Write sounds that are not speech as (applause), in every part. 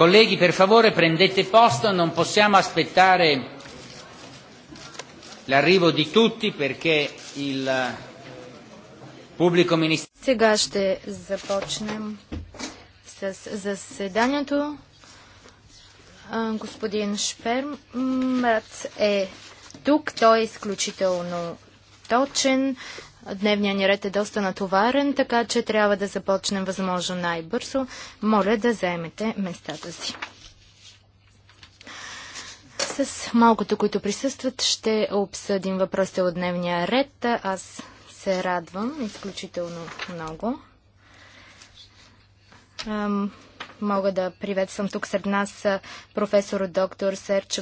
Colleghi, per favore prendete posto, non possiamo aspettare l'arrivo di tutti perché il pubblico ministero... Сега ще започнем с заседанието. Господин Шпермат е тук. Той е изключително точен. Дневният ни ред е доста натоварен, така че трябва да започнем възможно най-бързо. Моля да заемете местата си. С малкото, които присъстват, ще обсъдим въпросите от дневния ред. Аз се радвам изключително много. мога да приветствам тук сред нас професор доктор Серч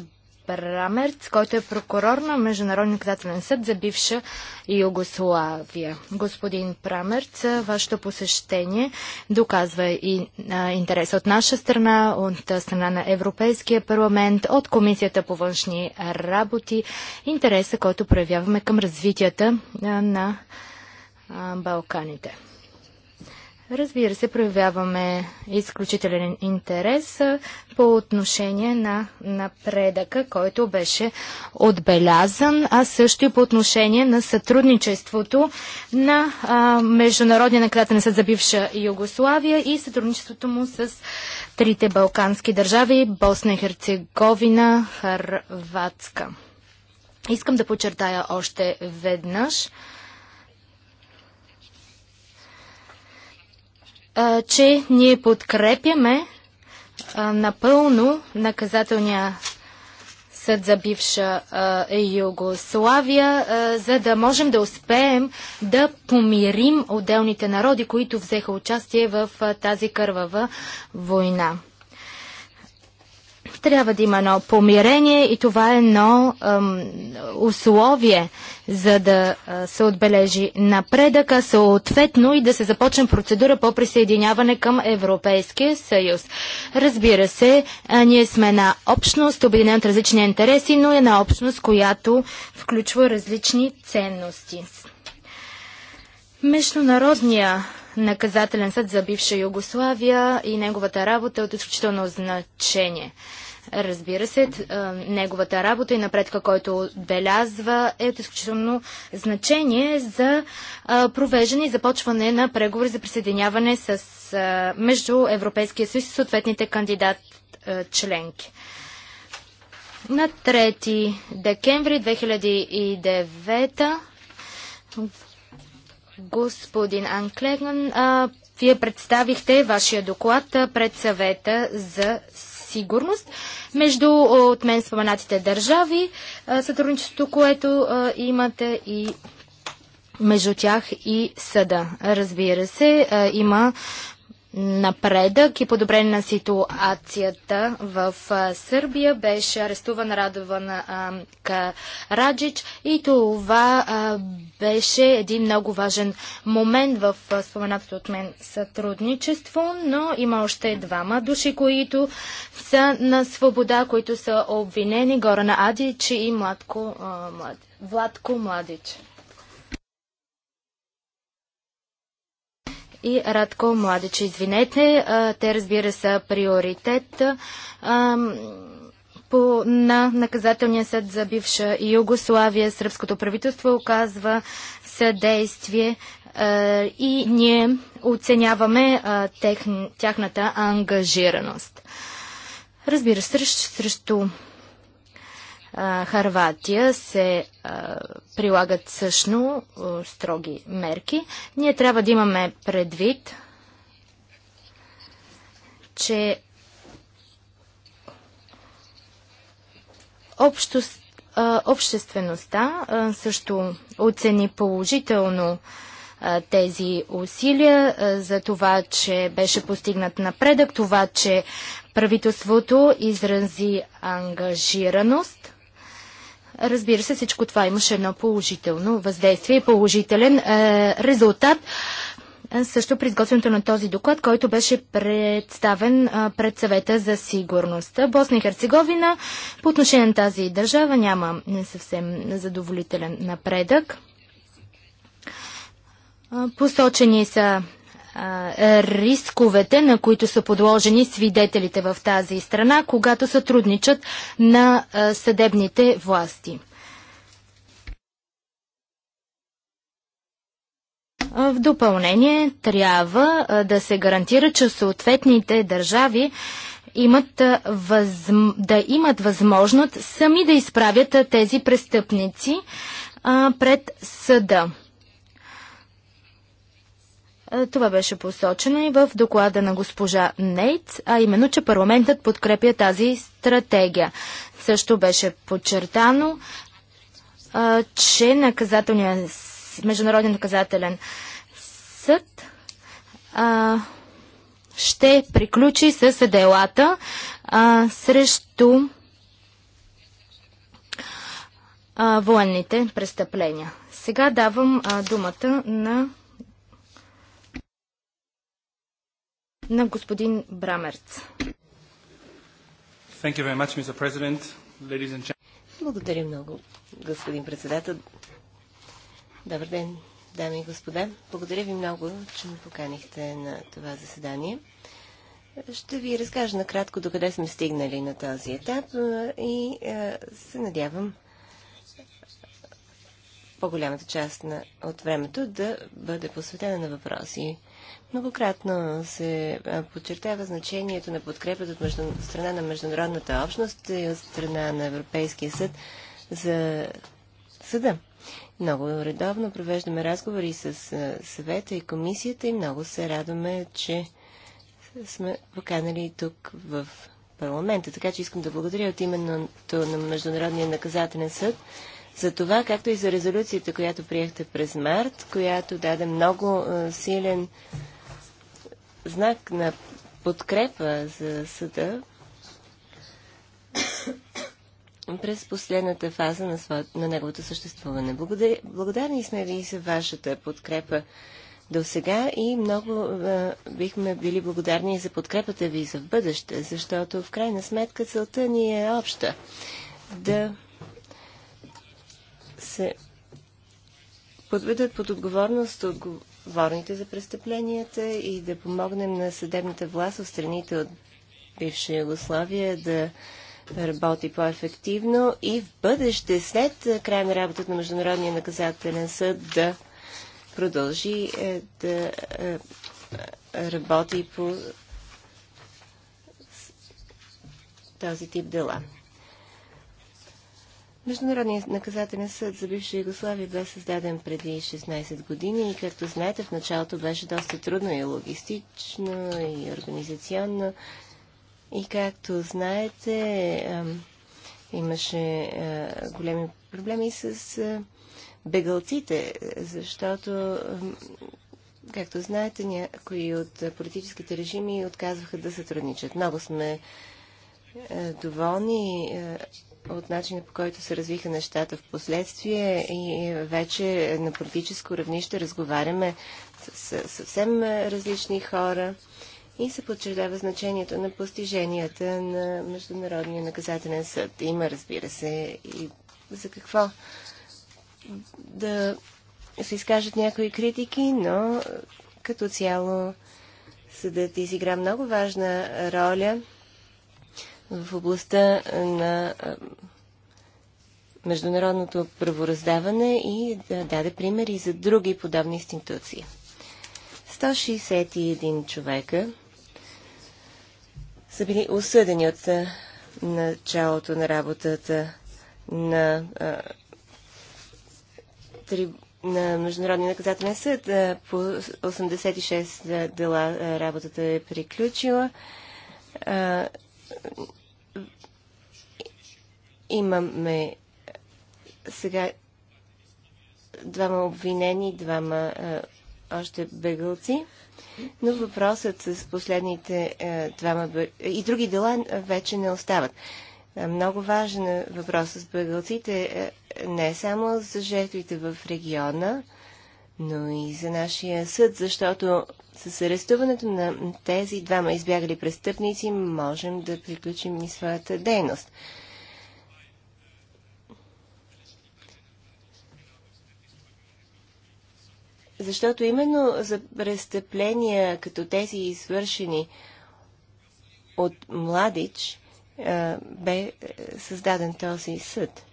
Прамерц, който е прокурор на Международния наказателен съд за бивша Югославия. Господин Прамерц, вашето посещение доказва и а, интерес от наша страна, от страна на Европейския парламент, от Комисията по външни работи, интереса, който проявяваме към развитията а, на а, Балканите. Разбира се, проявяваме изключителен интерес по отношение на напредъка, който беше отбелязан, а също и по отношение на сътрудничеството на Международния накратен съд за бивша Югославия и сътрудничеството му с трите балкански държави Босна и Херцеговина, Харватска. Искам да подчертая още веднъж – че ние подкрепяме напълно наказателния съд за бивша Югославия, за да можем да успеем да помирим отделните народи, които взеха участие в тази кървава война. Трябва да има едно помирение и това е едно ем, условие, за да се отбележи напредъка, съответно и да се започне процедура по присъединяване към Европейския съюз. Разбира се, ние сме една общност, обединена от различни интереси, но е на общност, която включва различни ценности. Международния наказателен съд за бивша Югославия и неговата работа е от изключително значение. Разбира се, неговата работа и напредка, който отбелязва, е от изключително значение за провеждане и започване на преговори за присъединяване с, между Европейския съюз и съответните кандидат членки. На 3 декември 2009 господин Анклеган, вие представихте вашия доклад пред съвета за сигурност между от мен споменатите държави, сътрудничеството, което имате и между тях и съда. Разбира се, има напредък и подобрение на ситуацията в Сърбия. Беше арестуван Радован Караджич и това беше един много важен момент в споменатото от мен сътрудничество, но има още двама души, които са на свобода, които са обвинени. Горана Адич и Младко, Млад... Владко Младич. и Радко Младич. Извинете, те разбира са приоритет по, на наказателния съд за бивша Югославия. Сръбското правителство оказва съдействие и ние оценяваме тяхната ангажираност. Разбира се, срещу Харватия се а, прилагат също а, строги мерки. Ние трябва да имаме предвид, че общо, а, обществеността а, също оцени положително а, тези усилия а, за това, че беше постигнат напредък, това, че правителството изрази ангажираност Разбира се, всичко това имаше едно положително въздействие и положителен е, резултат. Е, също при изготвянето на този доклад, който беше представен е, пред съвета за сигурност. Босна и Херцеговина по отношение на тази държава няма е, съвсем задоволителен напредък. Посочени са рисковете, на които са подложени свидетелите в тази страна, когато сътрудничат на съдебните власти. В допълнение трябва да се гарантира, че съответните държави имат въз... да имат възможност сами да изправят тези престъпници пред съда. Е, това беше посочено и в доклада на госпожа Нейт, а именно, че парламентът подкрепя тази стратегия. Също беше подчертано, че наказателният, Международен наказателен съд ще приключи с делата срещу военните престъпления. Сега давам думата на на господин Брамерц. Much, Благодаря много, господин председател. Добър ден, дами и господа. Благодаря ви много, че ме поканихте на това заседание. Ще ви разкажа накратко докъде сме стигнали на този етап и се надявам по-голямата част на, от времето да бъде посветена на въпроси, Многократно се подчертава значението на подкрепата от между... страна на международната общност и от страна на Европейския съд за съда. Много редовно провеждаме разговори с съвета и комисията и много се радваме, че сме поканали тук в парламента. Така че искам да благодаря от именно на Международния наказателен съд за това, както и за резолюцията, която приехте през март, която даде много силен знак на подкрепа за съда (coughs) през последната фаза на, сво... на неговото съществуване. Благодаря... Благодарни сме ви за вашата подкрепа до сега и много а, бихме били благодарни за подкрепата ви за в бъдеще, защото в крайна сметка целта ни е обща. Да се подведат под отговорност отговорните за престъпленията и да помогнем на съдебната власт в страните от бивша Югославия да работи по-ефективно и в бъдеще, след е, края на работата на Международния наказателен съд, да продължи е, да е, е работи по този тип дела. Международният наказателен съд за бивша Югославия бе създаден преди 16 години и, както знаете, в началото беше доста трудно и логистично, и организационно. И, както знаете, имаше големи проблеми с бегалците, защото, както знаете, някои от политическите режими отказваха да сътрудничат. Много сме доволни от начина по който се развиха нещата в последствие и вече на политическо равнище разговаряме с съвсем различни хора и се подчертава значението на постиженията на Международния наказателен съд. Има, разбира се, и за какво да се изкажат някои критики, но като цяло съдът изигра много важна роля – в областта на международното правораздаване и да даде примери за други подобни институции. 161 човека са били осъдени от началото на работата на, на Международния наказателен съд. по 86 дела работата е приключила имаме сега двама обвинени, двама още бегълци, но въпросът с последните двама и други дела вече не остават. много важен е въпрос с бегълците не само за жертвите в региона, но и за нашия съд, защото с арестуването на тези двама избягали престъпници можем да приключим и своята дейност. Защото именно за престъпления като тези извършени от младич бе създаден този съд.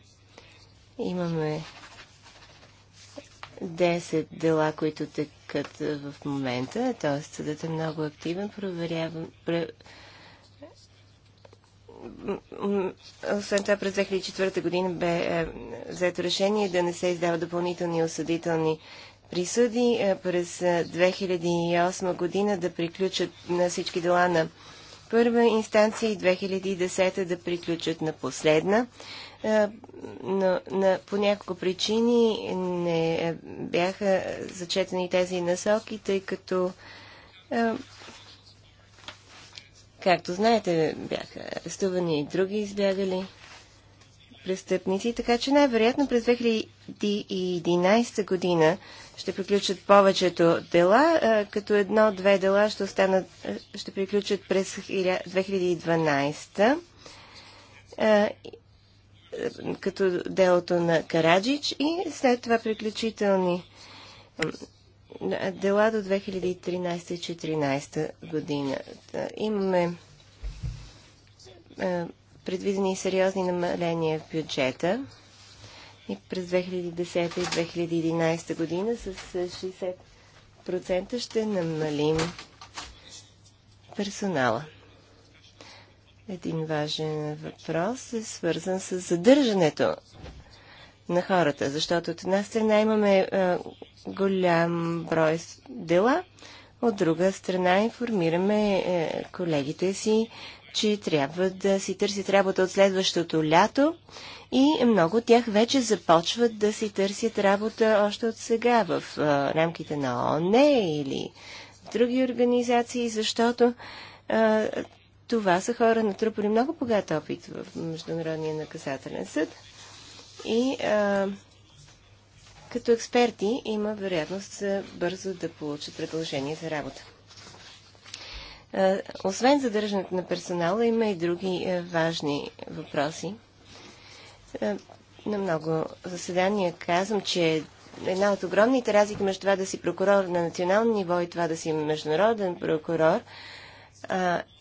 Имаме 10 дела, които текат в момента, т.е. съдът е много активен, проверявам... Пре... Освен това, през 2004 година бе е, взето решение да не се издава допълнителни осъдителни присъди. Е, през 2008 е, година да приключат на всички дела на първа инстанция и 2010 да приключат на последна. Е, но на, по няколко причини не е, бяха зачетени тези насоки, тъй като, е, както знаете, бяха арестувани и други избягали престъпници, така че най-вероятно през 2011 година ще приключат повечето дела, като едно-две дела ще, останат, ще приключат през 2012 като делото на Караджич и след това приключителни дела до 2013-2014 година. Имаме предвидени сериозни намаления в бюджета и през 2010 и 2011 година с 60% ще намалим персонала. Един важен въпрос е свързан с задържането на хората, защото от една страна имаме е, голям брой дела, от друга страна информираме е, колегите си, че трябва да си търсят работа от следващото лято и много от тях вече започват да си търсят работа още от сега в е, рамките на ОНЕ или в други организации, защото е, това са хора натрупали много богат опит в Международния наказателен съд и а, като експерти има вероятност бързо да получат предложение за работа. А, освен задържането на персонала, има и други а, важни въпроси. А, на много заседания казвам, че една от огромните разлики между това да си прокурор на национално ниво и това да си международен прокурор –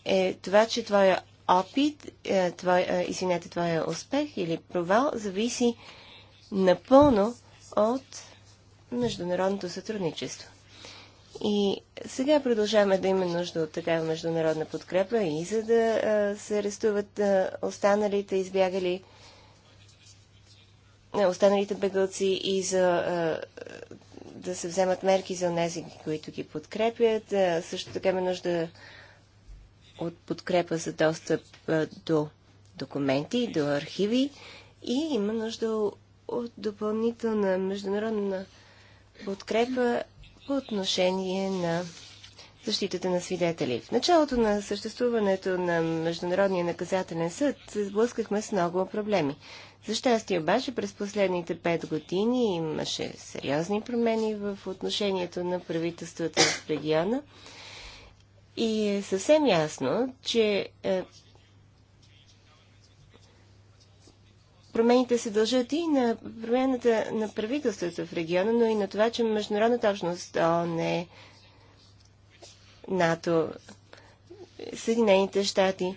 е това, че твоя опит, е, твой, е, извинете, твоя успех или провал зависи напълно от международното сътрудничество. И сега продължаваме да има нужда от такава международна подкрепа и за да е, се арестуват останалите избягали останалите бегалци и за да се вземат мерки за тези, които ги подкрепят. Също така има нужда от подкрепа за достъп до документи, до архиви и има нужда от допълнителна международна подкрепа по отношение на защитата на свидетели. В началото на съществуването на Международния наказателен съд се сблъскахме с много проблеми. За щастие обаче през последните пет години имаше сериозни промени в отношението на правителствата в региона и е съвсем ясно, че е, промените се дължат и на промената на правителството в региона, но и на това, че международната общност не е НАТО, Съединените щати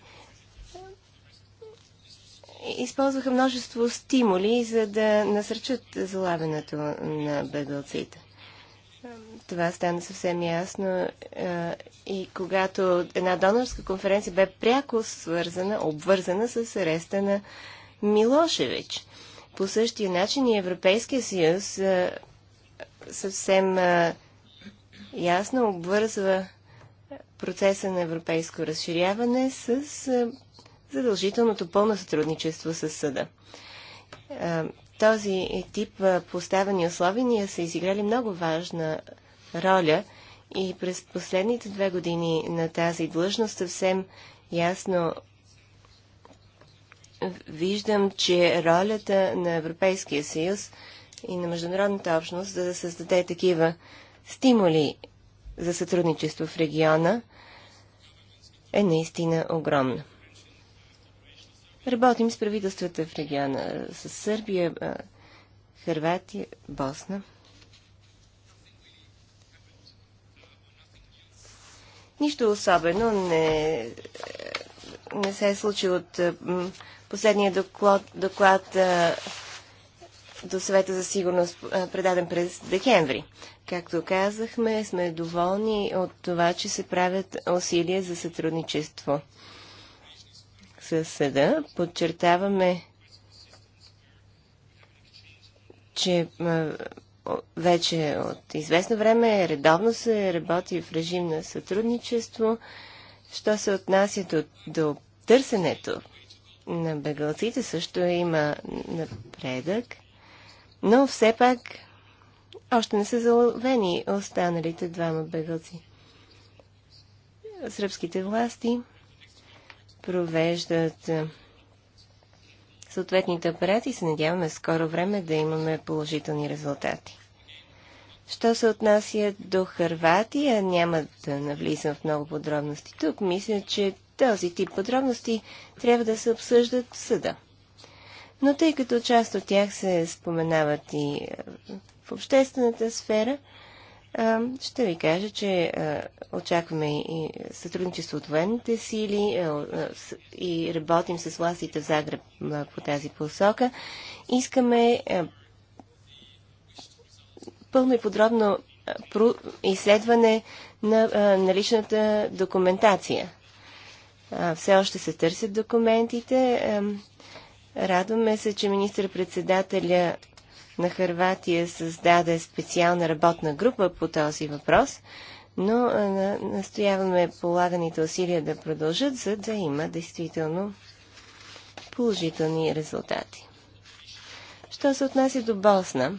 използваха множество стимули, за да насърчат залавянето на бегалците. Това стана съвсем ясно. Е, и когато една донорска конференция бе пряко свързана, обвързана с ареста на Милошевич. По същия начин и Европейския съюз е, съвсем е, ясно обвързва процеса на европейско разширяване с задължителното пълно сътрудничество с съда. Този тип поставени условия са изиграли много важна роля и през последните две години на тази длъжност съвсем ясно виждам, че ролята на Европейския съюз и на международната общност за да създаде такива стимули за сътрудничество в региона е наистина огромна. Работим с правителствата в региона, с Сърбия, Хърватия, Босна – Нищо особено не, не се е случило от последния доклад, доклад до съвета за сигурност, предаден през декември. Както казахме, сме доволни от това, че се правят усилия за сътрудничество с съда. Подчертаваме, че вече от известно време редовно се работи в режим на сътрудничество. Що се отнася до, до търсенето на бегалците, също има напредък, но все пак още не са заловени останалите двама бегалци. Сръбските власти провеждат е, съответните апарати и се надяваме скоро време да имаме положителни резултати. Що се отнася до Харватия, няма да навлизам в много подробности тук. Мисля, че този тип подробности трябва да се обсъждат в съда. Но тъй като част от тях се споменават и е, в обществената сфера, е, ще ви кажа, че е, очакваме и сътрудничество от военните сили и работим с властите в Загреб по тази посока. Искаме пълно и подробно изследване на наличната документация. Все още се търсят документите. Радваме се, че министър-председателя на Харватия създаде специална работна група по този въпрос, но настояваме полаганите усилия да продължат, за да има действително положителни резултати. Що се отнася до Босна,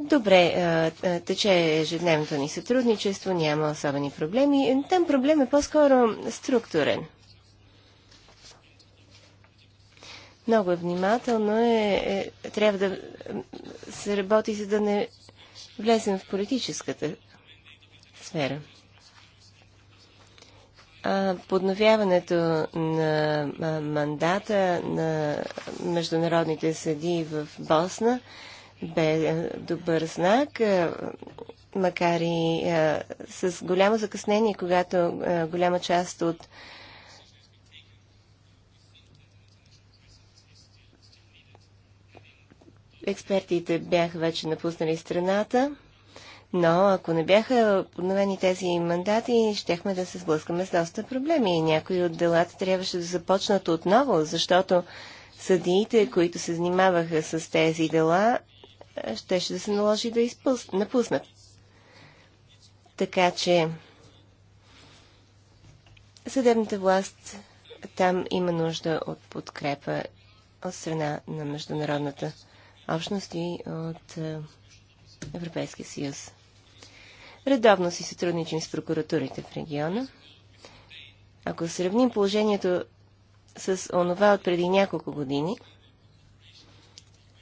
Добре, е, е, тече ежедневното ни сътрудничество, няма особени проблеми. Там проблем е по-скоро структурен. Много е внимателно е, е, трябва да се работи, за да не влезем в политическата сфера. А, подновяването на мандата на международните съди в Босна бе е, добър знак, е, макар и е, с голямо закъснение, когато голяма част от експертите бяха вече напуснали страната. Но ако не бяха подновени тези мандати, щехме да се сблъскаме с доста проблеми. И някои от делата трябваше да започнат отново, защото съдиите, които се занимаваха с тези дела, щеше да се наложи да изпълс... напуснат. Така че съдебната власт там има нужда от подкрепа от страна на международната общност и от е, Европейския съюз. Редовно си сътрудничим с прокуратурите в региона. Ако сравним положението с онова от преди няколко години,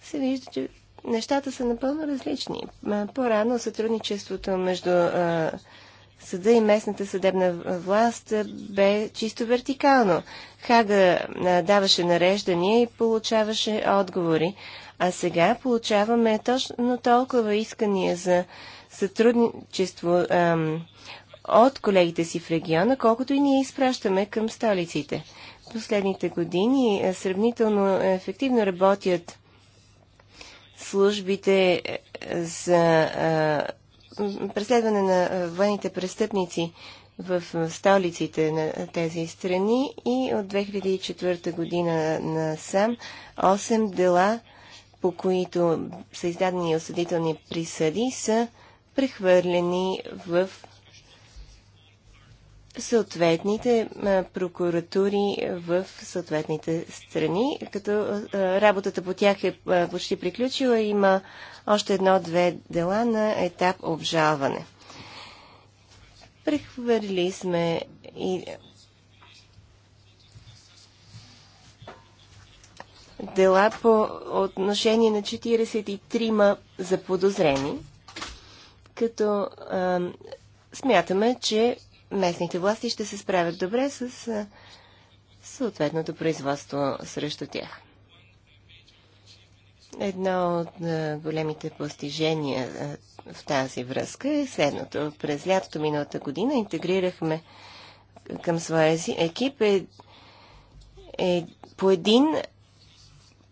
се вижда, че нещата са напълно различни. По-рано сътрудничеството между съда и местната съдебна власт бе чисто вертикално. Хага даваше нареждания и получаваше отговори. А сега получаваме точно толкова искания за сътрудничество ам, от колегите си в региона, колкото и ние изпращаме към столиците. Последните години сравнително ефективно работят службите е, за а, е, преследване на е, военните престъпници в столиците на тези страни и от 2004 година на сам 8 дела, по които са издадени осъдителни присъди, са прехвърлени в съответните прокуратури в съответните страни, като работата по тях е почти приключила. Има още едно-две дела на етап обжалване. Прехвърли сме и дела по отношение на 43 заподозрени, като а, смятаме, че местните власти ще се справят добре с съответното производство срещу тях. Едно от големите постижения в тази връзка е следното. През лятото миналата година интегрирахме към своя екип е, е по един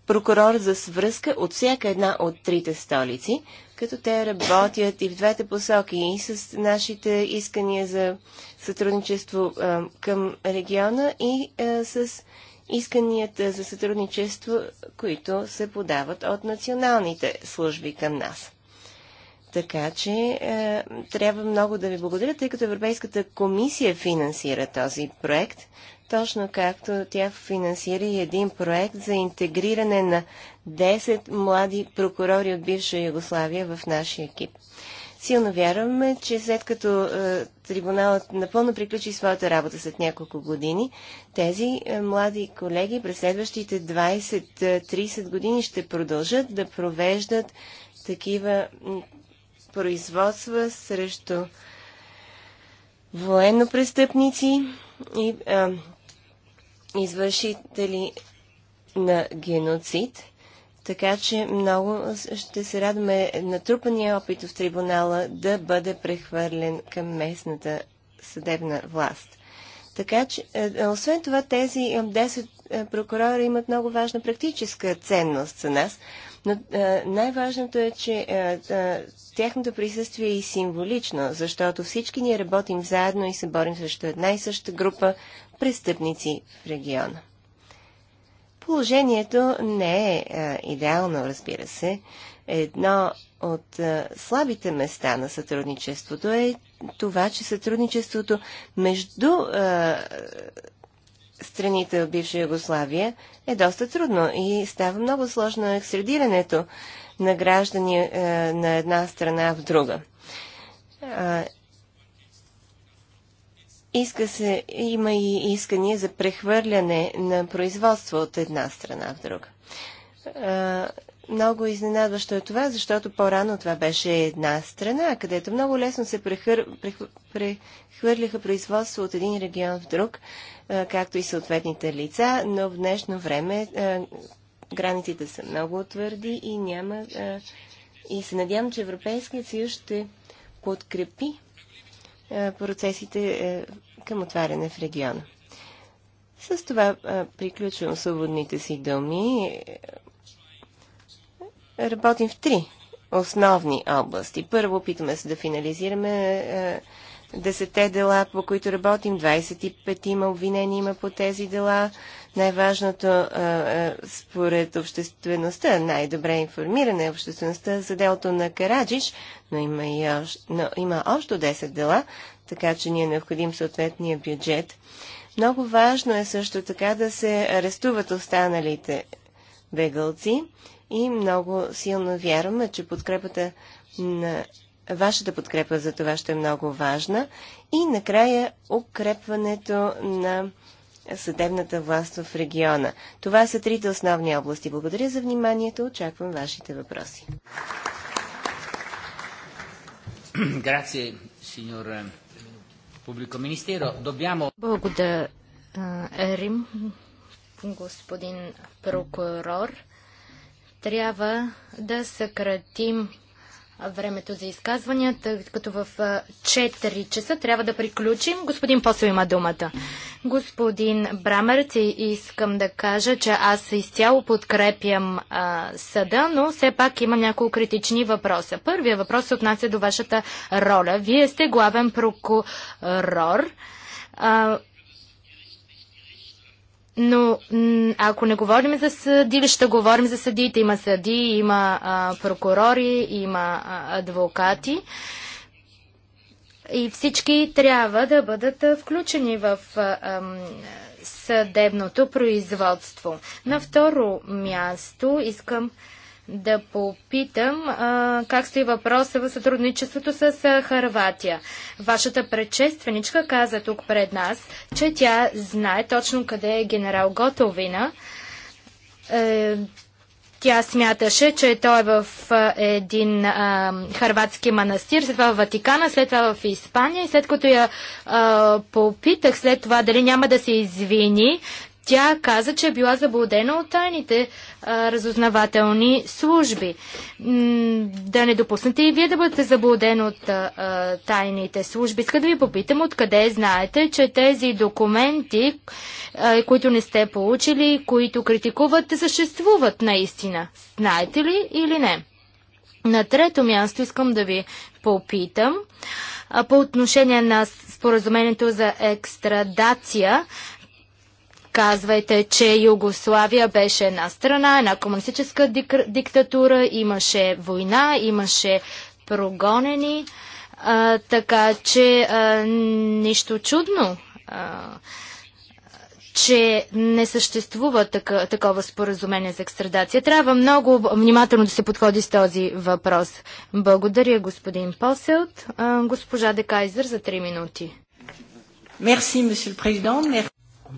прокурор за свръзка от всяка една от трите столици, като те работят и в двете посоки, и с нашите искания за сътрудничество към региона, и с исканията за сътрудничество, които се подават от националните служби към нас. Така че е, трябва много да ви благодаря, тъй като Европейската комисия финансира този проект, точно както тя финансира и един проект за интегриране на 10 млади прокурори от бивша Югославия в нашия екип. Силно вярваме, че след като е, трибуналът напълно приключи своята работа след няколко години, тези е, млади колеги през следващите 20-30 е, години ще продължат да провеждат такива производства срещу военно-престъпници и а, извършители на геноцид. Така че много ще се радваме натрупания опит в трибунала да бъде прехвърлен към местната съдебна власт. Така че, е, е, освен това, тези 10 е, прокурора имат много важна практическа ценност за нас, но е, най-важното е, че е, е, тяхното присъствие е и символично, защото всички ние работим заедно и се борим срещу една и съща група престъпници в региона. Положението не е идеално, разбира се. Едно от слабите места на сътрудничеството е това, че сътрудничеството между страните от бивша Югославия е доста трудно и става много сложно екстрадирането на граждани е, на една страна в друга. А, иска се, има и искания за прехвърляне на производство от една страна в друга. А, много изненадващо е това, защото по-рано това беше една страна, където много лесно се прехвърляха производство от един регион в друг, както и съответните лица, но в днешно време границите са много твърди и няма. И се надявам, че Европейският съюз ще подкрепи процесите към отваряне в региона. С това приключвам свободните си думи. Работим в три основни области. Първо опитваме се да финализираме десетте дела, по които работим, 25 има обвинени има по тези дела. Най-важното според обществеността, най-добре информирана е обществеността за делото на Караджиш, но има, и още, но има още 10 дела, така че ни е необходим съответния бюджет. Много важно е също така да се арестуват останалите бегалци и много силно вярваме, че подкрепата на Вашата подкрепа за това ще е много важна. И накрая укрепването на съдебната власт в региона. Това са трите основни области. Благодаря за вниманието. Очаквам вашите въпроси. Grazie, signor Благодарим, господин прокурор. Трябва да съкратим времето за изказвания, тъй като в 4 часа трябва да приключим. Господин Посел има думата. Господин Брамерц, искам да кажа, че аз изцяло подкрепям а, съда, но все пак има няколко критични въпроса. Първият въпрос се отнася до вашата роля. Вие сте главен прокурор. А, но ако не говорим за съдилища, говорим за съдиите. Има съди, има а, прокурори, има а, адвокати. И всички трябва да бъдат а, включени в съдебното производство. На второ място искам да попитам а, как стои въпроса в сътрудничеството с Харватия. Вашата предшественичка каза тук пред нас, че тя знае точно къде е генерал Готовина. Е, тя смяташе, че той е в един а, харватски манастир, след това в Ватикана, след това в Испания и след като я а, попитах след това дали няма да се извини, тя каза, че е била заблудена от тайните а, разузнавателни служби. М- да не допуснете и вие да бъдете заблудени от а, тайните служби. Иска да ви попитам откъде знаете, че тези документи, а, които не сте получили, които критикуват, съществуват наистина. Знаете ли или не? На трето място искам да ви попитам по отношение на споразумението за екстрадация. Казвайте, че Югославия беше една страна, една комунистическа дик... диктатура, имаше война, имаше прогонени, а, така че а, нищо чудно. А, че не съществува така, такова споразумение за екстрадация. Трябва много внимателно да се подходи с този въпрос. Благодаря, господин Поселт. Госпожа Декайзер за 3 минути. le Président. Merci.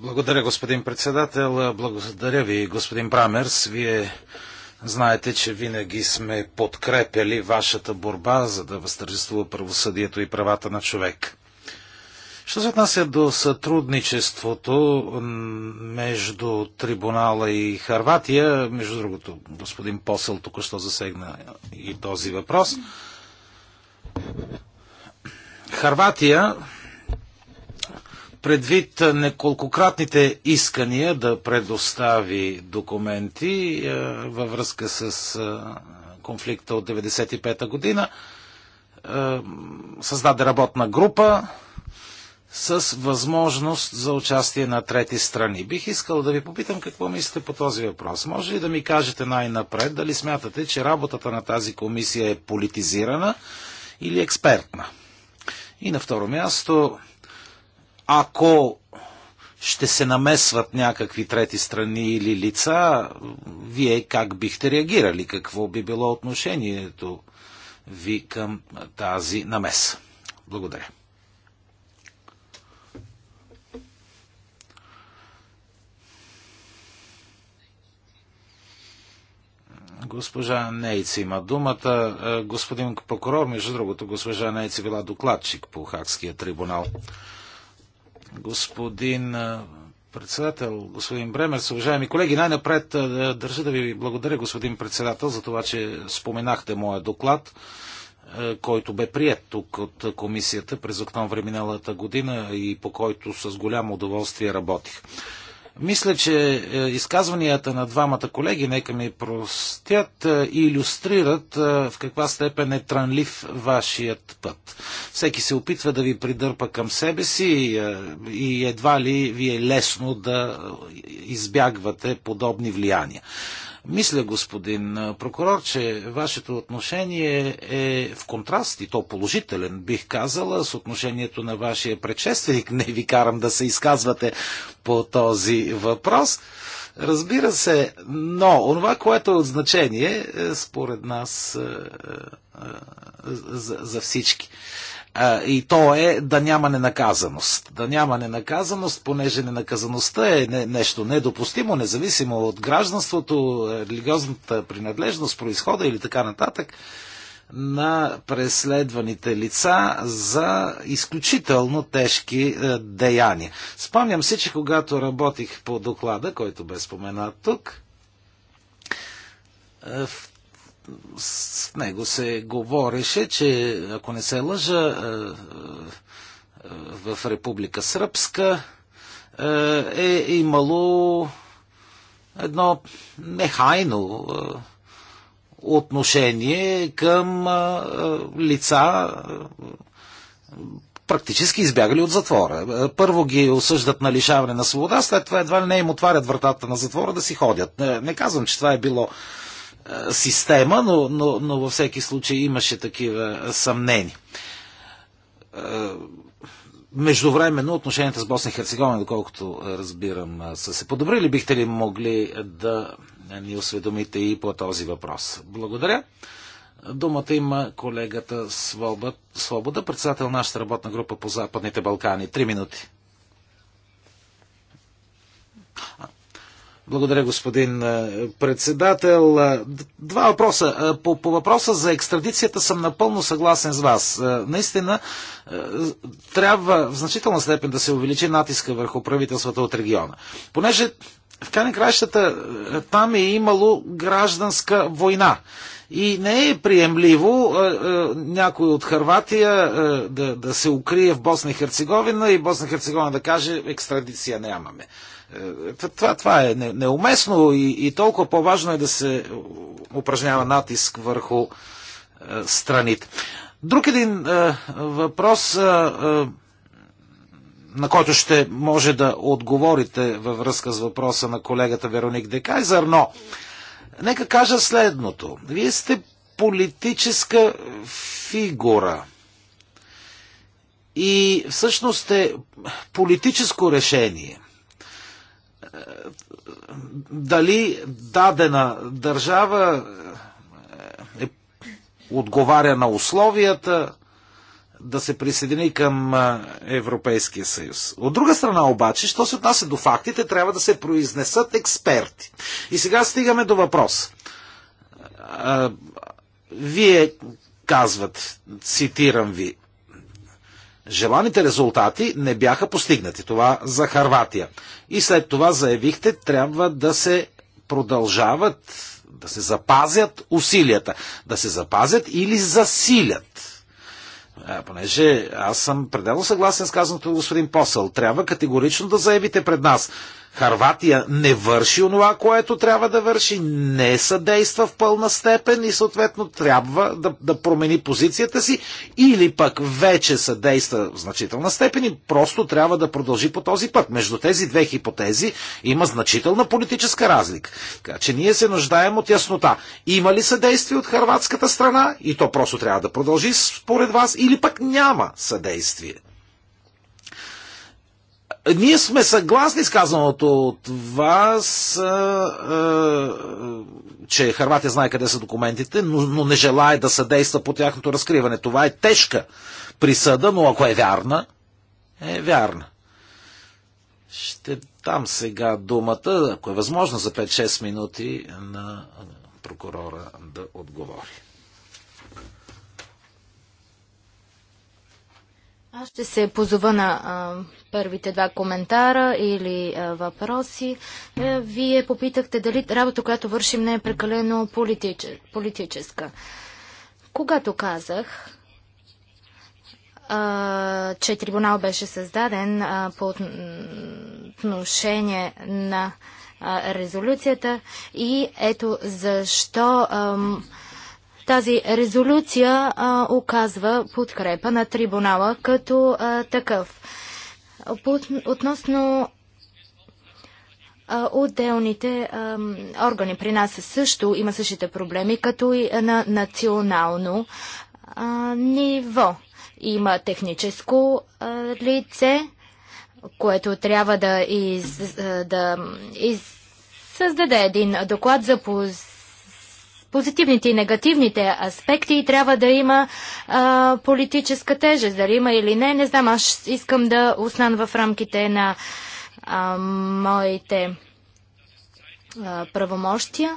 Благодаря, господин председател. Благодаря ви, господин Брамерс. Вие знаете, че винаги сме подкрепяли вашата борба, за да възтържествува правосъдието и правата на човек. Що се отнася до сътрудничеството между трибунала и Харватия, между другото, господин Посъл току-що засегна и този въпрос. Харватия Предвид неколкократните искания да предостави документи е, във връзка с е, конфликта от 1995 година, е, създаде работна група с възможност за участие на трети страни. Бих искал да ви попитам какво мислите по този въпрос. Може ли да ми кажете най-напред дали смятате, че работата на тази комисия е политизирана или експертна? И на второ място, ако ще се намесват някакви трети страни или лица, вие как бихте реагирали? Какво би било отношението ви към тази намеса? Благодаря. Госпожа Нейци има думата. Господин прокурор, между другото, госпожа Нейци е била докладчик по Хакския трибунал господин председател, господин Бремерс, уважаеми колеги, най-напред държа да ви благодаря, господин председател, за това, че споменахте моя доклад, който бе прият тук от комисията през октомври миналата година и по който с голямо удоволствие работих. Мисля, че е, изказванията на двамата колеги, нека ми простят, е, иллюстрират е, в каква степен е транлив вашият път. Всеки се опитва да ви придърпа към себе си и едва ли ви е лесно да избягвате подобни влияния. Мисля, господин прокурор, че вашето отношение е в контраст и то положителен, бих казала, с отношението на вашия предшественик. (laughs) Не ви карам да се изказвате по този въпрос. Разбира се, но онова, което е от значение, е, според нас, е, е, за, за всички. И то е да няма ненаказаност. Да няма ненаказаност, понеже ненаказаността е нещо недопустимо, независимо от гражданството, религиозната принадлежност, происхода или така нататък на преследваните лица за изключително тежки е, деяния. Спомням си, че когато работих по доклада, който бе споменат тук, е, в с него се говореше, че ако не се лъжа, е, е, в Република Сръбска е, е имало едно нехайно отношение към лица практически избягали от затвора. Първо ги осъждат на лишаване на свобода, след това едва ли не им отварят вратата на затвора да си ходят. Не, не казвам, че това е било система, но, но, но във всеки случай имаше такива съмнения. Е, междувременно отношенията с Босна и Херцеговина, доколкото е, разбирам, е, са се подобрили. Бихте ли могли да ни осведомите и по този въпрос? Благодаря. Думата има колегата Свобода, председател на нашата работна група по Западните Балкани. Три минути. Благодаря, господин е, председател. Е, два въпроса. Е, по, по въпроса за екстрадицията съм напълно съгласен с вас. Наистина трябва в значителна степен да се увеличи натиска върху правителствата от региона. Понеже в крайна краищата кращата там е имало гражданска война. И не е приемливо е, е, някой от Харватия е, да, да се укрие в Босна и Херцеговина и Босна и Херцеговина да каже екстрадиция нямаме. Е, това, това е неуместно и, и толкова по-важно е да се упражнява натиск върху е, страните. Друг един е, въпрос, е, е на който ще може да отговорите във връзка с въпроса на колегата Вероник Декайзър, но нека кажа следното. Вие сте политическа фигура. И всъщност е политическо решение – дали дадена държава е, е, отговаря на условията да се присъедини към е, Европейския съюз. От друга страна обаче, що се отнася до фактите, трябва да се произнесат експерти. И сега стигаме до въпрос. Е, вие казват, цитирам ви, Желаните резултати не бяха постигнати. Това за Харватия. И след това заявихте, трябва да се продължават, да се запазят усилията. Да се запазят или засилят. Понеже аз съм пределно съгласен с казаното господин Посъл, трябва категорично да заявите пред нас, Харватия не върши онова, което трябва да върши, не съдейства в пълна степен и съответно трябва да, да промени позицията си или пък вече съдейства в значителна степен и просто трябва да продължи по този път. Между тези две хипотези има значителна политическа разлика. Така че ние се нуждаем от яснота. Има ли съдействие от харватската страна и то просто трябва да продължи според вас или пък няма съдействие? Ние сме съгласни с казаното от вас, че Харватия знае къде са документите, но не желая да съдейства по тяхното разкриване. Това е тежка присъда, но ако е вярна, е вярна. Ще дам сега думата, ако е възможно, за 5-6 минути на прокурора да отговори. Аз ще се позова на първите два коментара или а, въпроси. Е, вие попитахте дали работа, която вършим, не е прекалено политическа. Когато казах, а, че трибунал беше създаден а, по отношение на резолюцията и ето защо тази резолюция а, оказва подкрепа на трибунала като а, такъв. Относно отделните органи при нас също има същите проблеми, като и на национално ниво. Има техническо лице, което трябва да, из, да из, създаде един доклад за поз позитивните и негативните аспекти и трябва да има а, политическа тежест. Дали има или не, не знам. Аз искам да остана в рамките на а, моите а, правомощия.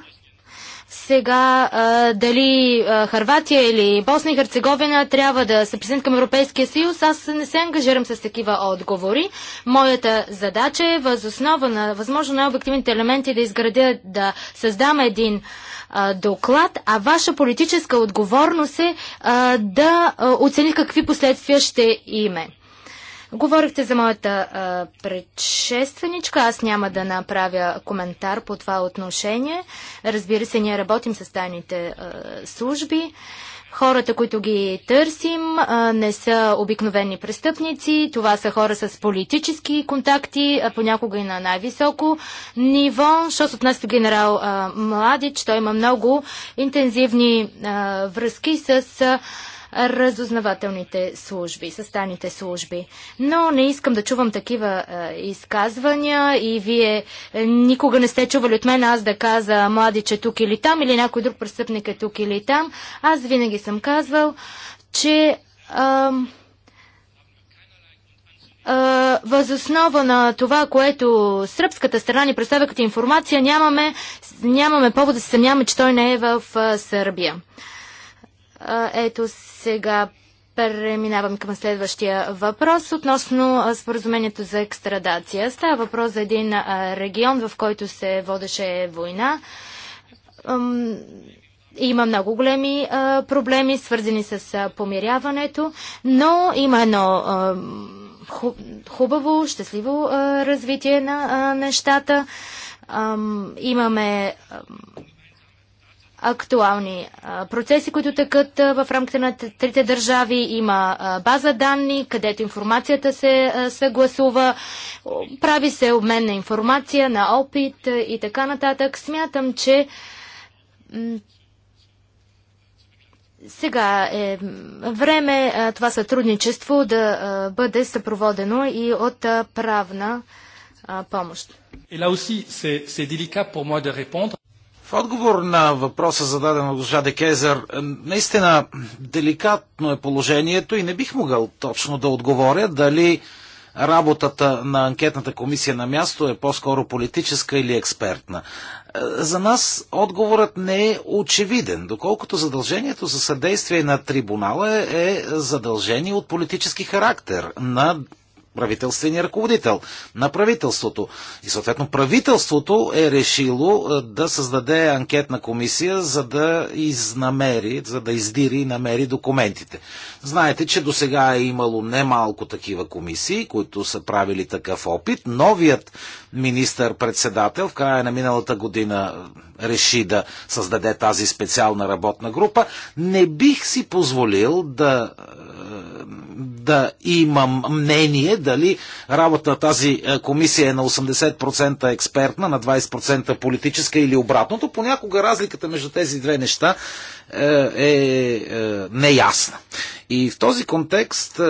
Сега, а, дали а, Харватия или Босна и Херцеговина трябва да се присъединят към Европейския съюз, аз не се ангажирам с такива отговори. Моята задача е възоснова на възможно най-обективните елементи да изградя, да създам един а, доклад, а ваша политическа отговорност е а, да оцени какви последствия ще има. Говорихте за моята а, предшественичка. Аз няма да направя коментар по това отношение. Разбира се, ние работим с тайните а, служби. Хората, които ги търсим, а, не са обикновени престъпници. Това са хора с политически контакти, а понякога и на най-високо ниво. Що се отнася генерал а, Младич, той има много интензивни а, връзки с. А, разузнавателните служби, състаните служби. Но не искам да чувам такива е, изказвания и вие е, никога не сте чували от мен аз да каза млади, че тук или там или някой друг престъпник е тук или там. Аз винаги съм казвал, че а, възоснова на това, което сръбската страна ни представя като информация, нямаме, нямаме повод да се съмняваме, че той не е в Сърбия. Ето сега преминавам към следващия въпрос относно споразумението за екстрадация. Става въпрос за един регион, в който се водеше война. Има много големи проблеми, свързани с помиряването, но има едно хубаво, щастливо развитие на нещата. Имаме актуални процеси, които тъкат в рамките на трите държави. Има база данни, където информацията се съгласува, прави се обмен на информация, на опит и така нататък. Смятам, че сега е време това сътрудничество да бъде съпроводено и от правна помощ. И là aussi, c'est délicat pour в отговор на въпроса зададен от госпожа Декезър, наистина деликатно е положението и не бих могъл точно да отговоря дали работата на анкетната комисия на място е по-скоро политическа или експертна. За нас отговорът не е очевиден, доколкото задължението за съдействие на трибунала е, е задължение от политически характер на правителствения ръководител на правителството. И съответно правителството е решило да създаде анкетна комисия, за да изнамери, за да издири и намери документите. Знаете, че до сега е имало немалко такива комисии, които са правили такъв опит. Новият министър-председател в края на миналата година реши да създаде тази специална работна група. Не бих си позволил да да имам мнение дали работа на тази е, комисия е на 80% експертна, на 20% политическа или обратното. Понякога разликата между тези две неща е, е, е неясна. И в този контекст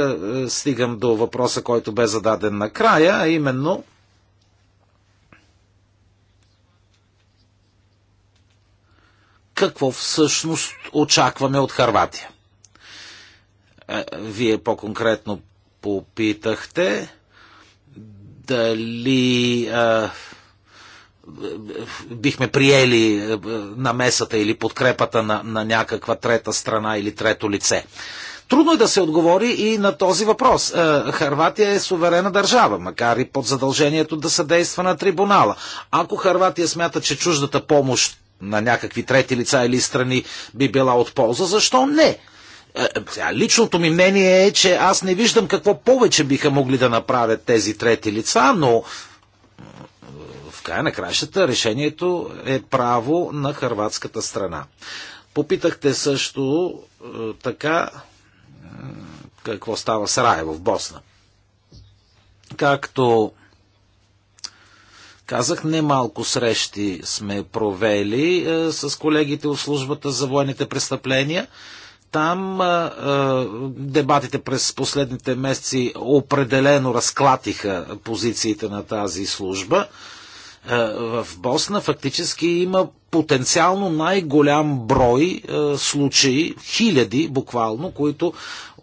стигам до въпроса, който бе зададен накрая, а именно какво всъщност очакваме от Харватия. Е, вие по-конкретно попитахте дали а, е, бихме приели е, намесата или подкрепата на, на някаква трета страна или трето лице. Трудно е да се отговори и на този въпрос. Харватия е суверена държава, макар и под задължението да съдейства на трибунала. Ако Харватия смята, че чуждата помощ на някакви трети лица или страни би била от полза, защо не? Е, е, личното ми мнение е, че аз не виждам какво повече биха могли да направят тези трети лица, но в края на кращата решението е право на хърватската страна. Попитахте също е, така какво става с Раево в Босна. Както казах, немалко срещи сме провели с колегите от службата за военните престъпления. Там а, дебатите през последните месеци определено разклатиха позициите на тази служба. А, в Босна фактически има потенциално най-голям брой а, случаи, хиляди буквално, които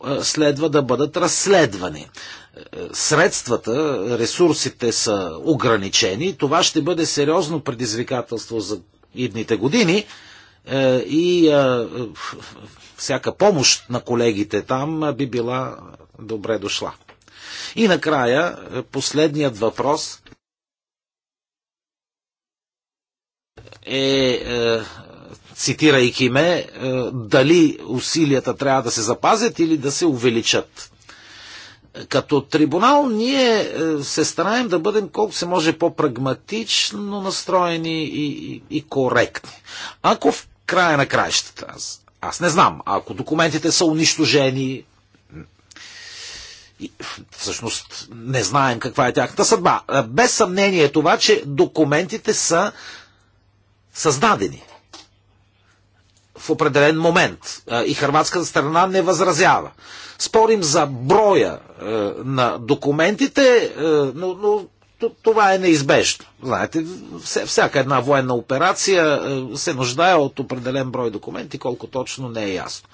а, следва да бъдат разследвани средствата, ресурсите са ограничени, това ще бъде сериозно предизвикателство за идните години и всяка помощ на колегите там би била добре дошла. И накрая, е, последният въпрос е, е цитирайки ме, е, дали усилията трябва да се запазят или да се увеличат. Като трибунал ние се стараем да бъдем колко се може по-прагматично настроени и, и, и коректни. Ако в края на краищата, аз аз не знам. Ако документите са унищожени, и, всъщност не знаем каква е тяхната съдба. Без съмнение е това, че документите са създадени в определен момент. И хрватската страна не възразява. Спорим за броя е, на документите, е, но, но това е неизбежно. Знаете, всяка една военна операция е, се нуждае от определен брой документи, колко точно не е ясно.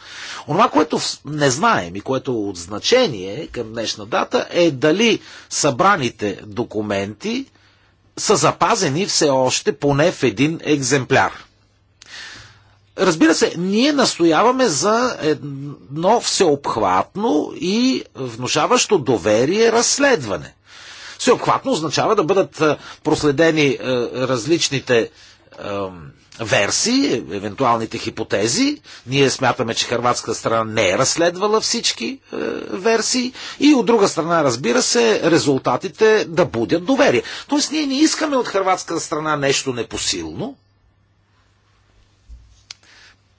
Онова, което не знаем и което е от значение към днешна дата е дали събраните документи са запазени все още поне в един екземпляр. Разбира се, ние настояваме за едно всеобхватно и внушаващо доверие разследване Всеобхватно означава да бъдат е, проследени е, различните е, версии, евентуалните хипотези. Ние смятаме, че хрватска страна не е разследвала всички е, версии и от друга страна, разбира се, резултатите да будят доверие. Тоест, ние не искаме от хрватска страна нещо непосилно.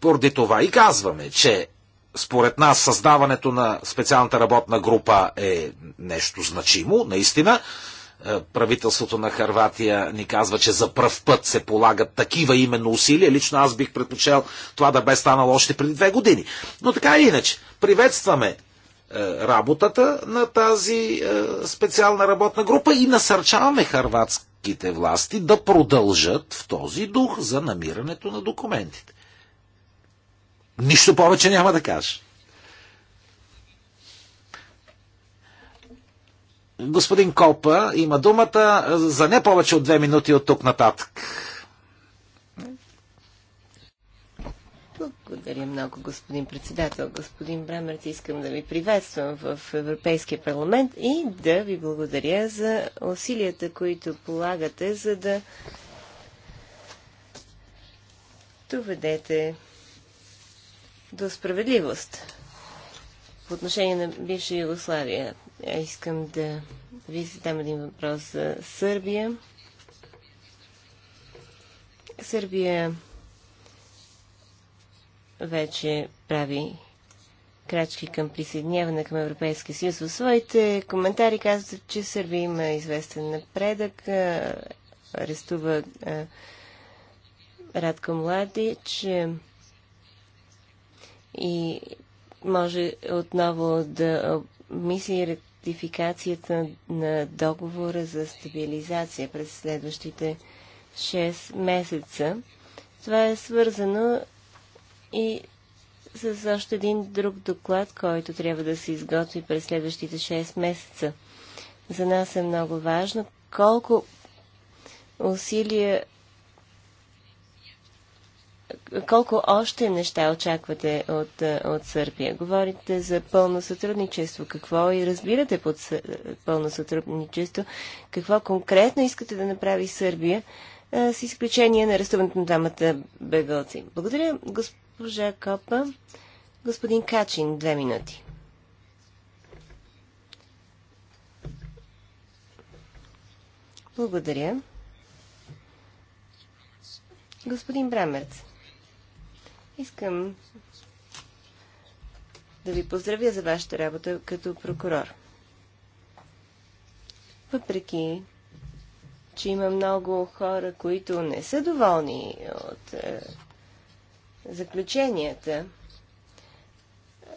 Поради това и казваме, че според нас създаването на специалната работна група е нещо значимо, наистина. Е, правителството на Харватия ни казва, че за пръв път се полагат такива именно усилия. Лично аз бих предпочел това да бе станало още преди две години. Но така или иначе, приветстваме е, работата на тази е, специална работна група и насърчаваме харватските власти да продължат в този дух за намирането на документите. Нищо повече няма да кажа. Господин Копа има думата за не повече от две минути от тук нататък. Благодаря много, господин председател. Господин Брамерт, искам да ви приветствам в Европейския парламент и да ви благодаря за усилията, които полагате, за да доведете до справедливост по отношение на бивша Югославия. Я искам да ви задам един въпрос за Сърбия. Сърбия вече прави крачки към присъединяване към Европейския съюз. В своите коментари казват, че Сърбия има известен напредък, арестува Радко Млади, че и може отново да мисли ратификацията на договора за стабилизация през следващите 6 месеца. Това е свързано и с още един друг доклад, който трябва да се изготви през следващите 6 месеца. За нас е много важно колко усилия колко още неща очаквате от, е, от Сърбия? Говорите за пълно сътрудничество. Какво и разбирате под пълно сътрудничество? Какво конкретно искате да направи Сърбия е, с изключение на арестуването на двамата бегалци? Благодаря, госпожа Копа. Господин Качин, две минути. Благодаря. Господин Брамерц. Искам да ви поздравя за вашата работа като прокурор. Въпреки, че има много хора, които не са доволни от е, заключенията,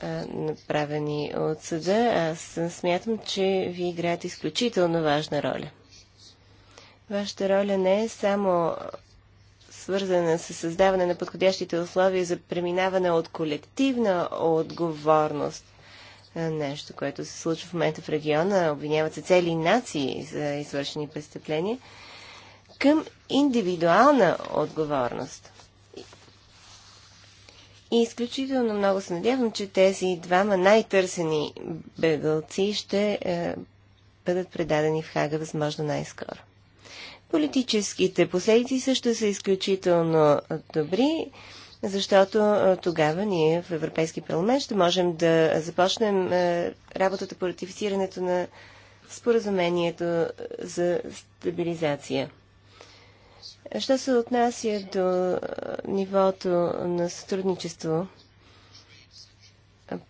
е, направени от съда, аз смятам, че ви играете изключително важна роля. Вашата роля не е само свързана с създаване на подходящите условия за преминаване от колективна отговорност е, нещо, което се случва в момента в региона, обвиняват се цели нации за извършени престъпления, към индивидуална отговорност. И изключително много се надявам, че тези двама най-търсени бегалци ще е, бъдат предадени в Хага възможно най-скоро. Политическите последици също са изключително добри, защото тогава ние в Европейски парламент ще можем да започнем работата по ратифицирането на споразумението за стабилизация. Що се отнася до нивото на сътрудничество,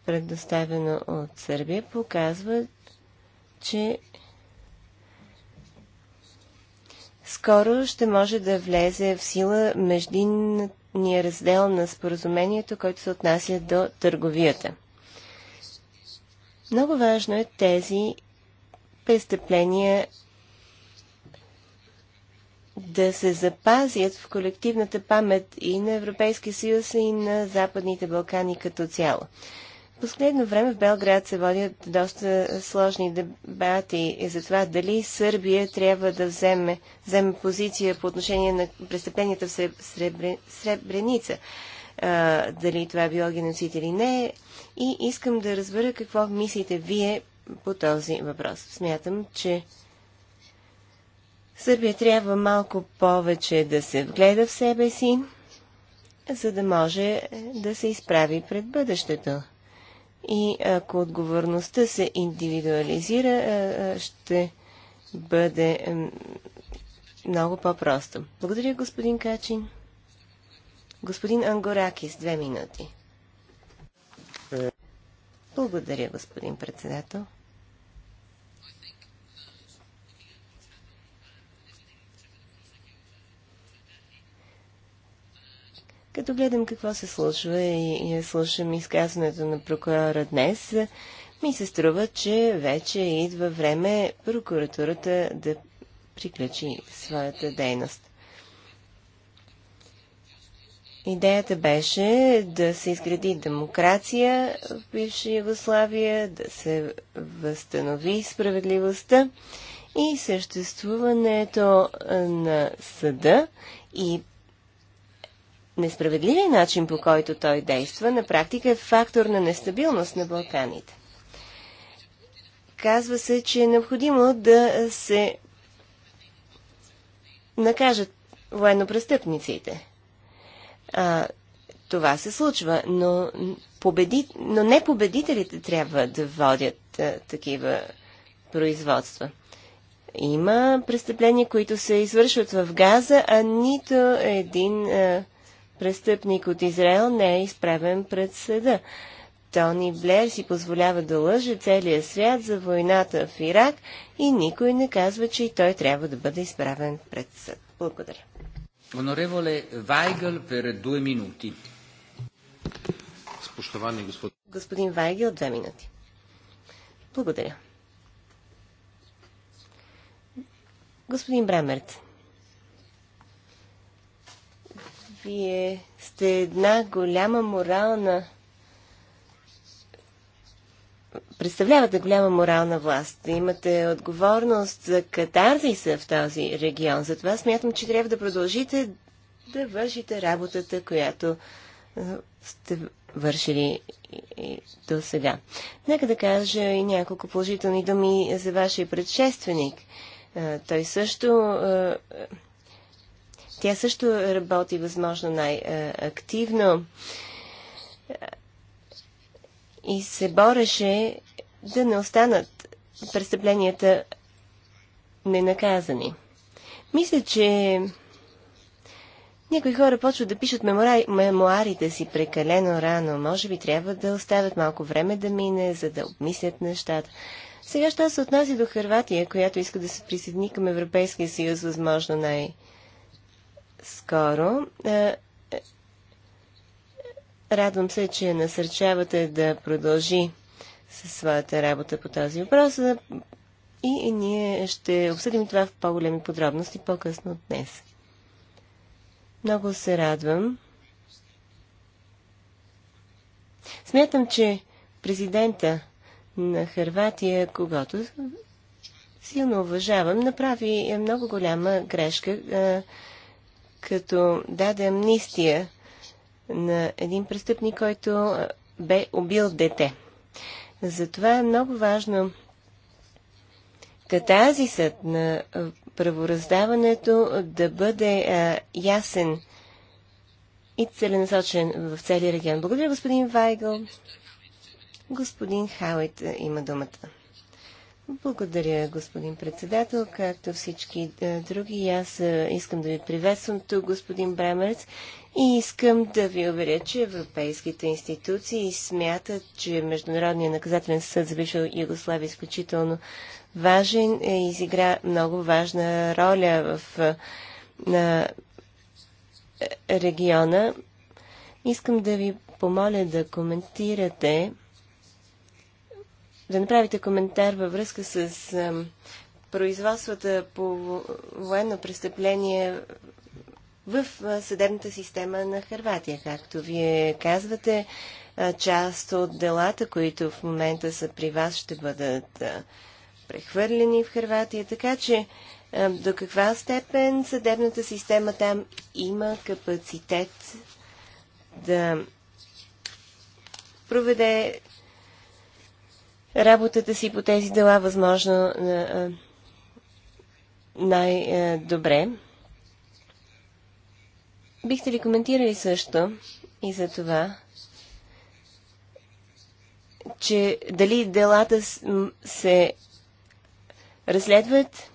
предоставено от Сърбия, показва, че скоро ще може да влезе в сила междинния раздел на споразумението, който се отнася до търговията. Много важно е тези престъпления да се запазят в колективната памет и на Европейския съюз, и на Западните Балкани като цяло последно време в Белград се водят доста сложни дебати за това дали Сърбия трябва да вземе, вземе позиция по отношение на престъпленията в Сребреница. А, дали това е било геноцид или не. И искам да разбера какво мислите вие по този въпрос. Смятам, че Сърбия трябва малко повече да се вгледа в себе си, за да може да се изправи пред бъдещето. И ако отговорността се индивидуализира, е, е, ще бъде много по-просто. Благодаря, господин Качин. Господин Ангоракис, две минути. Е. Благодаря, господин председател. Като гледам какво се случва и, и слушам изказването на прокурора днес, ми се струва, че вече идва време прокуратурата да приключи своята дейност. Идеята беше да се изгради демокрация в бивша Югославия, да се възстанови справедливостта и съществуването на съда и Несправедливият начин, по който той действа, на практика е фактор на нестабилност на Балканите. Казва се, че е необходимо да се накажат военнопрестъпниците. А, това се случва, но, победи... но не победителите трябва да водят а, такива производства. Има престъпления, които се извършват в Газа, а нито един а, престъпник от Израел не е изправен пред съда. Тони Блер си позволява да лъже целия свят за войната в Ирак и никой не казва, че и той трябва да бъде изправен пред съд. Благодаря. Онореволе Вайгъл пер две минути. Спощавани господин. Господин Вайгъл, две минути. Благодаря. Господин Брамерт, Вие сте една голяма морална представлявате голяма морална власт. Имате отговорност за катарзиса в този регион. Затова смятам, че трябва да продължите да вършите работата, която е, сте вършили до сега. Нека да кажа и няколко положителни думи за вашия предшественик. Е, той също е, тя също работи възможно най-активно и се бореше да не останат престъпленията ненаказани. Мисля, че някои хора почват да пишат мемуари, мемуарите си прекалено рано. Може би трябва да оставят малко време да мине, за да обмислят нещата. Сега ще се отнася до Харватия, която иска да се присъедини към Европейския съюз възможно най- скоро. Е, е, радвам се, че насърчавате да продължи със своята работа по този въпрос е, и ние ще обсъдим това в по-големи подробности по-късно днес. Много се радвам. Смятам, че президента на Харватия, когато силно уважавам, направи много голяма грешка, като даде амнистия на един престъпник, който бе убил дете. Затова е много важно катазисът на правораздаването да бъде а, ясен и целенасочен в целия регион. Благодаря, господин Вайгъл. Господин Хауит има думата. Благодаря, господин председател. Както всички е, други, аз е, искам да ви приветствам тук, господин Бремерц, и искам да ви уверя, че европейските институции смятат, че Международният наказателен съд за бивша Югославия е изключително важен и изигра много важна роля в е, на региона. Искам да ви помоля да коментирате да направите коментар във връзка с производствата по военно престъпление в съдебната система на Харватия. Както вие казвате, част от делата, които в момента са при вас, ще бъдат прехвърлени в Харватия. Така че до каква степен съдебната система там има капацитет да проведе работата си по тези дела възможно най-добре. Бихте ли коментирали също и за това, че дали делата се разследват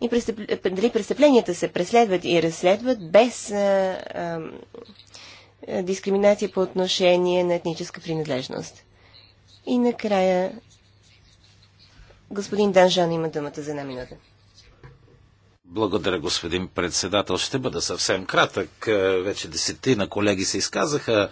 и престъп... дали престъпленията се преследват и разследват без а, а, дискриминация по отношение на етническа принадлежност. И накрая Господин Данжан има думата за една минута. Благодаря, господин председател. Ще бъда съвсем кратък. Е, вече десетина колеги се изказаха.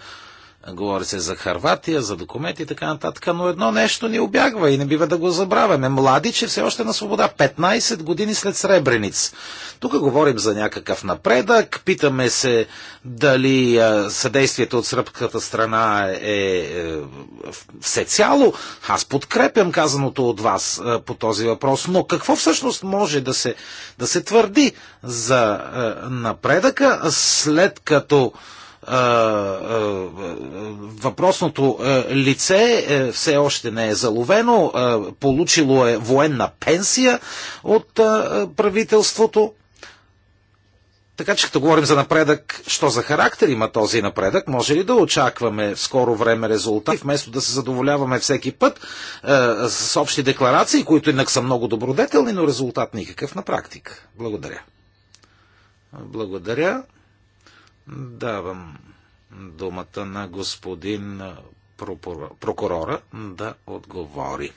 Говори се за Харватия, за документи и така нататък, но едно нещо ни обягва и не бива да го забравяме. Млади, че все още на свобода, 15 години след Сребрениц. Тук говорим за някакъв напредък, питаме се дали съдействието от сръбската страна е, е всецяло. Аз подкрепям казаното от вас по този въпрос, но какво всъщност може да се, да се твърди за напредъка, след като въпросното лице е, все още не е заловено, получило е военна пенсия от правителството. Така че като говорим за напредък, що за характер има този напредък, може ли да очакваме в скоро време резултат, вместо да се задоволяваме всеки път е, с общи декларации, които инак са много добродетелни, но резултат никакъв на практика. Благодаря. Благодаря. Давам думата на господин прокурора да отговори.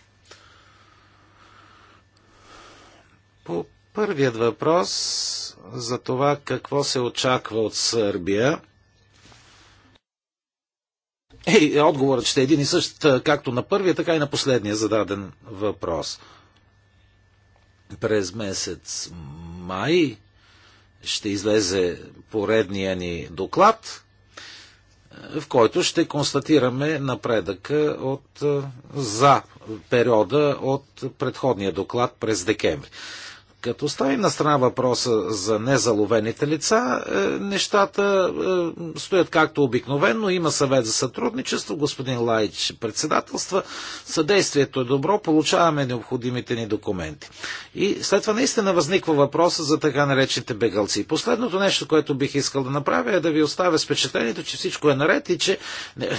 По първият въпрос за това какво се очаква от Сърбия. Ей, отговорът ще е един и същ, както на първия, така и на последния зададен въпрос. През месец май ще излезе поредния ни доклад, е, в който ще констатираме напредъка от, е, за периода от предходния доклад през декември. Като оставим на страна въпроса за незаловените лица, е, нещата е, стоят както обикновено. Има съвет за сътрудничество, господин Лайч председателства. Съдействието е добро, получаваме необходимите ни документи. И след това наистина възниква въпроса за така наречените бегалци. Последното нещо, което бих искал да направя е да ви оставя с впечатлението, че всичко е наред и че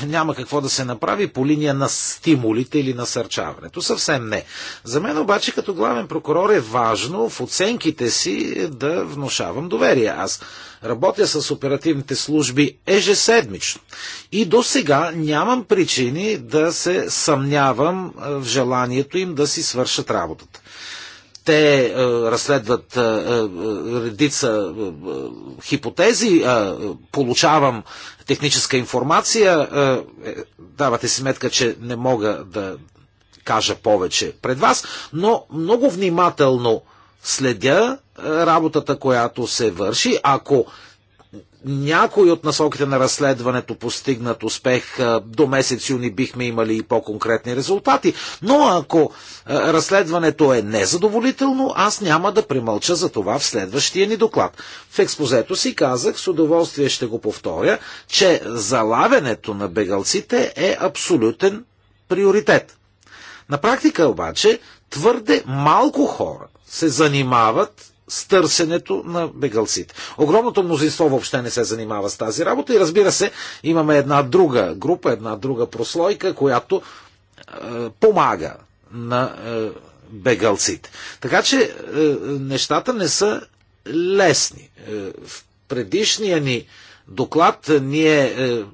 няма какво да се направи по линия на стимулите или насърчаването. Съвсем не. За мен обаче като главен прокурор е важно в оценките си да внушавам доверие. Аз работя с оперативните служби ежеседмично и до сега нямам причини да се съмнявам е, в желанието им да си свършат работата. Те е, разследват е, е, редица е, е, хипотези, е, получавам техническа информация, е, е, давате си сметка, че не мога да кажа повече пред вас, но много внимателно следя е, работата, която се върши. Ако някои от насоките на разследването постигнат успех, е, до месец юни бихме имали и по-конкретни резултати. Но ако е, разследването е незадоволително, аз няма да примълча за това в следващия ни доклад. В експозето си казах, с удоволствие ще го повторя, че залавянето на бегалците е абсолютен приоритет. На практика обаче твърде малко хора се занимават с търсенето на бегалците. Огромното мнозинство въобще не се занимава с тази работа и разбира се, имаме една друга група, една друга прослойка, която е, помага на е, бегалците. Така че е, нещата не са лесни. Е, в предишния ни доклад е, ние е,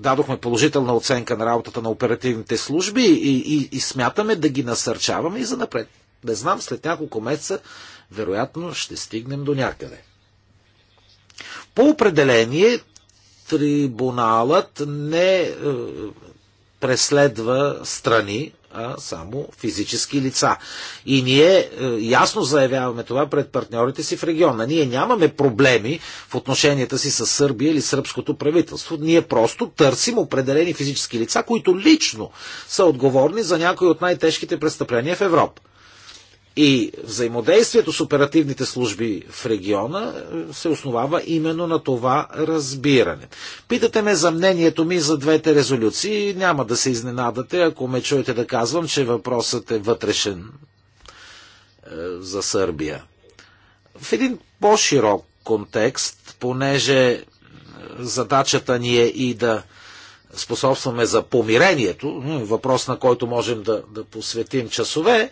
дадохме положителна оценка на работата на оперативните служби и, и, и смятаме да ги насърчаваме и за напред. Не знам, след няколко месеца вероятно ще стигнем до някъде. По определение, трибуналът не е, преследва страни, а само физически лица. И ние е, ясно заявяваме това пред партньорите си в региона. Ние нямаме проблеми в отношенията си с Сърбия или сръбското правителство. Ние просто търсим определени физически лица, които лично са отговорни за някои от най-тежките престъпления в Европа. И взаимодействието с оперативните служби в региона е, се основава именно на това разбиране. Питате ме за мнението ми за двете резолюции. Няма да се изненадате, ако ме чуете да казвам, че въпросът е вътрешен е, за Сърбия. В един по-широк контекст, понеже е, задачата ни е и да способстваме за помирението, въпрос на който можем да, да посветим часове,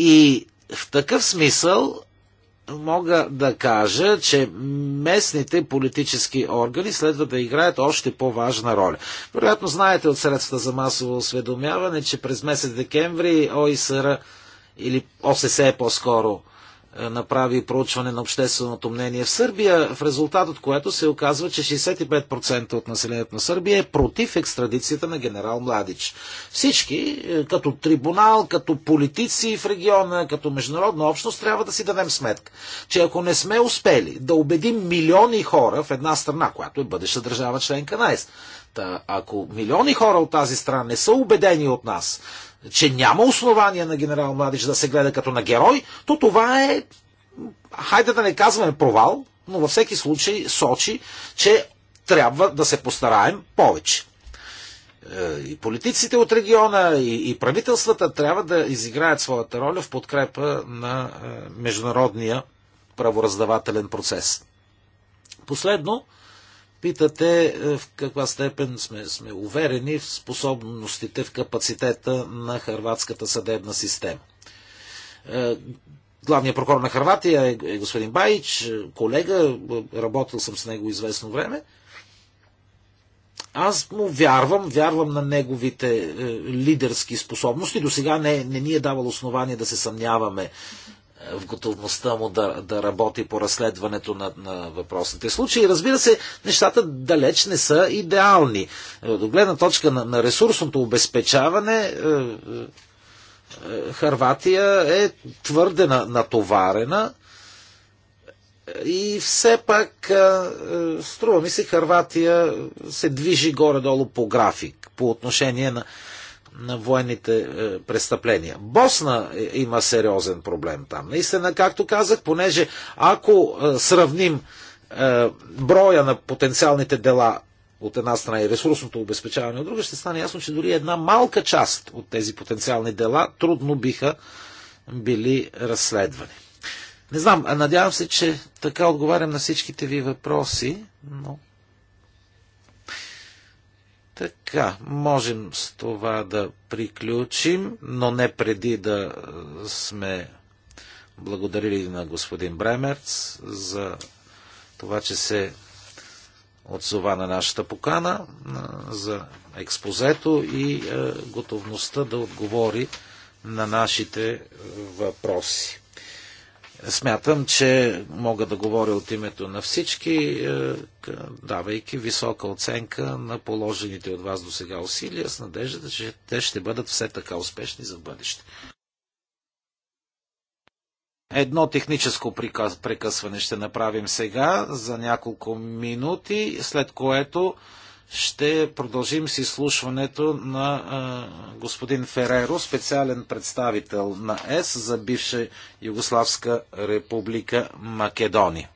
И в такъв смисъл мога да кажа, че местните политически органи следва да играят още по-важна роля. Вероятно знаете от средствата за масово осведомяване, че през месец декември ОИСР или ОССЕ по-скоро е, направи проучване на общественото мнение в Сърбия, в резултат от което се оказва, че 65% от населението на Сърбия е против екстрадицията на генерал Младич. Всички, е, като трибунал, като политици в региона, като международна общност, трябва да си дадем сметка, че ако не сме успели да убедим милиони хора в една страна, която е бъдеща държава членка на ако милиони хора от тази страна не са убедени от нас, че няма основания на генерал Младич да се гледа като на герой, то това е, хайде да не казваме провал, но във всеки случай сочи, че трябва да се постараем повече. Е, и политиците от региона, и, и правителствата трябва да изиграят своята роля в подкрепа на е, международния правораздавателен процес. Последно, Питате е, в каква степен сме, сме уверени в способностите, в капацитета на хърватската съдебна система. Е, главният прокурор на Харватия е, е господин Баич, колега, работил съм с него известно време. Аз му вярвам, вярвам на неговите лидерски способности. До сега не, не ни е давал основание да се съмняваме в готовността му да, да работи по разследването на, на въпросните случаи. Разбира се, нещата далеч не са идеални. До е, гледна точка на, на ресурсното обезпечаване, е, е, е, Харватия е твърде на, натоварена и все пак, е, струва ми се, Харватия се движи горе-долу по график по отношение на, на военните е, престъпления. Босна е, има сериозен проблем там. Наистина, както казах, понеже ако е, сравним е, броя на потенциалните дела от една страна и ресурсното обезпечаване от друга, ще стане ясно, че дори една малка част от тези потенциални дела трудно биха били разследвани. Не знам, надявам се, че така отговарям на всичките ви въпроси, но така, можем с това да приключим, но не преди да е, сме благодарили на господин Бремерц за това, че се отзова на нашата покана е, за експозето и е, готовността да отговори на нашите въпроси. Смятам, че мога да говоря от името на всички, е, давайки висока оценка на положените от вас до сега усилия, с надеждата, че те ще бъдат все така успешни за бъдеще. Едно техническо прекъсване ще направим сега за няколко минути, след което ще продължим с изслушването на а, господин Фереро, специален представител на ЕС за бивша Югославска република Македония.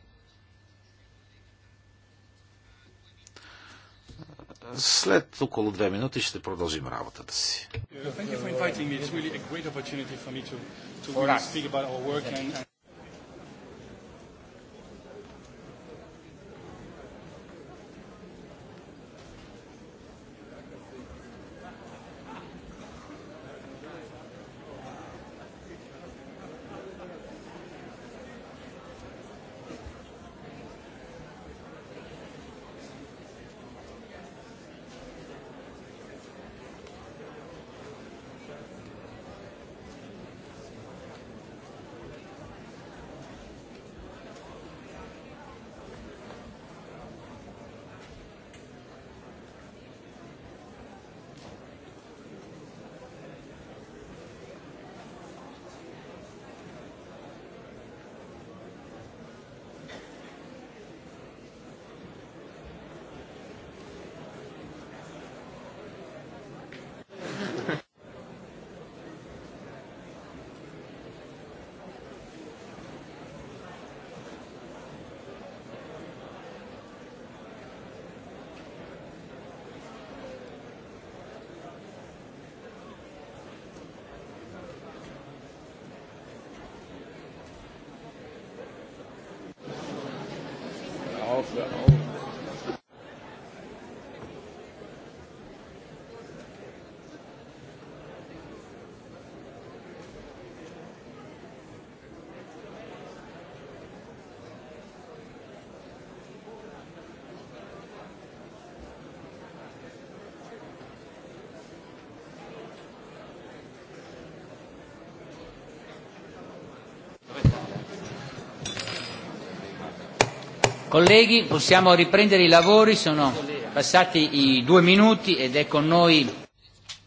след около две минути ще продължим работата си. Colleghi, possiamo riprendere i lavori, sono passati i due minuti ed è con noi.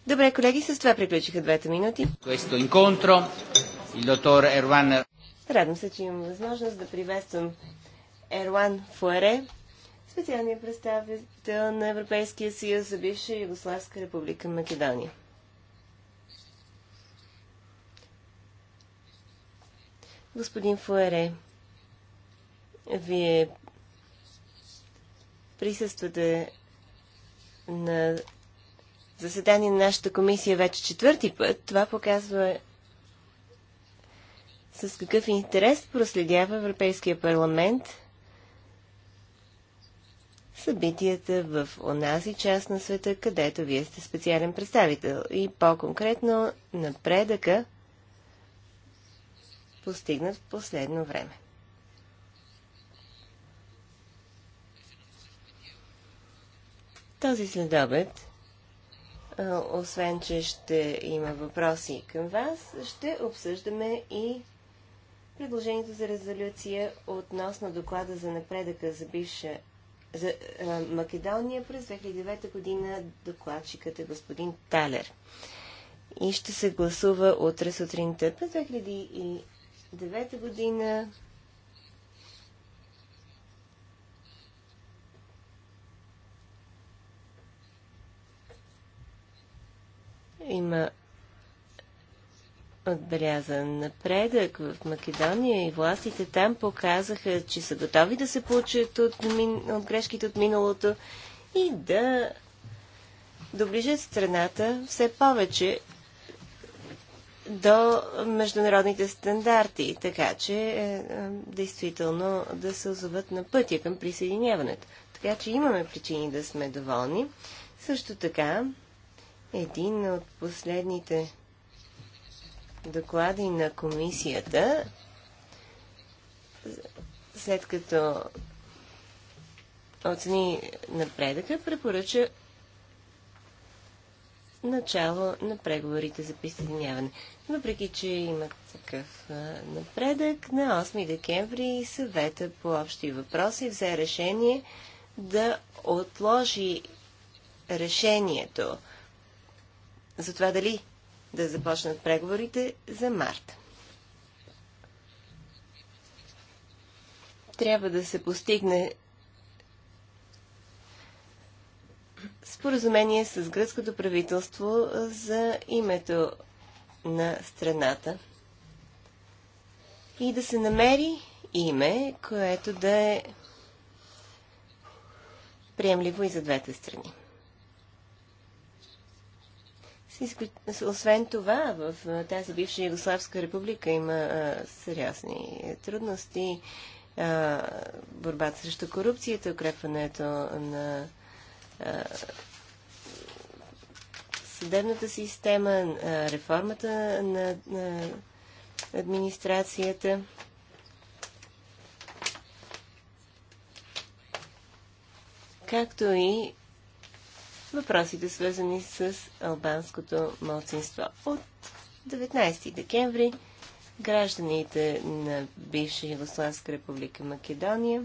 Добре, колеги, с това приключиха двете минути. Questo incontro, il dottor Erwan. Радвам се, че имам възможност да приветствам Ерван Фуаре, специалния представител на Европейския съюз за бивша Югославска република Македония. Господин Фуере, вие присъствате на заседание на нашата комисия вече четвърти път, това показва с какъв интерес проследява Европейския парламент събитията в онази част на света, където вие сте специален представител и по-конкретно напредъка постигнат в последно време. Този следобед, освен че ще има въпроси към вас, ще обсъждаме и предложението за резолюция относно доклада за напредъка за бивша за Македония през 2009 година докладчикът е господин Талер. И ще се гласува утре сутринта през 2009 година Има отбелязан напредък в Македония и властите там показаха, че са готови да се получат от, мин... от грешките от миналото и да доближат страната все повече до международните стандарти, така че е, е действително да се озоват на пътя към присъединяването. Така че имаме причини да сме доволни. Също така един от последните доклади на комисията, след като оцени напредъка, препоръча начало на преговорите за присъединяване. Въпреки, че има такъв напредък, на 8 декември съвета по общи въпроси взе решение да отложи решението за това дали да започнат преговорите за март. Трябва да се постигне споразумение с гръцкото правителство за името на страната и да се намери име, което да е приемливо и за двете страни. Освен това, в тази бивша Югославска република има сериозни трудности. Борбата срещу корупцията, укрепването на съдебната система, реформата на, на администрацията. Както и въпросите, свързани с албанското младсинство. От 19 декември гражданите на бивша Югославска република Македония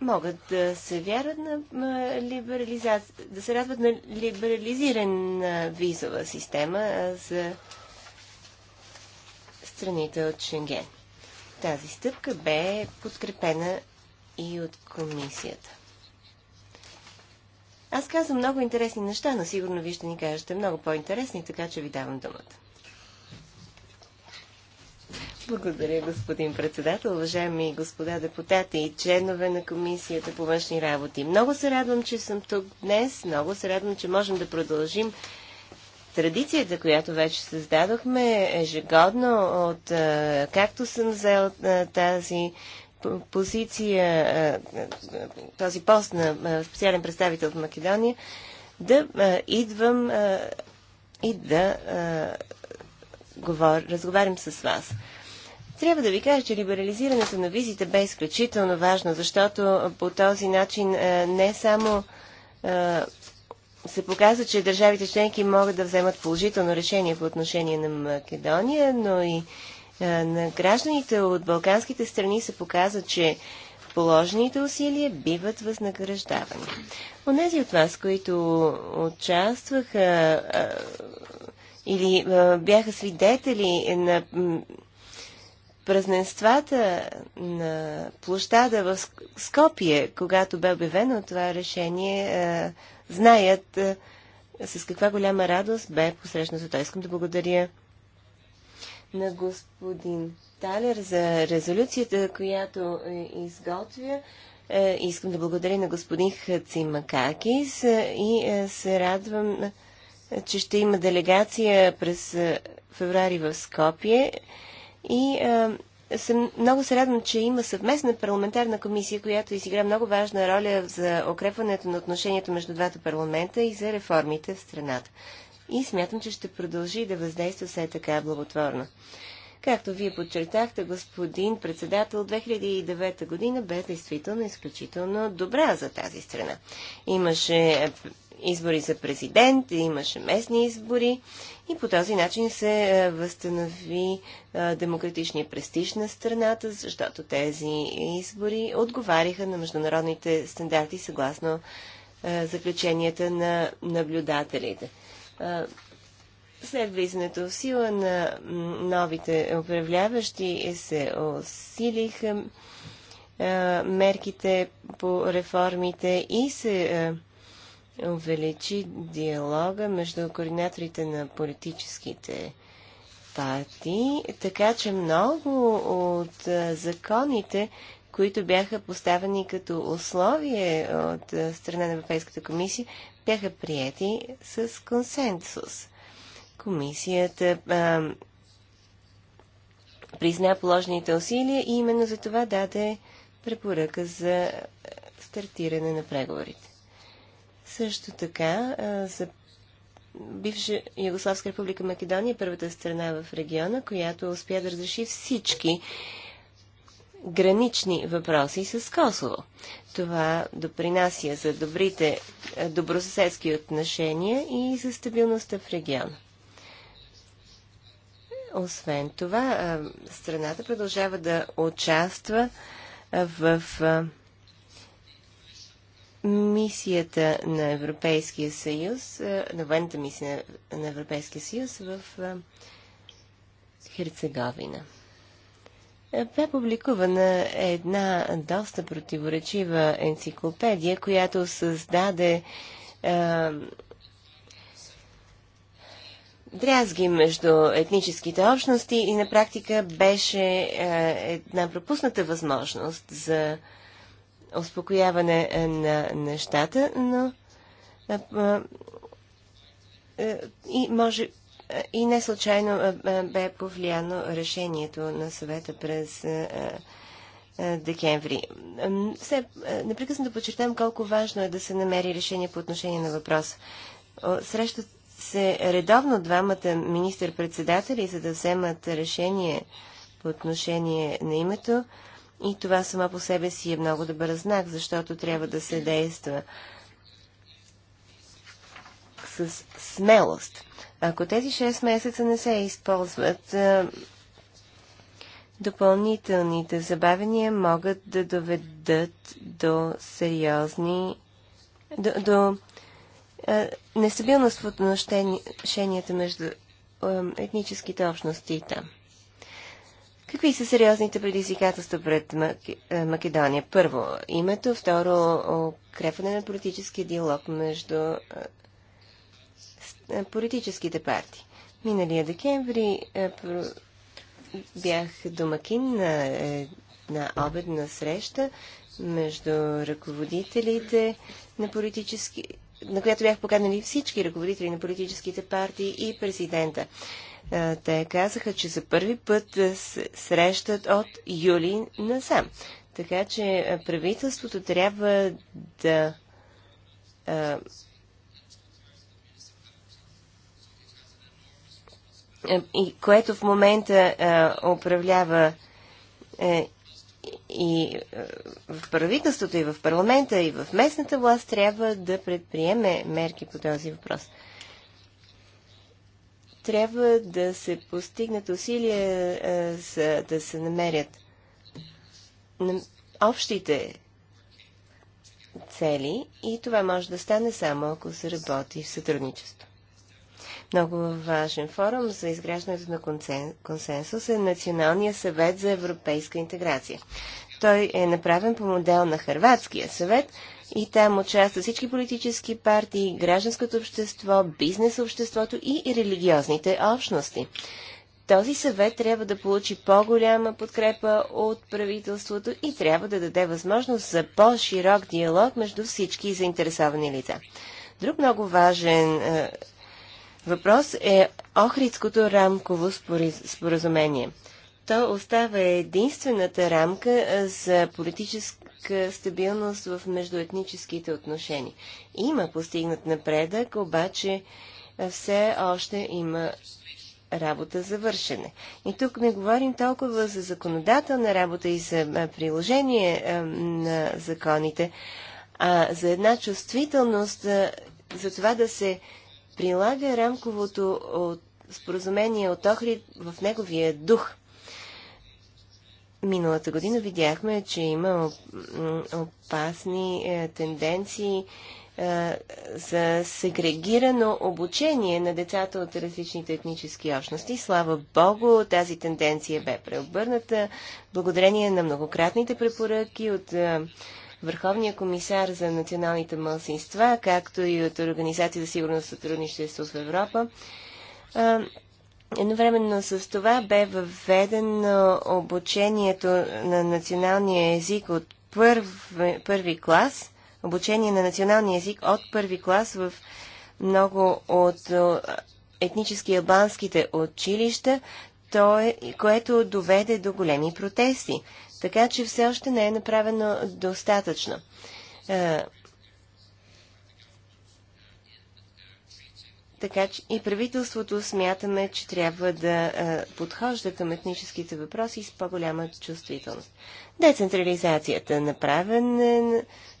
могат да се вярват на либерализация, да се радват на либерализирана визова система за страните от Шенген. Тази стъпка бе подкрепена и от комисията. Аз казвам много интересни неща, но сигурно вие ще ни кажете много по-интересни, така че ви давам думата. Благодаря, господин председател, уважаеми господа депутати и членове на Комисията по външни работи. Много се радвам, че съм тук днес. Много се радвам, че можем да продължим традицията, която вече създадохме ежегодно от както съм взел тази позиция, този пост на специален представител в Македония, да идвам и да говор, разговарям с вас. Трябва да ви кажа, че либерализирането на визите бе изключително важно, защото по този начин не само се показва, че държавите членки могат да вземат положително решение по отношение на Македония, но и е, на гражданите от балканските страни се показва, че положените усилия биват възнаграждавани. Онези от вас, които участваха е, или е, бяха свидетели на празненствата на площада в Скопие, когато бе обявено това решение, знаят с каква голяма радост бе посрещнато. Той искам да благодаря на господин Талер за резолюцията, която е изготвя. Е, искам да благодаря на господин Хацимакакис е, и се радвам, че ще има делегация през феврари в Скопие. И съм, много се радвам, че има съвместна парламентарна комисия, която изигра много важна роля за укрепването на отношението между двата парламента и за реформите в страната и смятам, че ще продължи да въздейства все така благотворно. Както вие подчертахте, господин председател, 2009 година бе действително изключително добра за тази страна. Имаше избори за президент, имаше местни избори и по този начин се е, възстанови е, демократичния престиж на страната, защото тези избори отговаряха на международните стандарти съгласно е, заключенията на наблюдателите. След влизането в сила на новите управляващи се усилиха мерките по реформите и се увеличи диалога между координаторите на политическите партии, така че много от законите, които бяха поставени като условие от страна на Европейската комисия, бяха прияти с консенсус. Комисията а, призна положените усилия и именно за това даде препоръка за стартиране на преговорите. Също така, а, за бивша Югославска република Македония е първата страна в региона, която успя да разреши всички гранични въпроси с Косово. Това допринася за добрите е, добросъседски отношения и за стабилността в региона. Освен това, е, страната продължава да участва е, в мисията на Европейския съюз, на военната мисия на Европейския съюз в Херцеговина бе публикувана една доста противоречива енциклопедия, която създаде е, дрязги между етническите общности и на практика беше е, една пропусната възможност за успокояване на нещата, но е, и може и не случайно бе повлияно решението на съвета през декември. Все, непрекъснато подчертавам колко важно е да се намери решение по отношение на въпроса. Срещат се редовно двамата министър-председатели, за да вземат решение по отношение на името. И това само по себе си е много добър знак, защото трябва да се действа с смелост. Ако тези 6 месеца не се използват, допълнителните забавения могат да доведат до сериозни, до, до а, нестабилност в отношенията между а, етническите общности там. Какви са сериозните предизвикателства пред Македония? Първо, името. Второ, укрепване на политическия диалог между е, политическите партии. Миналия декември е, бях домакин на на обедна среща между ръководителите на политически на която бях поканали всички ръководители на политическите партии и президента. Е, те казаха, че за първи път се срещат от юли насам. Така че правителството трябва да Е, и което в момента а, е, управлява е, и а, е, в правителството, и в парламента, и в местната власт, трябва да предприеме мерки по този въпрос. Трябва да се постигнат усилия а, за да се намерят на общите цели и това може да стане само ако се работи в сътрудничество. Много важен форум за изграждането на консенсус е Националния съвет за европейска интеграция. Той е направен по модел на Харватския съвет и там участват всички политически партии, гражданското общество, бизнес обществото и религиозните общности. Този съвет трябва да получи по-голяма подкрепа от правителството и трябва да даде възможност за по-широк диалог между всички заинтересовани лица. Друг много важен е, въпрос е Охридското рамково споразумение. То остава единствената рамка за политическа стабилност в междуетническите отношения. Има постигнат напредък, обаче все още има работа за вършене. И тук не говорим толкова за законодателна работа и за приложение на законите, а за една чувствителност за това да се прилага рамковото от споразумение от Охрид в неговия дух. Миналата година видяхме, че има опасни е, тенденции е, за сегрегирано обучение на децата от различните етнически общности. Слава Богу, тази тенденция бе преобърната благодарение на многократните препоръки от е, Върховния комисар за националните мълсинства, както и от Организация за сигурно сътрудничество в Европа. Едновременно с това бе въведено обучението на националния език от първи, първи клас, обучение на националния език от първи клас в много от етнически албанските училища, то е, което доведе до големи протести. Така че все още не е направено достатъчно. Е, така че и правителството смятаме, че трябва да а, е, подхожда към етническите въпроси с по-голяма чувствителност. Децентрализацията направен е,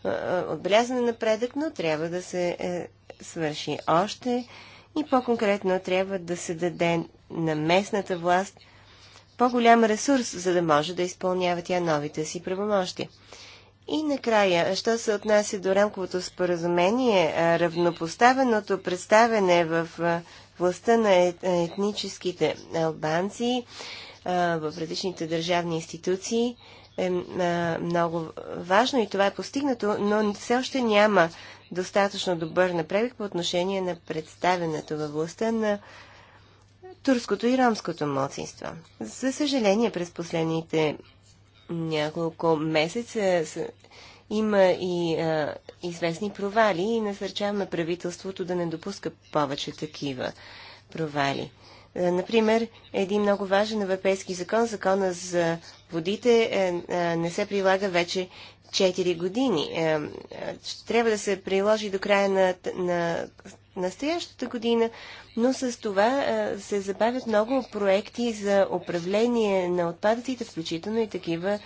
е отбелязан напредък, но трябва да се е, свърши още и по-конкретно трябва да се даде на местната власт по-голям ресурс, за да може да изпълнява тя новите си правомощи. И накрая, що се отнася до рамковото споразумение, равнопоставеното представене в властта на етническите албанци в различните държавни институции е много важно и това е постигнато, но все още няма достатъчно добър напредък по отношение на представенето във властта на турското и ромското младсинство. За съжаление, през последните няколко месеца има и а, известни провали и насърчаваме правителството да не допуска повече такива провали. А, например, един много важен европейски закон, закона за водите, а, е, а, не се прилага вече 4 години. А, е, а, е, трябва да се приложи до края на, на настоящата година, но с това се забавят много проекти за управление на отпадъците, включително и такива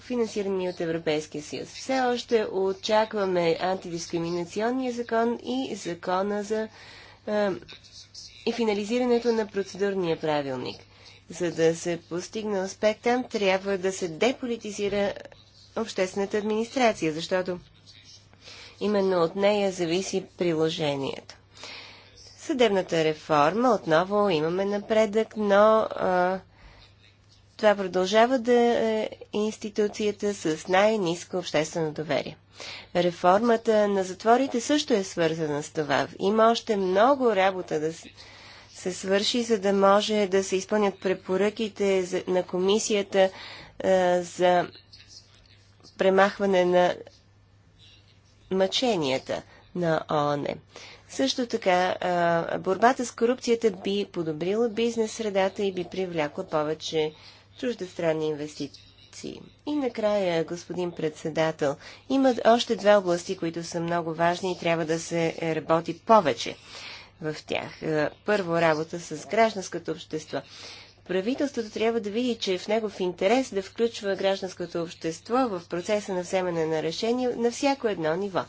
финансирани от Европейския съюз. Все още очакваме антидискриминационния закон и закона за и финализирането на процедурния правилник. За да се постигне успех там, трябва да се деполитизира обществената администрация, защото Именно от нея зависи приложението. Съдебната реформа отново имаме напредък, но а, това продължава да е институцията с най-низко обществено доверие. Реформата на затворите също е свързана с това. Има още много работа да се свърши, за да може да се изпълнят препоръките на комисията а, за премахване на мъченията на ООН. Също така, борбата с корупцията би подобрила бизнес средата и би привлякла повече чуждестранни инвестиции. И накрая, господин председател, има още две области, които са много важни и трябва да се работи повече в тях. Първо, работа с гражданското общество. Правителството трябва да види, че е в негов интерес да включва гражданското общество в процеса на вземане на решения на всяко едно ниво.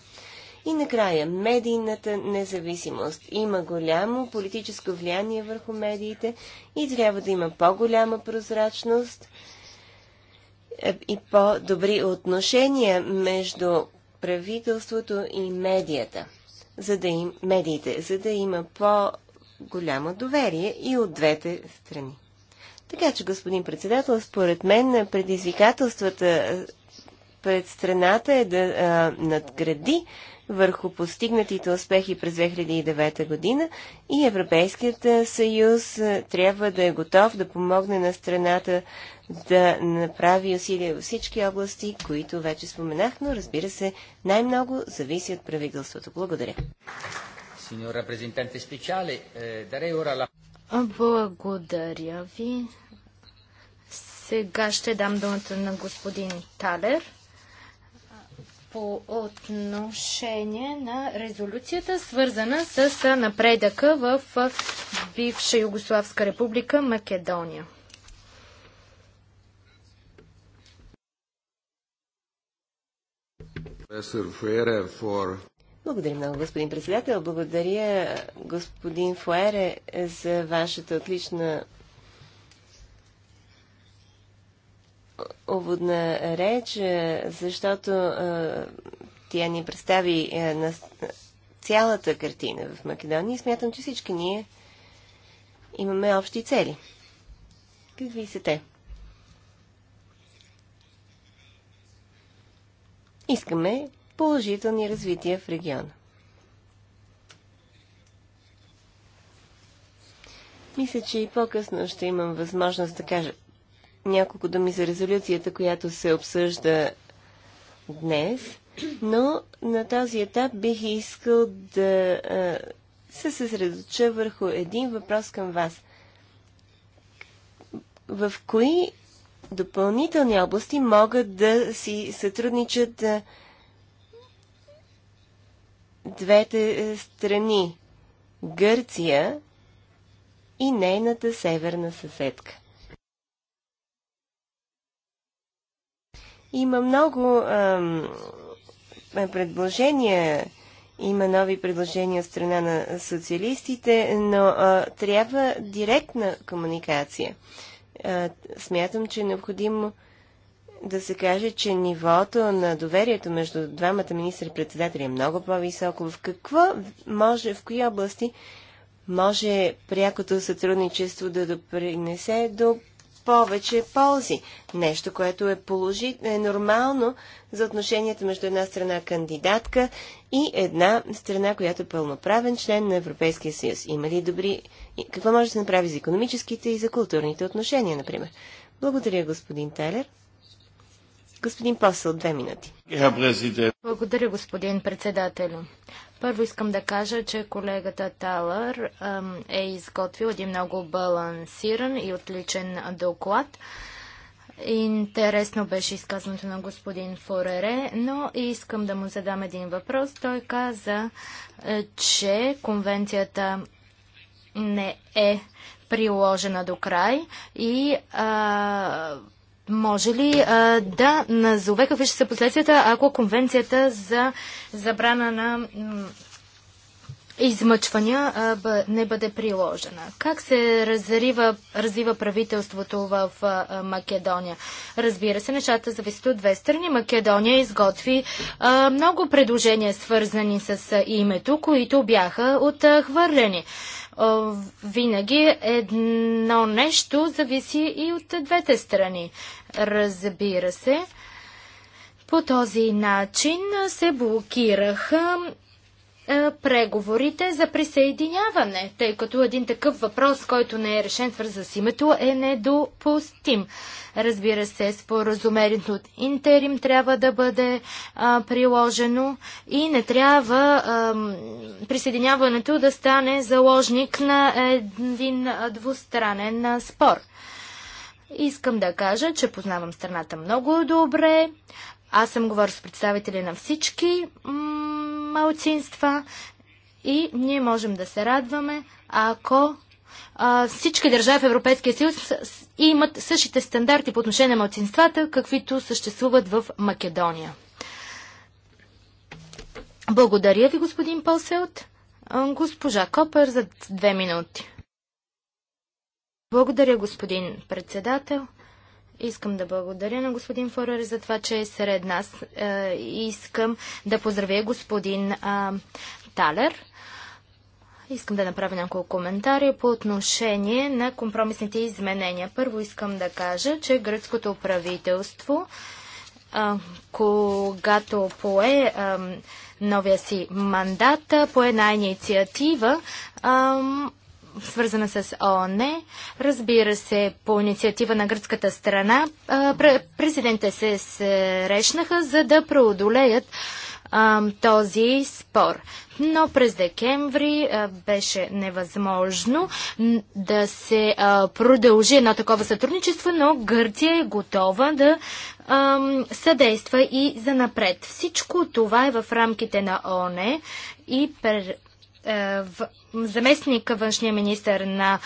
И накрая, медийната независимост. Има голямо политическо влияние върху медиите и трябва да има по-голяма прозрачност е, и по-добри отношения между правителството и медията, за да им, медиите, за да има по-голямо доверие и от двете страни. Така че, господин председател, според мен предизвикателствата е, пред страната е да а, е, надгради върху постигнатите успехи през 2009 година и Европейският е, съюз трябва да е готов да помогне на страната да направи усилия във всички области, които вече споменах, но разбира се, най-много зависи от правителството. Благодаря. Благодаря ви. Сега ще дам думата на господин Талер по отношение на резолюцията, свързана с напредъка в бивша Югославска република Македония. Благодаря много, господин председател. Благодаря, господин Фуере, за вашата отлична уводна реч, е, защото е, тя ни представи е, на цялата картина в Македония и смятам, че всички ние имаме общи цели. Какви са те? Искаме положителни развития в региона. Мисля, че и по-късно ще имам възможност да кажа няколко думи за резолюцията, която се обсъжда днес, но на този етап бих искал да се съсредоча върху един въпрос към вас. В кои допълнителни области могат да си сътрудничат двете страни Гърция и нейната северна съседка? Има много ам, е, предложения, има нови предложения от страна на социалистите, но а, трябва директна комуникация. А, смятам, че е необходимо да се каже, че нивото на доверието между двамата министър-председатели е много по-високо. В какво може, в кои области може прякото сътрудничество да допринесе до повече ползи. Нещо, което е, положи, е нормално за отношенията между една страна кандидатка и една страна, която е пълноправен член на Европейския съюз. Има ли добри... Какво може да се направи за економическите и за културните отношения, например? Благодаря, господин Тайлер. Господин Посъл, две минути. Благодаря, господин председател. Първо искам да кажа, че колегата Талър е изготвил един много балансиран и отличен доклад. Интересно беше изказването на господин Форере, но искам да му задам един въпрос. Той каза, е, че конвенцията не е приложена до край и а, може ли а, да назове какви ще са последствията, ако конвенцията за забрана на измъчвания а, не бъде приложена? Как се разрива, развива правителството в а, Македония? Разбира се, нещата зависят от две страни. Македония изготви а, много предложения, свързани с името, които бяха отхвърлени. Е, винаги едно нещо зависи и от двете страни. Разбира се, по този начин се блокираха е, преговорите за присъединяване, тъй като един такъв въпрос, който не е решен твърза с името, е недопустим. Разбира се, споразумението от интерим трябва да бъде а, е, приложено и не трябва а, е, присъединяването да стане заложник на един двустранен спор. Искам да кажа, че познавам страната много добре. Аз съм говорил с представители на всички малцинства и ние можем да се радваме, ако а, всички държави в Европейския съюз имат същите стандарти по отношение на малцинствата, каквито съществуват в Македония. Благодаря ви, господин Полселт. Госпожа Копер, за две минути. Благодаря, господин председател. Искам да благодаря на господин Форер за това, че е сред нас. Е, искам да поздравя господин а, Талер. Искам да направя няколко коментари по отношение на компромисните изменения. Първо искам да кажа, че гръцкото правителство, а, когато пое а, новия си мандат, по една инициатива, а, свързана с ООН. Разбира се, по инициатива на гръцката страна, президентите се срещнаха, за да преодолеят този спор. Но през декември беше невъзможно да се продължи едно такова сътрудничество, но Гърция е готова да съдейства и за напред. Всичко това е в рамките на ОНЕ и е, заместник външния министр на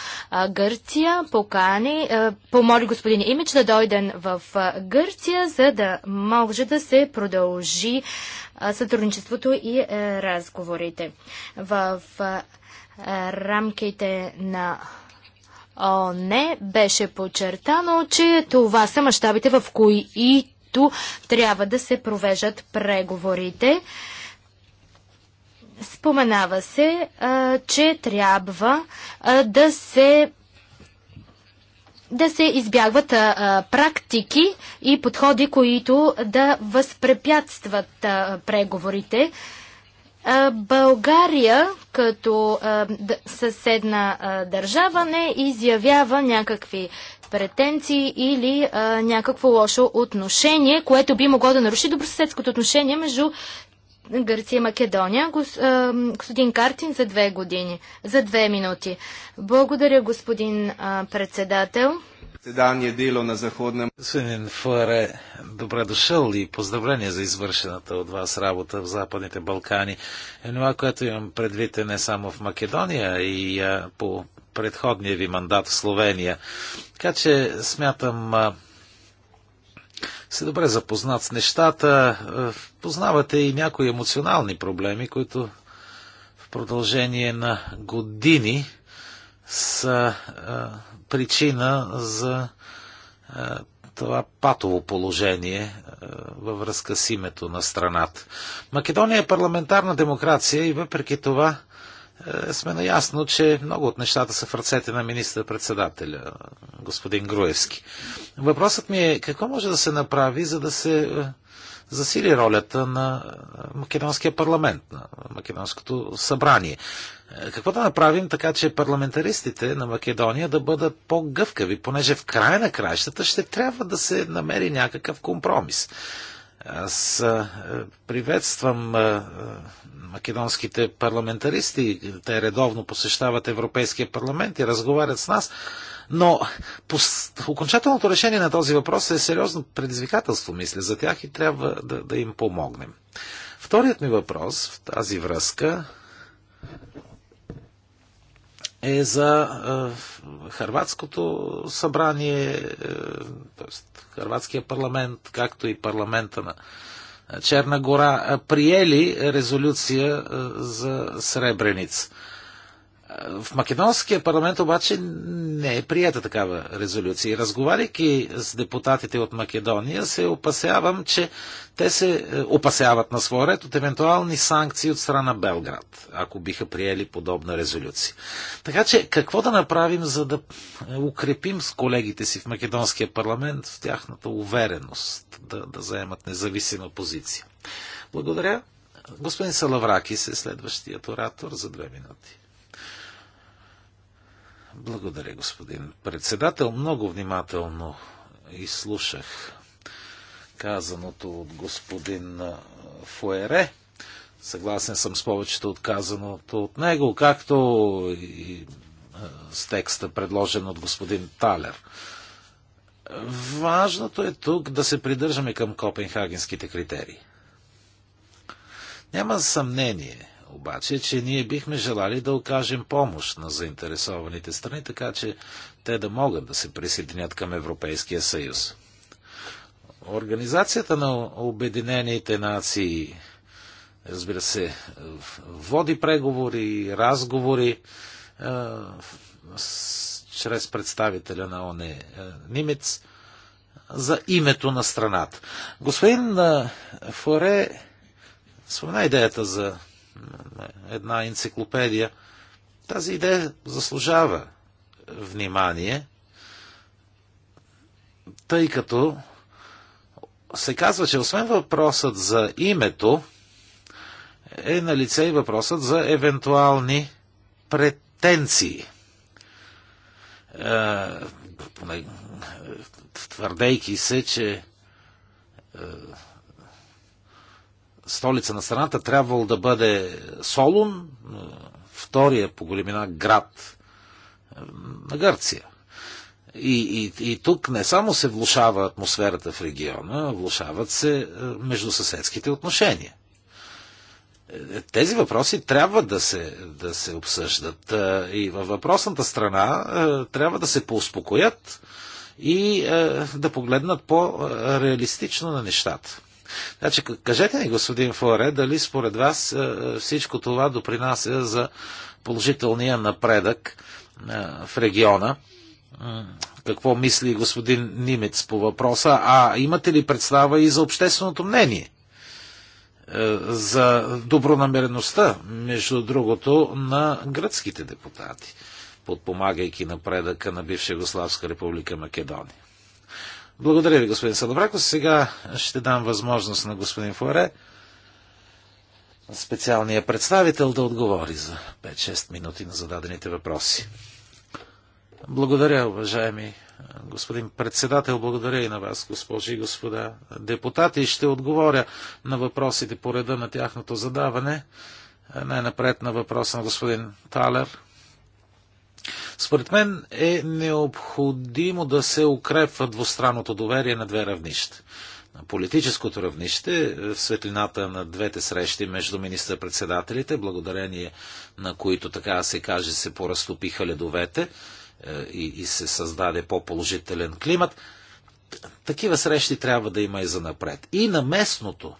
Гърция покани, е, помоли господин Имич да дойден в Гърция, за да може да се продължи сътрудничеството и е, разговорите. В рамките на ОНЕ беше подчертано, че това са мащабите, в които трябва да се провеждат преговорите. Споменава се, а, че трябва а, да се да се избягват а, практики и подходи, които да възпрепятстват а, преговорите. А, България, като а, съседна а, държава, не изявява някакви претенции или а, някакво лошо отношение, което би могло да наруши добросъседското отношение между Гърция и Македония. Гос, а, господин Картин за две години, за две минути. Благодаря, господин а, председател. Седание дело на Заходна. Господин Фуаре, добре дошъл и поздравления за извършената от вас работа в Западните Балкани. Е, това, което имам предвид е не само в Македония и а, по предходния ви мандат в Словения. Така че смятам си добре запознат с нещата, е, познавате и някои емоционални проблеми, които в продължение на години са е, причина за е, това патово положение във връзка с името на страната. Македония е парламентарна демокрация и въпреки това е, сме наясно, че много от нещата са в ръцете на министър-председателя, господин Груевски. Въпросът ми е какво може да се направи, за да се е, засили ролята на е, Македонския парламент, на Македонското събрание. Какво да направим така, че парламентаристите на Македония да бъдат по-гъвкави, понеже в края на краищата ще трябва да се намери някакъв компромис. Аз приветствам македонските парламентаристи. Те редовно посещават Европейския парламент и разговарят с нас. Но пос... окончателното решение на този въпрос е сериозно предизвикателство, мисля, за тях и трябва да, да им помогнем. Вторият ми въпрос в тази връзка е за е, Харватското събрание, е, т.е. Харватския парламент, както и парламента на Черна гора приели резолюция за Сребреница. В македонския парламент обаче не е прията такава резолюция. Разговаряйки с депутатите от Македония, се опасявам, че те се е, опасяват на своя ред от евентуални санкции от страна Белград, ако биха приели подобна резолюция. Така че какво да направим, за да е, укрепим с колегите си в македонския парламент в тяхната увереност да, да заемат независима позиция? Благодаря. Господин Салавраки е следващият оратор за две минути. Благодаря, господин председател. Много внимателно изслушах казаното от господин Фуере. Съгласен съм с повечето от казаното от него, както и с текста, предложен от господин Талер. Важното е тук да се придържаме към копенхагенските критерии. Няма съмнение, обаче, че ние бихме желали да окажем помощ на заинтересованите страни, така че те да могат да се присъединят към Европейския съюз. Организацията на Обединените нации, разбира се, води преговори, разговори е, чрез представителя на ОНЕ Нимец за името на страната. Господин Форе спомена идеята за една енциклопедия. Тази идея заслужава внимание, тъй като се казва, че освен въпросът за името, е на лице и въпросът за евентуални претенции. Е, твърдейки се, че е, столица на страната трябвало да бъде Солун, е, втория по големина град е, на Гърция. И, и, и тук не само се влушава атмосферата в региона, влушават се е, междусъседските отношения. Тези въпроси трябва да се, да се обсъждат и във въпросната страна трябва да се поуспокоят и да погледнат по-реалистично на нещата. Значи, кажете ни, господин Флоре, дали според вас е, е, всичко това допринася за положителния напредък е, в региона? Какво мисли господин Нимец по въпроса? А имате ли представа и за общественото мнение? За добронамереността, между другото, на гръцките депутати, подпомагайки напредъка на бивша Югославска република Македония. Благодаря ви, господин Садобраков. Сега ще дам възможност на господин Фуаре, специалния представител, да отговори за 5-6 минути на зададените въпроси. Благодаря, уважаеми господин председател. Благодаря и на вас, госпожи и господа депутати. Ще отговоря на въпросите по реда на тяхното задаване. Най-напред на въпроса на господин Талер – според мен е необходимо да се укрепва двустранното доверие на две равнища. На политическото равнище, е, в светлината на двете срещи между министър-председателите, благодарение на които, така се каже, се поразтопиха ледовете е, и, и се създаде по-положителен климат, такива срещи трябва да има и за напред. И на местното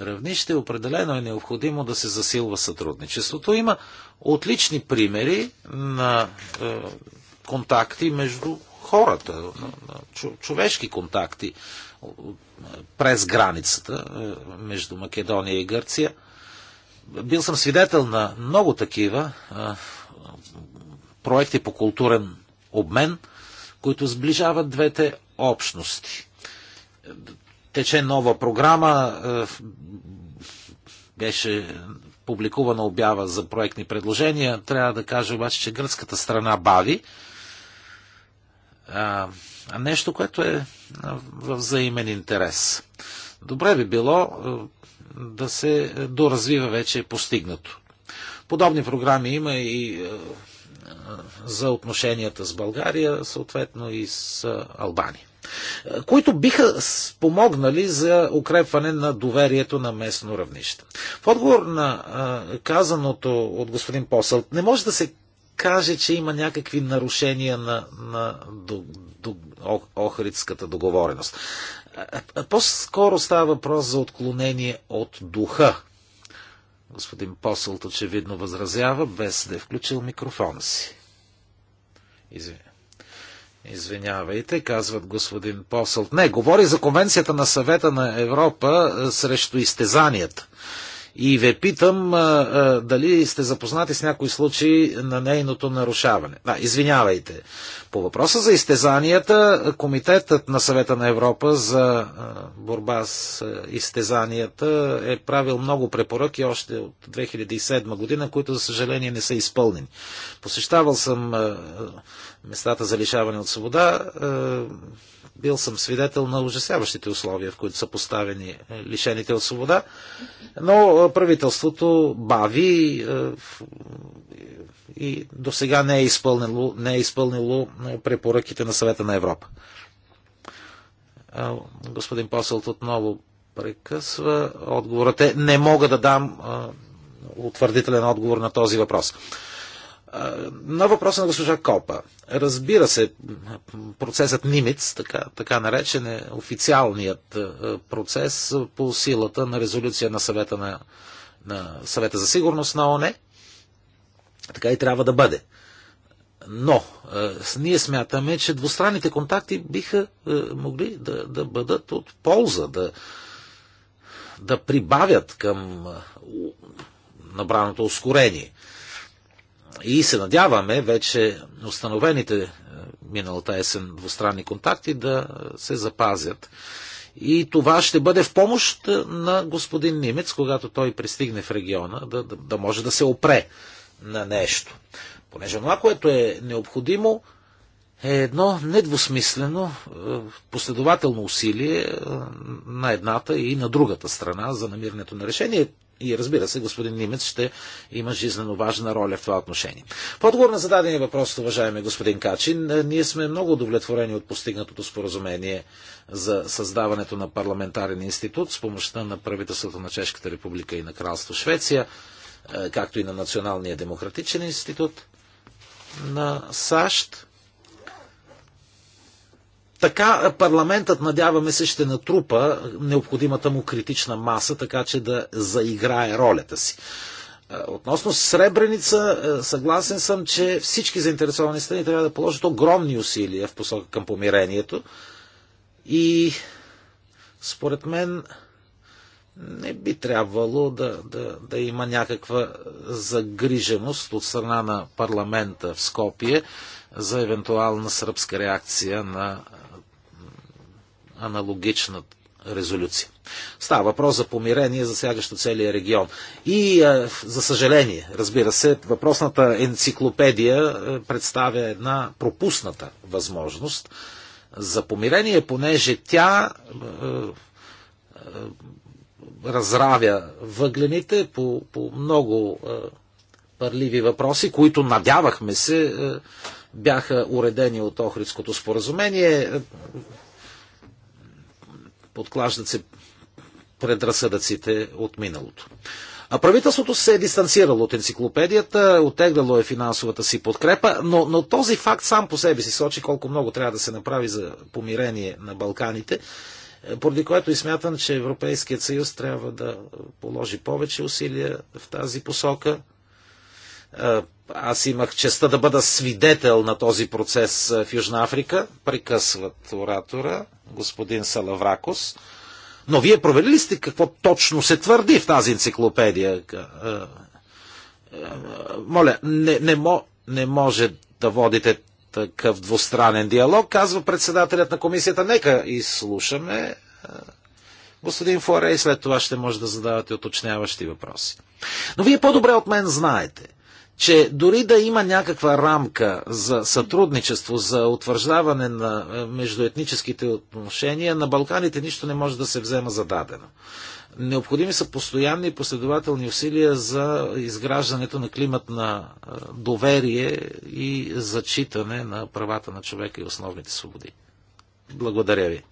равнище, определено е необходимо да се засилва сътрудничеството. Има отлични примери на е, контакти между хората, на, на човешки контакти през границата е, между Македония и Гърция. Бил съм свидетел на много такива е, проекти по културен обмен, които сближават двете общности тече нова програма. Е, беше публикувана обява за проектни предложения. Трябва да кажа обаче, че гръцката страна бави. А, нещо, което е в взаимен интерес. Добре би било е, да се доразвива вече постигнато. Подобни програми има и е, за отношенията с България, съответно и с Албания които биха спомогнали за укрепване на доверието на местно равнище. В отговор на казаното от господин Посъл, не може да се каже, че има някакви нарушения на, на до, до, Охридската договореност. По-скоро става въпрос за отклонение от духа. Господин Посълт очевидно възразява, без да е включил микрофона си. Извинявам. Извинявайте, казват господин Посълт. Не, говори за Конвенцията на съвета на Европа е, срещу изтезанията. И ви питам дали сте запознати с някои случаи на нейното нарушаване. Да, извинявайте. По въпроса за изтезанията, Комитетът на съвета на Европа за борба с изтезанията е правил много препоръки още от 2007 година, които за съжаление не са изпълнени. Посещавал съм местата за лишаване от свобода бил съм свидетел на ужасяващите условия, в които са поставени е, лишените от свобода, но е, правителството бави е, и до сега не е изпълнило, не е изпълнило препоръките на съвета на Европа. Господин Посълт отново прекъсва. Отговорът е не мога да дам утвърдителен отговор на този въпрос. На въпроса на госпожа Копа. Разбира се, процесът Нимиц, така, така наречен е официалният е, процес по силата на резолюция на съвета, на, на съвета за сигурност на ОНЕ. Така и трябва да бъде. Но е, ние смятаме, че двустранните контакти биха е, могли да, да бъдат от полза, да, да прибавят към е, набраното ускорение и се надяваме вече установените е, миналата есен двустранни контакти да е, се запазят. И това ще бъде в помощ е, на господин Нимец, когато той пристигне в региона, да, да, да може да се опре на нещо. Понеже това, което е необходимо, е едно недвусмислено, последователно усилие на едната и на другата страна за намирането на решение. И разбира се, господин Нимец ще има жизненно важна роля в това отношение. В отговор на зададения въпрос, уважаеми господин Качин, е, ние сме много удовлетворени от постигнатото споразумение за създаването на парламентарен институт с помощта на правителството на Чешката република и на Кралство Швеция, е, както и на Националния демократичен институт на САЩ. Така парламентът, надяваме се, ще натрупа необходимата му критична маса, така че да заиграе ролята си. Е, относно Сребреница, е, съгласен съм, че всички заинтересовани страни трябва да положат огромни усилия в посока към помирението. И според мен не би трябвало да, да, да има някаква загриженост от страна на парламента в Скопие за евентуална сръбска реакция на аналогична резолюция. Става въпрос за помирение, засягащо целия регион. И, е, за съжаление, разбира се, въпросната енциклопедия е, представя една пропусната възможност за помирение, понеже тя е, разравя въглените по, по много парливи въпроси, които надявахме се бяха уредени от Охридското споразумение подклаждат се предразсъдъците от миналото. А правителството се е дистанцирало от енциклопедията, отегляло е финансовата си подкрепа, но, но този факт сам по себе си сочи колко много трябва да се направи за помирение на Балканите, поради което и смятам, че Европейският съюз трябва да положи повече усилия в тази посока аз имах честа да бъда свидетел на този процес в Южна Африка. Прекъсват оратора, господин Салавракос. Но вие проверили сте какво точно се твърди в тази енциклопедия? Моля, не, не, мо, не може да водите такъв двустранен диалог, казва председателят на комисията. Нека изслушаме господин Фуаре и след това ще може да задавате уточняващи въпроси. Но вие по-добре от мен знаете, че дори да има някаква рамка за сътрудничество, за утвърждаване на е, междуетническите отношения, на Балканите нищо не може да се взема за дадено. Необходими са постоянни и последователни усилия за изграждането на климат на е, доверие и зачитане на правата на човека и основните свободи. Благодаря ви.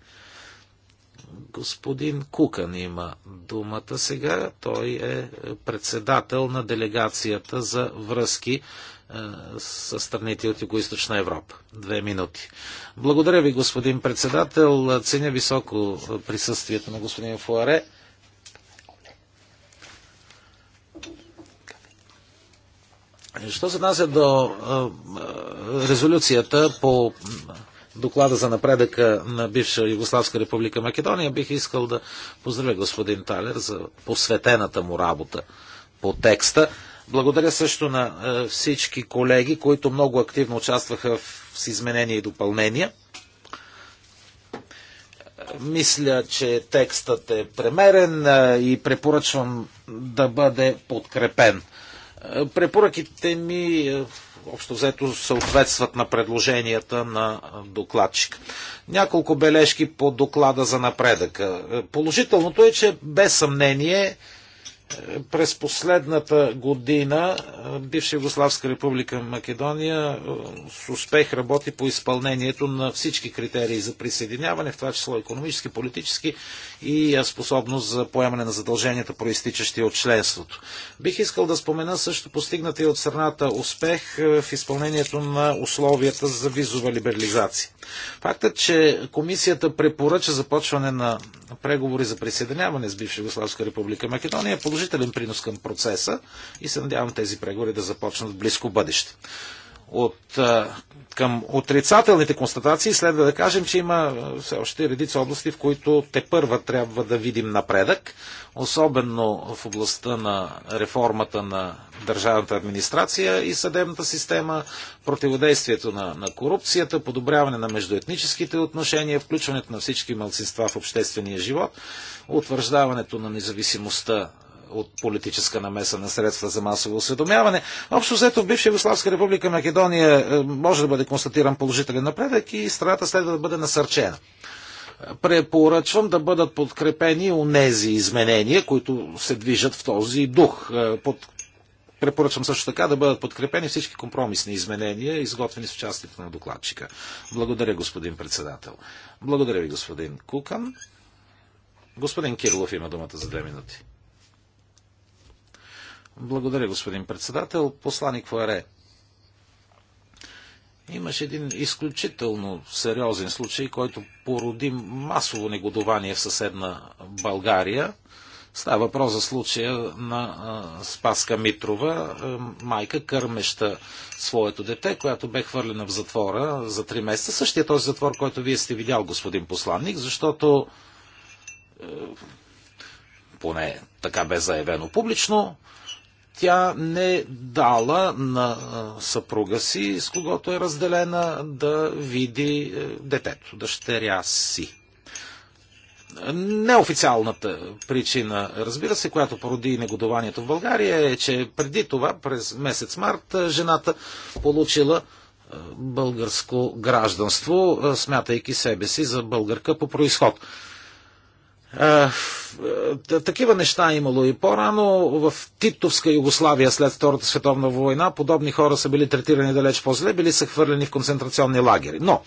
Господин Кукан има думата сега. Той е председател на делегацията за връзки е, с страните от Юго-Источна Европа. Две минути. Благодаря ви, господин председател. Ценя високо присъствието на господин Фуаре. Що се нася до е, е, резолюцията по доклада за напредъка на бивша Югославска република Македония, бих искал да поздравя господин Талер за посветената му работа по текста. Благодаря също на е, всички колеги, които много активно участваха в изменения и допълнения. Мисля, че текстът е премерен е, и препоръчвам да бъде подкрепен. Е, препоръките ми общо взето съответстват на предложенията на докладчик. Няколко бележки по доклада за напредъка. Е, положителното е, че без съмнение през последната година бивша Югославска република Македония с успех работи по изпълнението на всички критерии за присъединяване, в това число економически, политически и способност за поемане на задълженията, проистичащи от членството. Бих искал да спомена също постигнати от страната успех в изпълнението на условията за визова либерализация. Фактът, че комисията препоръча започване на преговори за присъединяване с бивша Югославска република Македония, положителен принос към процеса и се надявам тези преговори да започнат в близко бъдеще. От, към отрицателните констатации следва да кажем, че има все още редица области, в които те първа трябва да видим напредък, особено в областта на реформата на държавната администрация и съдебната система, противодействието на, на корупцията, подобряване на междуетническите отношения, включването на всички малцинства в обществения живот, утвърждаването на независимостта от политическа намеса на средства за масово осведомяване. Общо взето в бивша Югославска република Македония е, може да бъде констатиран положителен напредък и страната следва да бъде насърчена. Препоръчвам да бъдат подкрепени нези изменения, които се движат в този дух. Е, под... Препоръчвам също така да бъдат подкрепени всички компромисни изменения, изготвени с участието на докладчика. Благодаря, господин председател. Благодаря ви, господин Кукан. Господин Кирлов има думата за две минути. Благодаря, господин председател. Посланик Фуаре. Имаше един изключително сериозен случай, който породи масово негодование в съседна България. Става въпрос за случая на Спаска Митрова, майка кърмеща своето дете, която бе хвърлена в затвора за три месеца. Същия е този затвор, който вие сте видял, господин посланник, защото поне така бе заявено публично, тя не дала на съпруга си, с когото е разделена, да види е, детето, дъщеря си. Неофициалната причина, разбира се, която породи негодованието в България е, че преди това, през месец март, е, жената получила е, българско гражданство, смятайки себе си за българка по происход. Такива неща е имало и по-рано. В Титовска Югославия след Втората световна война подобни хора са били третирани далеч по-зле, били са хвърлени в концентрационни лагери. Но,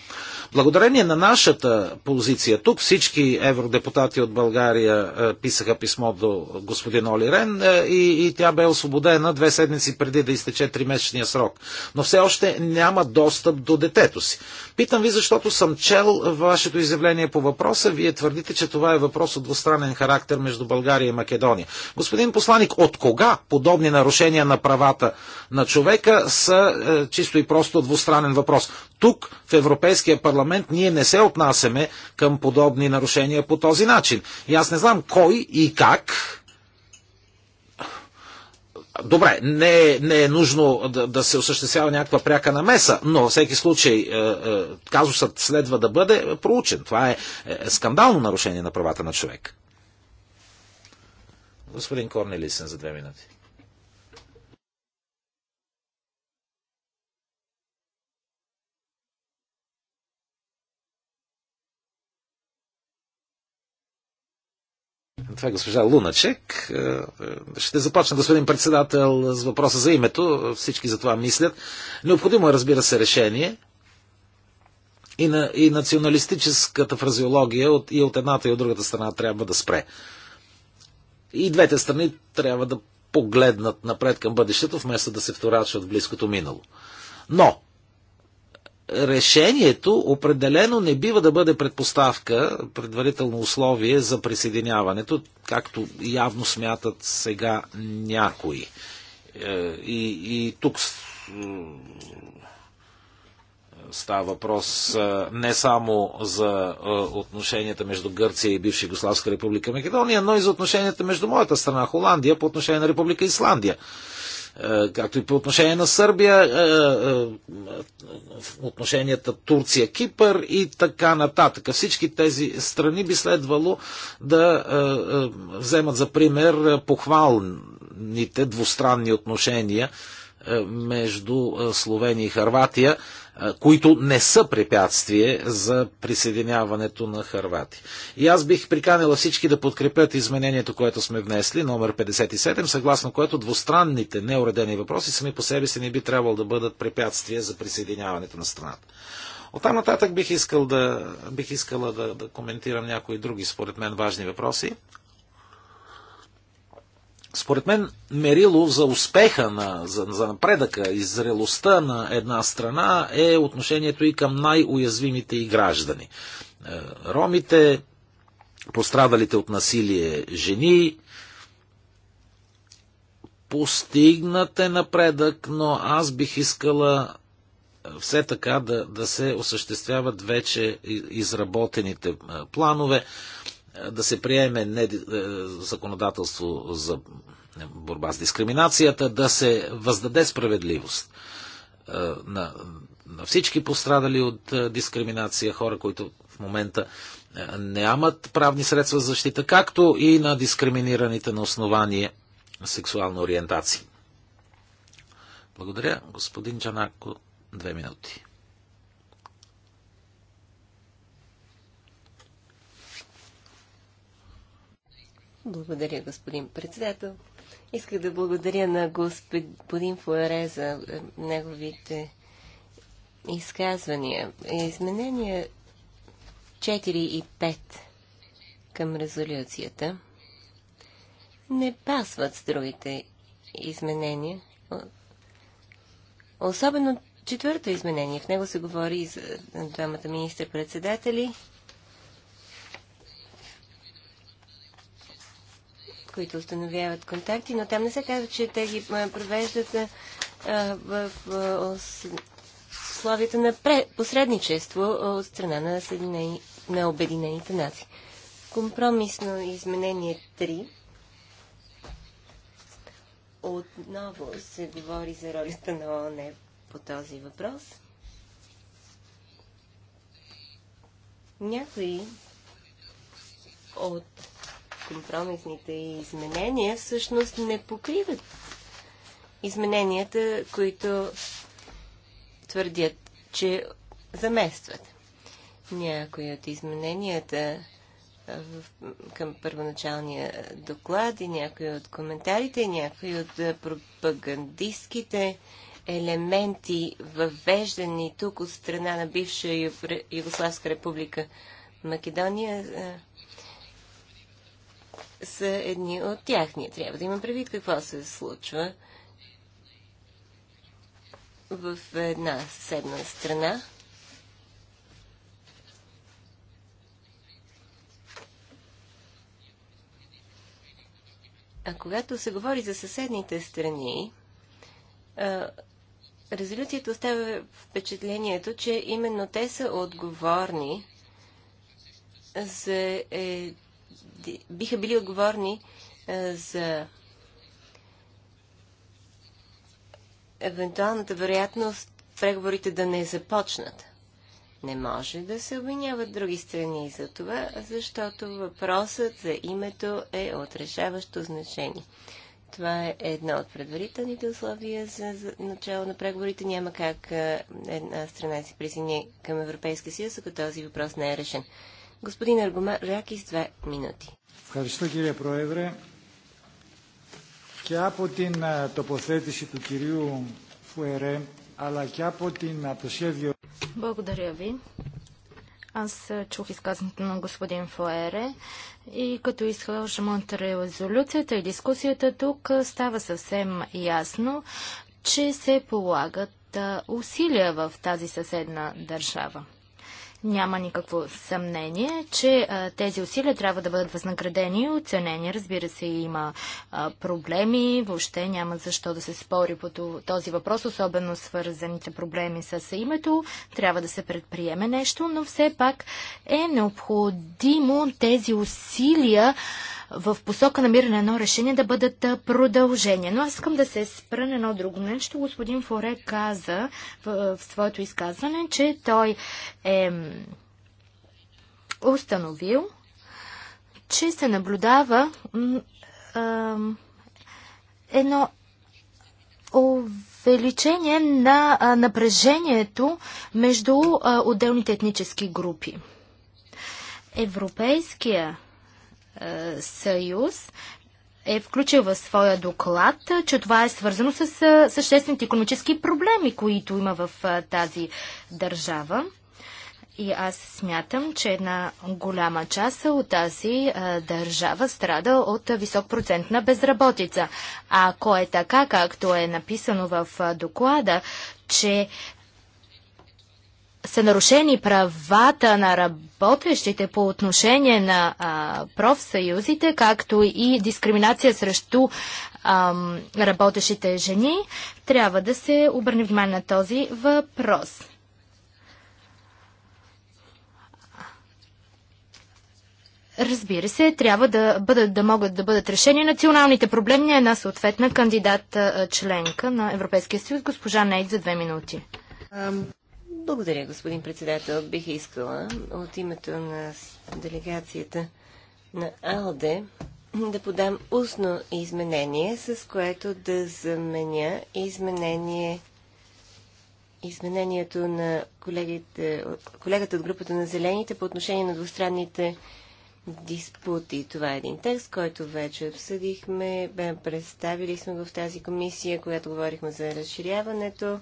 благодарение на нашата позиция тук, всички евродепутати от България писаха писмо до господин Оли Рен и, и тя бе освободена две седмици преди да изтече тримесечния срок. Но все още няма достъп до детето си. Питам ви, защото съм чел вашето изявление по въпроса. Вие твърдите, че това е въпрос въпрос от двустранен характер между България и Македония. Господин посланик, от кога подобни нарушения на правата на човека са е, чисто и просто двустранен въпрос? Тук, в Европейския парламент, ние не се отнасяме към подобни нарушения по този начин. И аз не знам кой и как Добре, не е, не е нужно да, да се осъществява някаква пряка намеса, но във всеки случай е, е, казусът следва да бъде проучен. Това е, е скандално нарушение на правата на човек. Господин Корнелисен за две минути. Това е госпожа Луначек. Е, е, ще започна, господин председател, с въпроса за името. Всички за това мислят. Необходимо е, разбира се, решение и, на, и националистическата фразеология от, и от едната и от другата страна трябва да спре. И двете страни трябва да погледнат напред към бъдещето, вместо да се вторачват в близкото минало. Но, решението определено не бива да бъде предпоставка, предварително условие за присъединяването, както явно смятат сега някои. Е, и, и тук е, става въпрос е, не само за отношенията между Гърция и бивша Югославска република Македония, но и за отношенията между моята страна Холандия по отношение на република Исландия е, както и по отношение на Сърбия, е, е, отношенията Турция-Кипър и така нататък. Всички тези страни би следвало да вземат за пример похвалните двустранни отношения между Словения и Харватия които не са препятствие за присъединяването на Харвати. И аз бих приканила всички да подкрепят изменението, което сме внесли, номер 57, съгласно което двустранните неуредени въпроси сами по себе си не би трябвало да бъдат препятствие за присъединяването на страната. От там нататък бих, искал да, бих искала да, да коментирам някои други, според мен, важни въпроси. Според мен, мерило за успеха, на, за, за напредъка и зрелостта на една страна е отношението и към най-уязвимите и граждани. Е, ромите, пострадалите от насилие жени, постигнат е напредък, но аз бих искала е, все така да, да се осъществяват вече изработените е, планове да се приеме не, е, законодателство за борба с дискриминацията, да се въздаде справедливост е, на, на всички пострадали от е, дискриминация, хора, които в момента нямат правни средства за защита, както и на дискриминираните на основание сексуална ориентация. Благодаря, господин Чанако. Две минути. Благодаря, господин председател. Исках да благодаря на господин Фуаре за е, неговите изказвания. Изменения 4 и 5 към резолюцията не пасват с другите изменения. Особено четвърто изменение. В него се говори за двамата министър-председатели – които установяват контакти, но там не се казва, че те ги провеждат в условията на посредничество от страна на, Съединени... на Обединените нации. Компромисно изменение 3 отново се говори за ролята на ООН по този въпрос. Някои от компромисните изменения всъщност не покриват измененията, които твърдят, че заместват. Някои от измененията към първоначалния доклад и някои от коментарите, и някои от пропагандистските елементи, въвеждани тук от страна на бивша Югославска република Македония, са едни от тях. Ние трябва да имам предвид какво се случва в една съседна страна. А когато се говори за съседните страни, резолюцията оставя впечатлението, че именно те са отговорни за е биха били отговорни за евентуалната вероятност преговорите да не започнат. Не може да се обвиняват други страни за това, защото въпросът за името е от решаващо значение. Това е едно от предварителните условия за, начало на преговорите. Няма как една страна се присъедини към Европейския съюз, ако този въпрос не е решен. Господин Аргума Ракис, две минути. Ευχαριστώ κύριε Πρόεδρε. Και από την τοποθέτηση του κυρίου Φουερέ, αλλά και από, την, από το σχέδιο... Благодаря ви. Аз е, чух изказването на господин Фуере и като изхождам от резолюцията и дискусията тук, е, става съвсем ясно, че се полагат е, усилия в тази съседна държава. Няма никакво съмнение, че а, тези усилия трябва да бъдат възнаградени и оценени. Разбира се, има а, проблеми, въобще няма защо да се спори по този въпрос, особено свързаните проблеми с името. Трябва да се предприеме нещо, но все пак е необходимо тези усилия в посока намиране на едно решение да бъдат продължения. Но аз искам да се спра на едно друго нещо. Господин Форе каза в, в своето изказване, че той е установил, че се наблюдава едно увеличение на напрежението между отделните етнически групи. Европейския е, съюз е включил в своя доклад, е, че това е свързано с е, съществените економически проблеми, които има в тази държава. И аз смятам, че една голяма част от тази държава страда от висок процент на безработица. А ако е така, както е написано в доклада, че са нарушени правата на работещите по отношение на а, профсъюзите, както и дискриминация срещу а, работещите жени, трябва да се обърне внимание на този въпрос. Разбира се, трябва да, бъдат, да могат да бъдат решени националните проблеми на една съответна кандидат членка на Европейския съюз, госпожа Нейт за две минути. Благодаря, господин председател. Бих искала от името на делегацията на АЛДЕ да подам устно изменение, с което да заменя изменение изменението на колегите, колегата от групата на зелените по отношение на двустранните диспути. Това е един текст, който вече обсъдихме, бе представили сме в тази комисия, която говорихме за разширяването.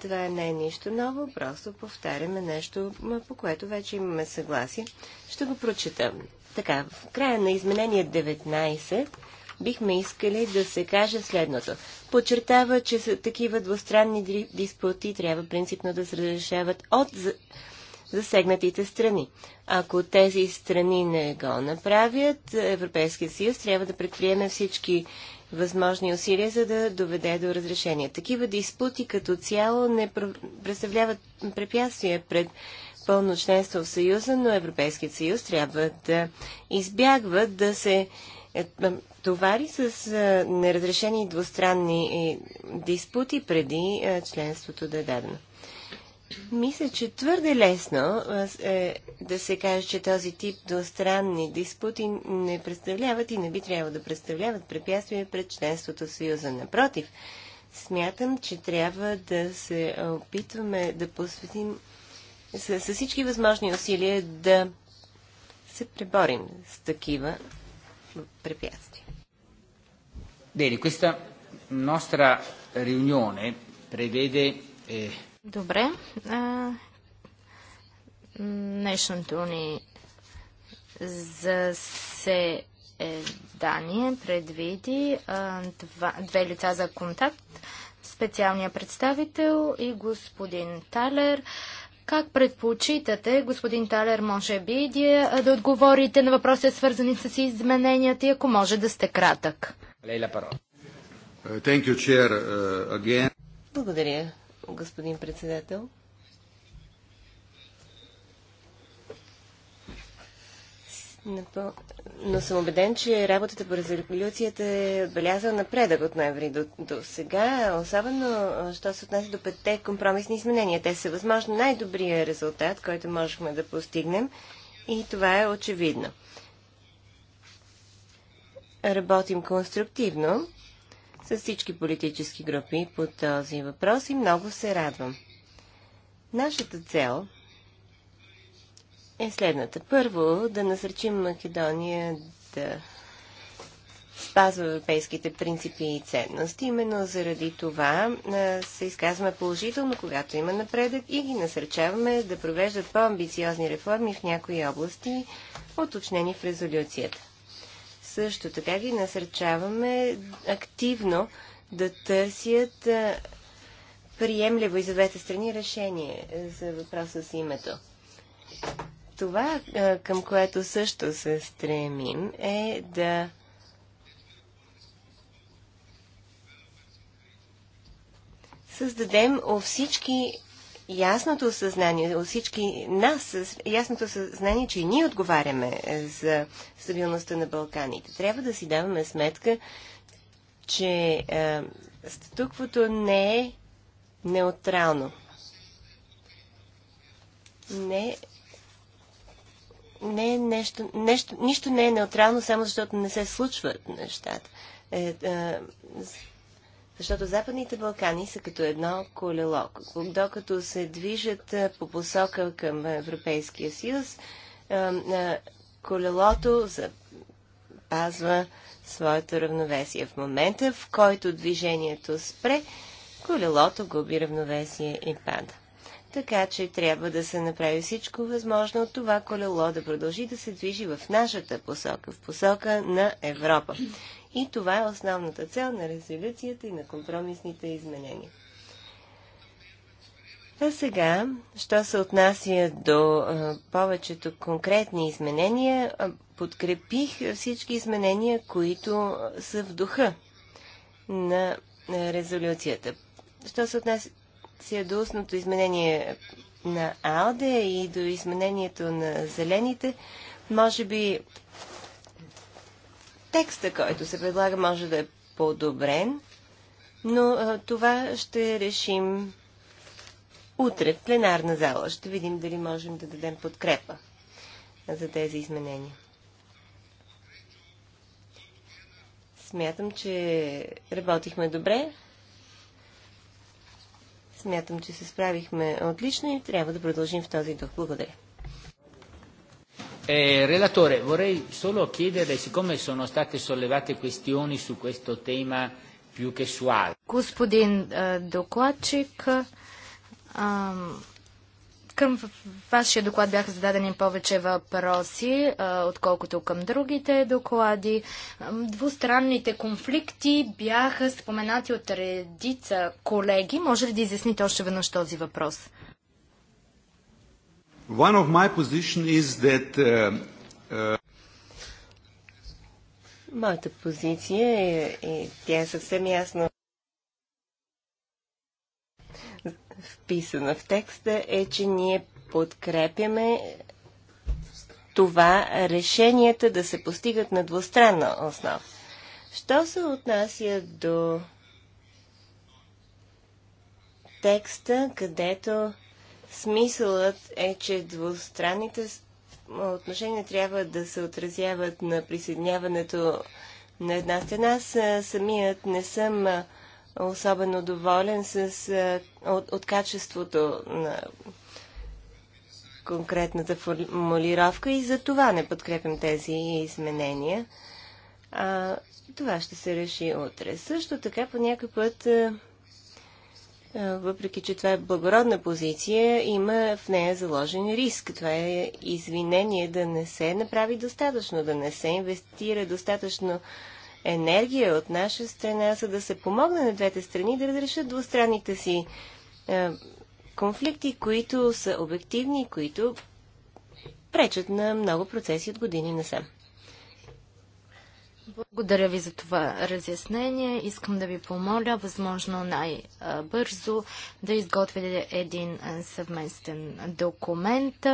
Това не е нищо ново, просто повтаряме нещо, по което вече имаме съгласие. Ще го прочета. Така, в края на изменение 19 бихме искали да се каже следното. Подчертава, че такива двустранни диспути трябва принципно да се разрешават от засегнатите страни. Ако тези страни не го направят, Европейския съюз трябва да предприеме всички възможни усилия, за да доведе до разрешение. Такива диспути като цяло не представляват препятствие пред пълно членство в Съюза, но Европейският съюз трябва да избягва да се е, товари с е, неразрешени двустранни е, диспути преди членството да е дадено. Мисля, че твърде лесно е, да се каже, че този тип двустранни диспути не представляват и не би трябвало да представляват препятствия пред членството в Съюза. Напротив, смятам, че трябва да се опитваме да посветим с, с всички възможни усилия да се преборим с такива препятствия. Дели, questa nostra riunione prevede eh, Добре. А, днешното ни заседание предвиди а, два, две лица за контакт. Специалния представител и господин Талер. Как предпочитате, господин Талер, може би, да, да отговорите на въпроси, свързани с измененията и ако може да сте кратък? Uh, Благодаря, господин председател. Но съм убеден, че работата по резолюцията е отбелязала напредък от ноември до, до сега, особено що се отнася до петте компромисни изменения. Те са възможно най-добрия резултат, който можехме да постигнем и това е очевидно. Работим конструктивно с всички политически групи по този въпрос и много се радвам. Нашата цел е следната. Първо, да насърчим Македония да спазва европейските принципи и ценности. Именно заради това се изказваме положително, когато има напредък и ги насърчаваме да провеждат по-амбициозни реформи в някои области, уточнени в резолюцията също така ги насърчаваме активно да търсят приемливо и за двете страни решение е, за въпроса с името. Това, към което също се стремим, е да създадем у всички ясното съзнание от всички нас, ясното съзнание, че и ние отговаряме е, за стабилността на Балканите. Трябва да си даваме сметка, че е, статуквото не е неутрално. Не, не е нещо, нещо, нищо не е неутрално, само защото не се случват нещата. Е, е, защото Западните Балкани са като едно колело. Докато се движат по посока към Европейския съюз, колелото запазва своето равновесие. В момента, в който движението спре, колелото губи равновесие и пада. Така че трябва да се направи всичко възможно от това колело да продължи да се движи в нашата посока, в посока на Европа. И това е основната цел на резолюцията и на компромисните изменения. А сега, що се отнася до а, повечето конкретни изменения, а, подкрепих всички изменения, които са в духа на резолюцията. Що се отнася до устното изменение на АЛДЕ и до изменението на зелените, може би Текста, който се предлага, може да е подобрен, но а, това ще решим утре в пленарна зала. Ще видим дали можем да дадем подкрепа за тези изменения. Смятам, че работихме добре. Смятам, че се справихме отлично и трябва да продължим в този дух. Благодаря. Eh, relatore, vorrei solo chiederle, siccome sono state sollevate questioni su questo tema più che su altri. Господин eh, докладчик, към вашия доклад бяха зададени повече въпроси, е, отколкото към другите доклади. Двустранните конфликти бяха споменати от редица колеги. Може ли да изясните още веднъж този въпрос? One of my position is that uh, uh, Моята позиция е, е, тя е съвсем ясно вписана в текста, е, че ние подкрепяме това решенията да се постигат на двустранна основа. Що се отнася до текста, където Смисълът е, че двустранните отношения трябва да се отразяват на присъединяването на една страна. Самият не съм особено доволен с, от, от качеството на конкретната формулировка и за това не подкрепям тези изменения. А, това ще се реши утре. Също така по някой път а, е, въпреки че това е благородна позиция, има в нея заложен риск. Това е извинение да не се направи достатъчно, да не се инвестира достатъчно енергия от наша страна, за да се помогне на двете страни да разрешат двустранните си е, конфликти, които са обективни, които пречат на много процеси от години насам. Благодаря ви за това разяснение. Искам да ви помоля, възможно най-бързо, да изготвите един съвместен документ.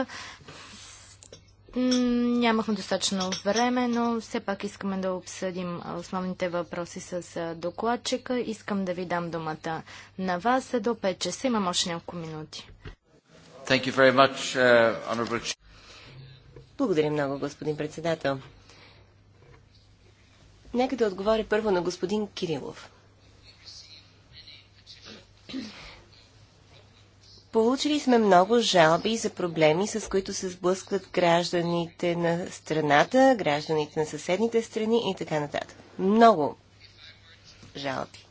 Нямахме достатъчно време, но все пак искаме да обсъдим основните въпроси с докладчика. Искам да ви дам думата на вас до 5 часа. Имам още няколко минути. Much, uh, Благодаря много, господин председател. Нека да отговоря първо на господин Кирилов. Получили сме много жалби за проблеми, с които се сблъскват гражданите на страната, гражданите на съседните страни и така нататък. Много жалби.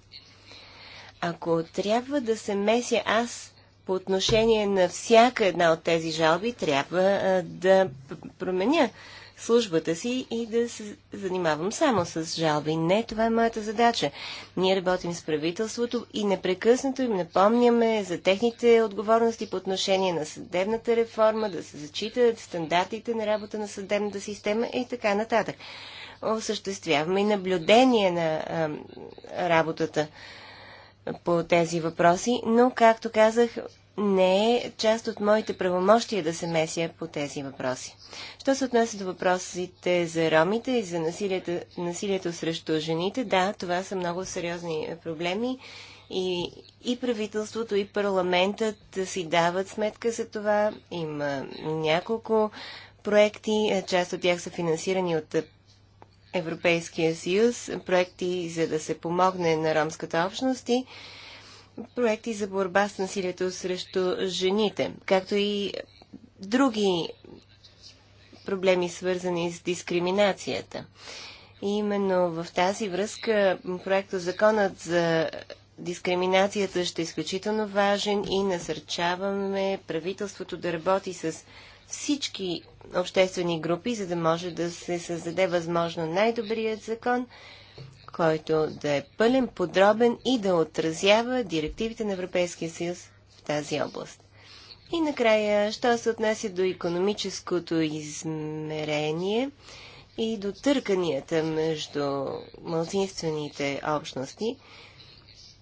Ако трябва да се меся аз по отношение на всяка една от тези жалби, трябва да променя службата си и да се занимавам само с жалби. Не, това е моята задача. Ние работим с правителството и непрекъснато им напомняме за техните отговорности по отношение на съдебната реформа, да се зачитат стандартите на работа на съдебната система и така нататък. Осъществяваме и наблюдение на а, работата по тези въпроси, но, както казах, не е част от моите правомощия да се меся по тези въпроси. Що се отнася до въпросите за ромите и за насилието, насилието срещу жените, да, това са много сериозни проблеми и, и правителството, и парламентът си дават сметка за това. Има няколко проекти, част от тях са финансирани от Европейския съюз, проекти за да се помогне на ромската общност и проекти за борба с насилието срещу жените, както и други проблеми, свързани с дискриминацията. И именно в тази връзка проекта Законът за дискриминацията ще е изключително важен и насърчаваме правителството да работи с всички обществени групи, за да може да се създаде възможно най-добрият закон, който да е пълен, подробен и да отразява директивите на Европейския съюз в тази област. И накрая, що се отнася до економическото измерение и до търканията между малцинствените общности,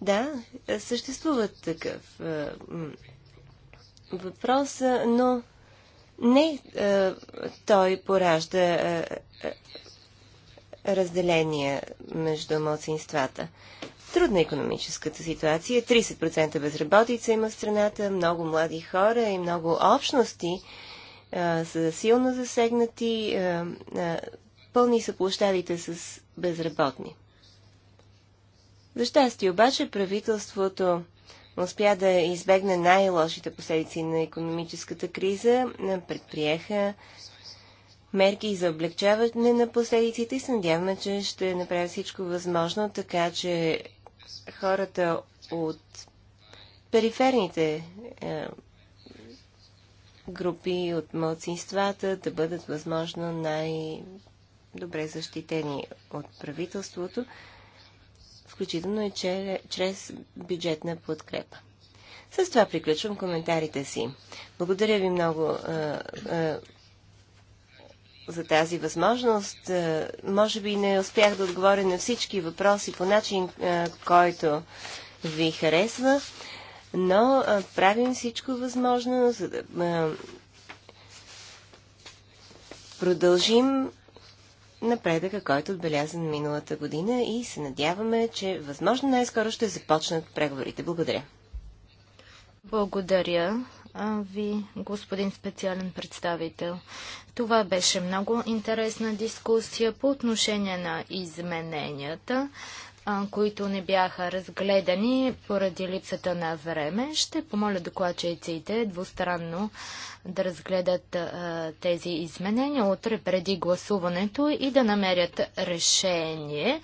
да, съществува такъв е, въпрос, е, но не е, той поражда е, е разделения между младсинствата. Трудна економическата ситуация, 30% безработица има в страната, много млади хора и много общности а, са силно засегнати, а, а, пълни са площадите с безработни. За щастие обаче правителството успя да избегне най-лошите последици на економическата криза, предприеха мерки за облегчаване на последиците и се надяваме, че ще направя всичко възможно, така че хората от периферните е, групи, от младсинствата да бъдат възможно най-добре защитени от правителството, включително и чрез бюджетна подкрепа. С това приключвам коментарите си. Благодаря ви много. Е, е, за тази възможност. Е, може би не успях да отговоря на всички въпроси по начин, е, който ви харесва, но е, правим всичко възможно, за да продължим напредъка, който отбеляза отбелязан миналата година и се надяваме, че възможно най-скоро ще започнат преговорите. Благодаря. Благодаря ви, господин специален представител. Това беше много интересна дискусия по отношение на измененията, които не бяха разгледани поради липсата на време. Ще помоля докладчиците двустранно да разгледат тези изменения утре преди гласуването и да намерят решение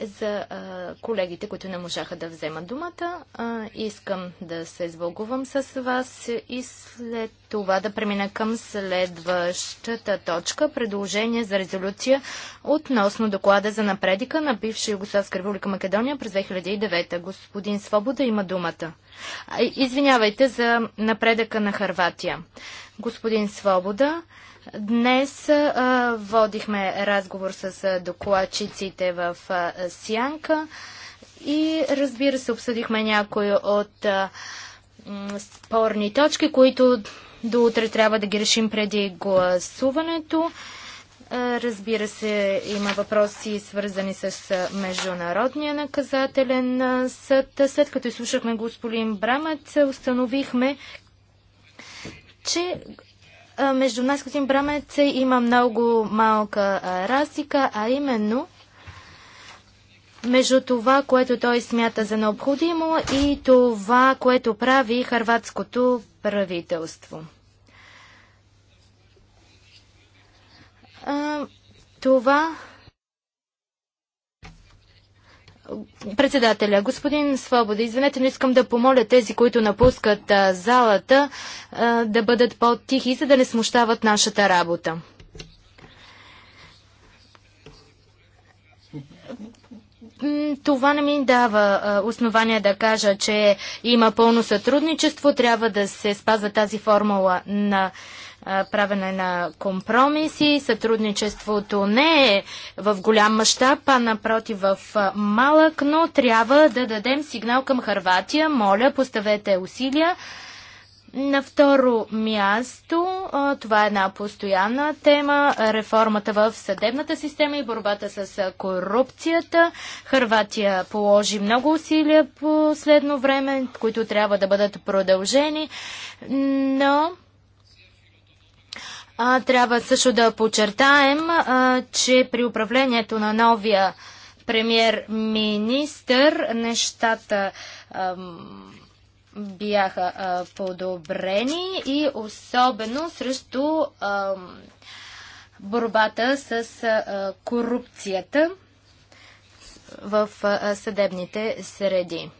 за а, колегите, които не можаха да вземат думата. А, искам да се извългувам с вас и след това да премина към следващата точка. Предложение за резолюция относно доклада за напредика на бивша Югославска република Македония през 2009. Господин Свобода има думата. Извинявайте за напредъка на Харватия. Господин Свобода, Днес а, водихме разговор с а, докладчиците в а, Сянка и разбира се обсъдихме някои от спорни точки, които до утре трябва да ги решим преди гласуването. Разбира се, има въпроси свързани с Международния наказателен съд. След като изслушахме господин Брамец, установихме, че между нас, господин Брамец, има много малка разлика, а именно между това, което той смята за необходимо и това, което прави харватското правителство. Това Председателя, господин Свобода, извинете, но искам да помоля тези, които напускат а, залата, а, да бъдат по-тихи, за да не смущават нашата работа. Това не ми дава основания основание да кажа, че има пълно сътрудничество. Трябва да се спазва тази формула на правене на компромиси. Сътрудничеството не е в голям мащаб, а напротив в малък, но трябва да дадем сигнал към Харватия. Моля, поставете усилия. На второ място, това е една постоянна тема, реформата в съдебната система и борбата с корупцията. Харватия положи много усилия последно време, които трябва да бъдат продължени, но а, трябва също да подчертаем, а, че при управлението на новия премьер-министър нещата а, бяха а, подобрени и особено срещу а, борбата с а, корупцията в а, съдебните среди.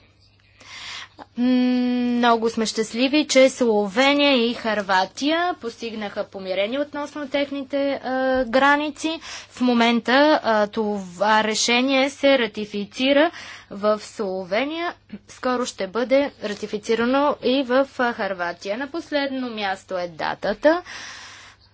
Много сме щастливи, че Словения и Харватия постигнаха помирение относно техните а, граници. В момента а, това решение се ратифицира в Словения. Скоро ще бъде ратифицирано и в а, Харватия. На последно място е датата.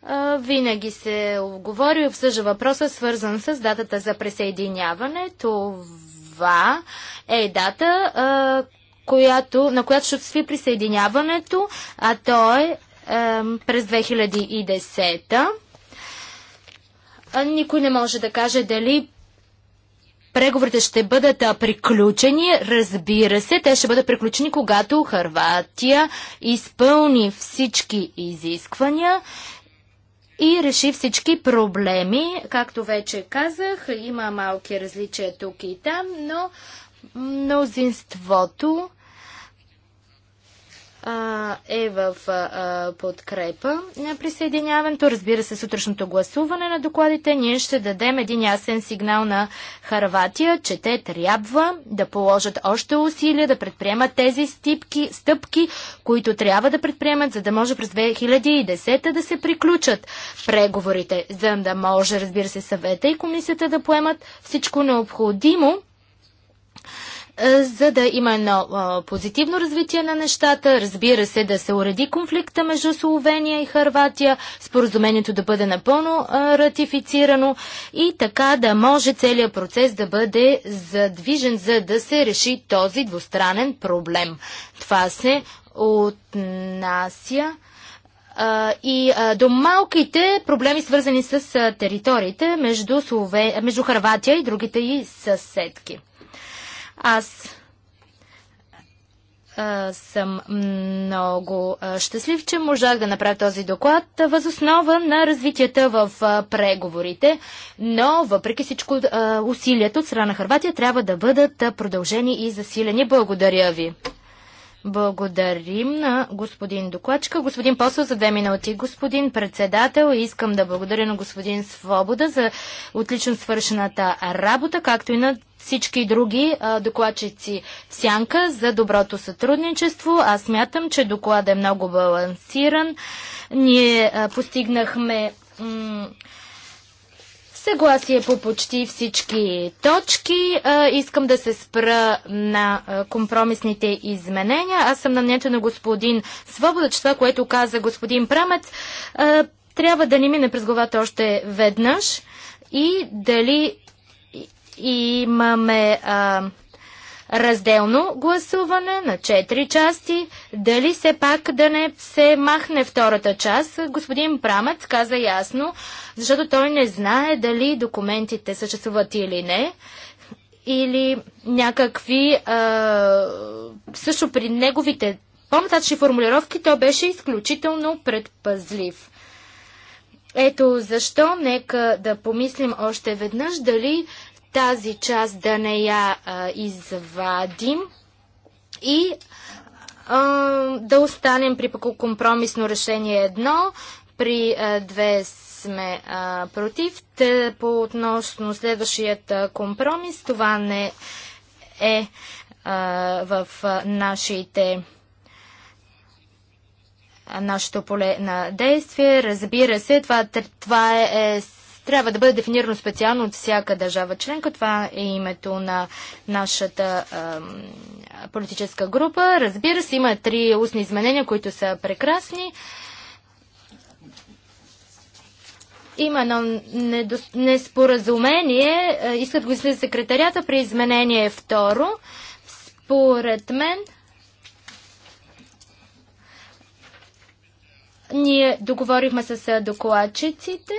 А, винаги се говори и обсъжда въпроса, свързан с датата за присъединяване. Това е дата, а, която, на която ще отстви присъединяването, а то е, е през 2010. Никой не може да каже дали преговорите ще бъдат приключени. Разбира се, те ще бъдат приключени, когато Харватия изпълни всички изисквания и реши всички проблеми. Както вече казах, има малки различия тук и там, но Мнозинството а, е в а, подкрепа на присъединяването. Разбира се, сутрешното гласуване на докладите ние ще дадем един ясен сигнал на Харватия, че те трябва да положат още усилия, да предприемат тези стипки, стъпки, които трябва да предприемат, за да може през 2010 да се приключат преговорите, за да може, разбира се, съвета и комисията да поемат всичко необходимо е, за да има едно е, позитивно развитие на нещата. Разбира се, да се уреди конфликта между Словения и Харватия, споразумението да бъде напълно е, ратифицирано и така да може целият процес да бъде задвижен, за да се реши този двустранен проблем. Това се отнася и до малките проблеми, свързани с териториите между, Слове... между Харватия и другите и съседки. Аз съм много щастлив, че можах да направя този доклад възоснова на развитията в преговорите, но въпреки всичко усилията от страна на Харватия трябва да бъдат продължени и засилени. Благодаря ви. Благодарим на господин докладчика. Господин Посъл за две минути. Господин председател, искам да благодаря на господин Свобода за отлично свършената работа, както и на всички други а, докладчици в Сянка за доброто сътрудничество. Аз мятам, че докладът е много балансиран. Ние а, постигнахме Съгласие по почти всички точки. А, искам да се спра на а, компромисните изменения. Аз съм на мнението на господин Свобода, че това, което каза господин Прамец, а, трябва да ни мине през главата още веднъж и дали имаме а, разделно гласуване на четири части. Дали се пак да не се махне втората част? Господин Прамец каза ясно, защото той не знае дали документите съществуват или не. Или някакви... А, също при неговите по-нататъчни формулировки той беше изключително предпазлив. Ето защо нека да помислим още веднъж дали тази част да не я а, извадим и а, да останем при компромисно решение едно, при а, две сме а, против. Те, по относно следващият а, компромис, това не е а, в а, нашите нашето поле на действие. Разбира се, това, това е, е трябва да бъде дефинирано специално от всяка държава членка. Това е името на нашата а, политическа група. Разбира се, има три устни изменения, които са прекрасни. Има едно недос... неспоразумение. Е, искат го излиза секретарята при изменение второ. Според мен, ние договорихме с докладчиците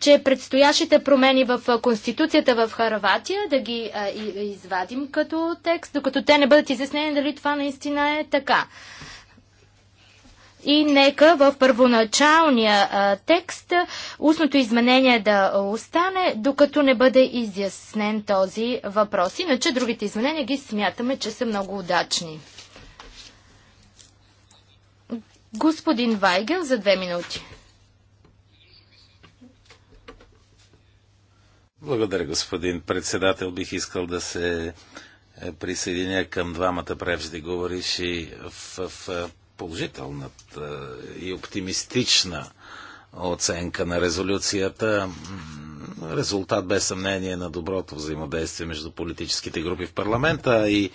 че предстоящите промени в Конституцията в Харватия да ги а, и, извадим като текст, докато те не бъдат изяснени дали това наистина е така. И нека в първоначалния а, текст устното изменение да остане, докато не бъде изяснен този въпрос. Иначе другите изменения ги смятаме, че са много удачни. Господин Вайгел за две минути. Благодаря, господин председател. Бих искал да се е, присъединя към двамата преждеговоривши в, в е, положителната е, и оптимистична оценка на резолюцията. Резултат без съмнение на доброто взаимодействие между политическите групи в парламента и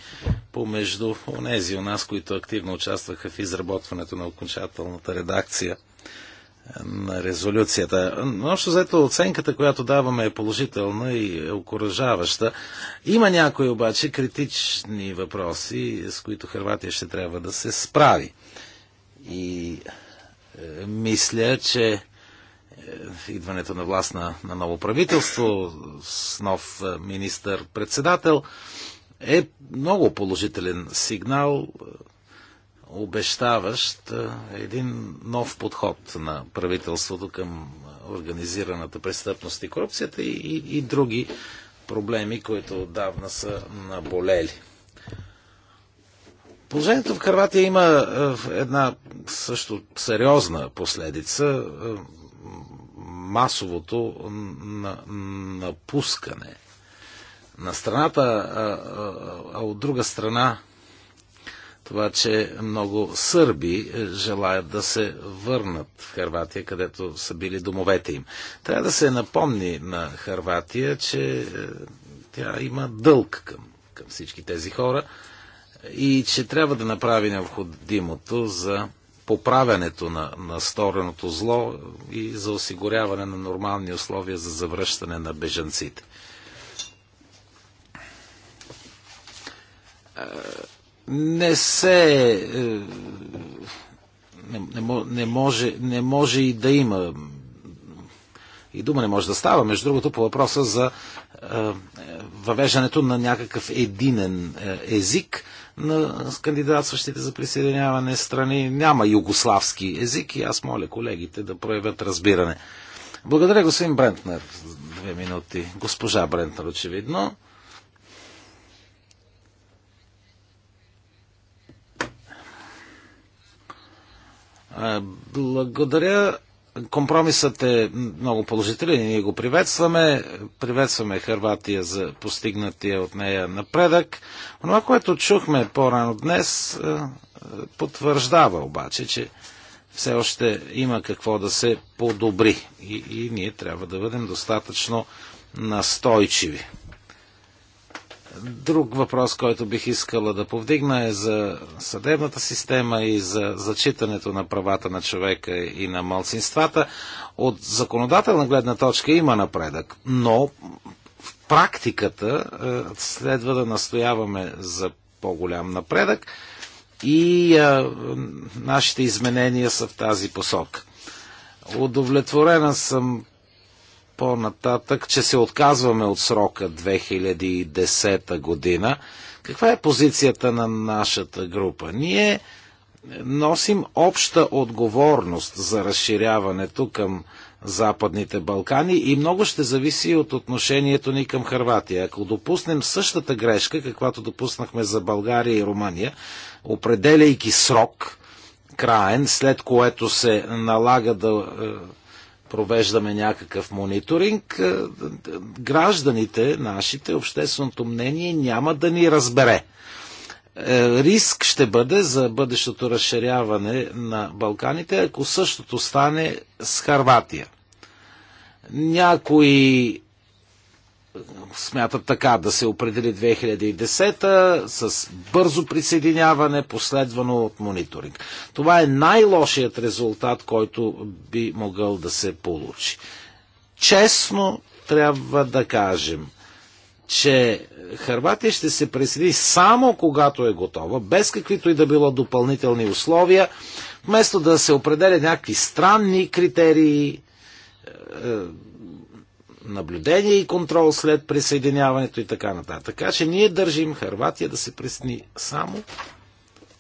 помежду онези у нас, които активно участваха в изработването на окончателната редакция – на резолюцията. Общо заето оценката, която даваме е положителна и е окоръжаваща. Има някои обаче критични въпроси, с които Харватия ще трябва да се справи. И е, мисля, че е, идването на власт на, на ново правителство с нов е, министър-председател е много положителен сигнал обещаващ един нов подход на правителството към организираната престъпност и корупцията и, и, и други проблеми, които отдавна са наболели. Положението в Харватия има една също сериозна последица масовото напускане на страната, а, а от друга страна това, че много сърби е, желаят да се върнат в Харватия, където са били домовете им. Трябва да се напомни на Харватия, че е, тя има дълг към, към всички тези хора и че трябва да направи необходимото за поправянето на, на стореното зло и за осигуряване на нормални условия за завръщане на бежанците е, не се. Е, не, не, не, може, не може и да има. И дума не може да става, между другото, по въпроса за е, въвеждането на някакъв единен е, език на кандидатстващите за присъединяване страни. Няма югославски език и аз моля колегите да проявят разбиране. Благодаря, господин Брентнер. Две минути. Госпожа Брентнер, очевидно. Благодаря. Компромисът е много положителен и ние го приветстваме. Приветстваме Харватия за постигнатия от нея напредък. Това, което чухме по-рано днес, потвърждава обаче, че все още има какво да се подобри и, и ние трябва да бъдем достатъчно настойчиви. Друг въпрос, който бих искала да повдигна е за съдебната система и за зачитането на правата на човека и на малцинствата. От законодателна гледна точка има напредък, но в практиката е, следва да настояваме за по-голям напредък и а, е, нашите изменения са в тази посока. Удовлетворена съм по-нататък, че се отказваме от срока 2010 година. Каква е позицията на нашата група? Ние носим обща отговорност за разширяването към Западните Балкани и много ще зависи от отношението ни към Харватия. Ако допуснем същата грешка, каквато допуснахме за България и Румъния, определяйки срок, краен, след което се налага да е, провеждаме някакъв мониторинг, е, гражданите, нашите, общественото мнение няма да ни разбере. Е, риск ще бъде за бъдещото разширяване на Балканите, ако същото стане с Харватия. Някои смятат така да се определи 2010 с бързо присъединяване, последвано от мониторинг. Това е най-лошият резултат, който би могъл да се получи. Честно трябва да кажем, че Харватия ще се присъедини само когато е готова, без каквито и да било допълнителни условия, вместо да се определя някакви странни критерии, е, е, наблюдение и контрол след присъединяването и така нататък. Така че ние държим Харватия да се присъедини само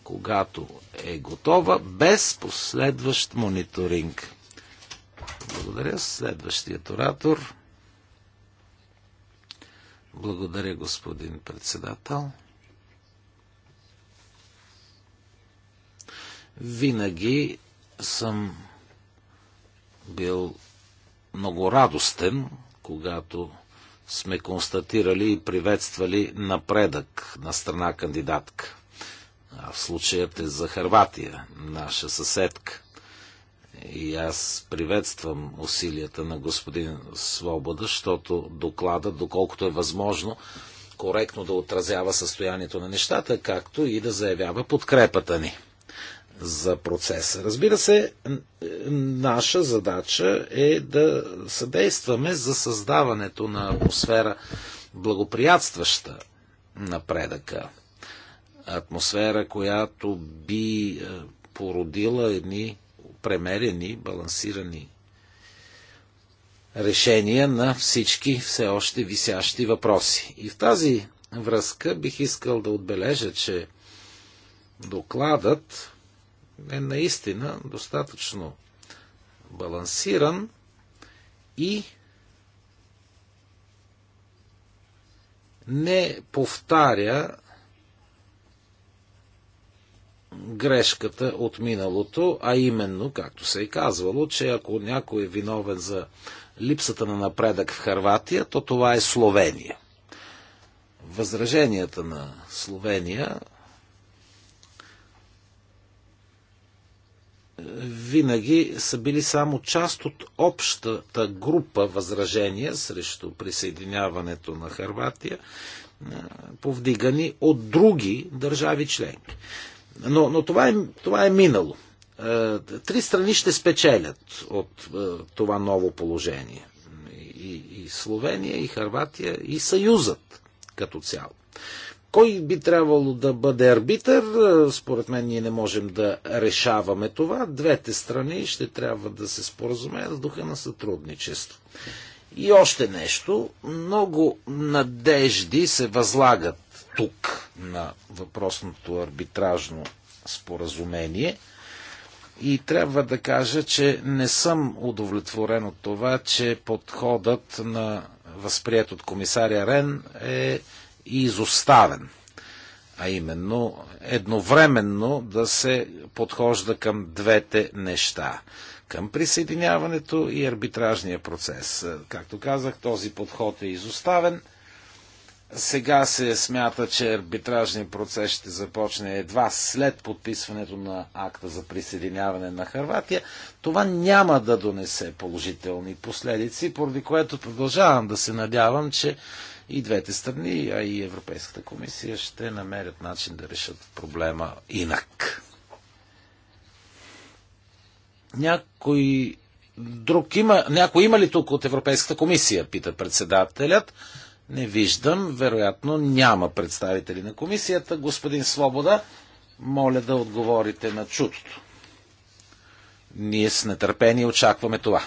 когато е готова, без последващ мониторинг. Благодаря. Следващият оратор. Благодаря, господин председател. Винаги съм бил много радостен когато сме констатирали и приветствали напредък на страна кандидатка. А в случаят е за Харватия, наша съседка. И аз приветствам усилията на господин Свобода, защото доклада, доколкото е възможно, коректно да отразява състоянието на нещата, както и да заявява подкрепата ни за процеса. Разбира се, наша задача е да съдействаме за създаването на атмосфера благоприятстваща напредъка. Атмосфера, която би е, породила едни премерени, балансирани решения на всички все още висящи въпроси. И в тази връзка бих искал да отбележа, че докладът е наистина достатъчно балансиран и не повтаря грешката от миналото, а именно, както се е казвало, че ако някой е виновен за липсата на напредък в Харватия, то това е Словения. Възраженията на Словения винаги са били само част от общата група възражения срещу присъединяването на Харватия, е, повдигани от други държави членки. Но, но това, е, това е минало. Е, три страни ще спечелят от е, това ново положение. И, и Словения, и Харватия, и Съюзът като цяло. Кой би трябвало да бъде арбитър? Е, според мен ние не можем да решаваме това. Двете страни ще трябва да се споразумеят в духа на сътрудничество. И още нещо. Много надежди се възлагат тук на въпросното арбитражно споразумение. И трябва да кажа, че не съм удовлетворен от това, че подходът на възприят от комисаря Рен е изоставен. А именно, едновременно да се подхожда към двете неща. Към присъединяването и арбитражния процес. Както казах, този подход е изоставен. Сега се смята, че арбитражния процес ще започне едва след подписването на акта за присъединяване на Харватия. Това няма да донесе положителни последици, поради което продължавам да се надявам, че и двете страни, а и Европейската комисия ще намерят начин да решат проблема инак. Някой друг има, някой има ли тук от Европейската комисия, пита председателят. Не виждам, вероятно няма представители на комисията. Господин Свобода, моля да отговорите на чутото. Ние с нетърпение очакваме това.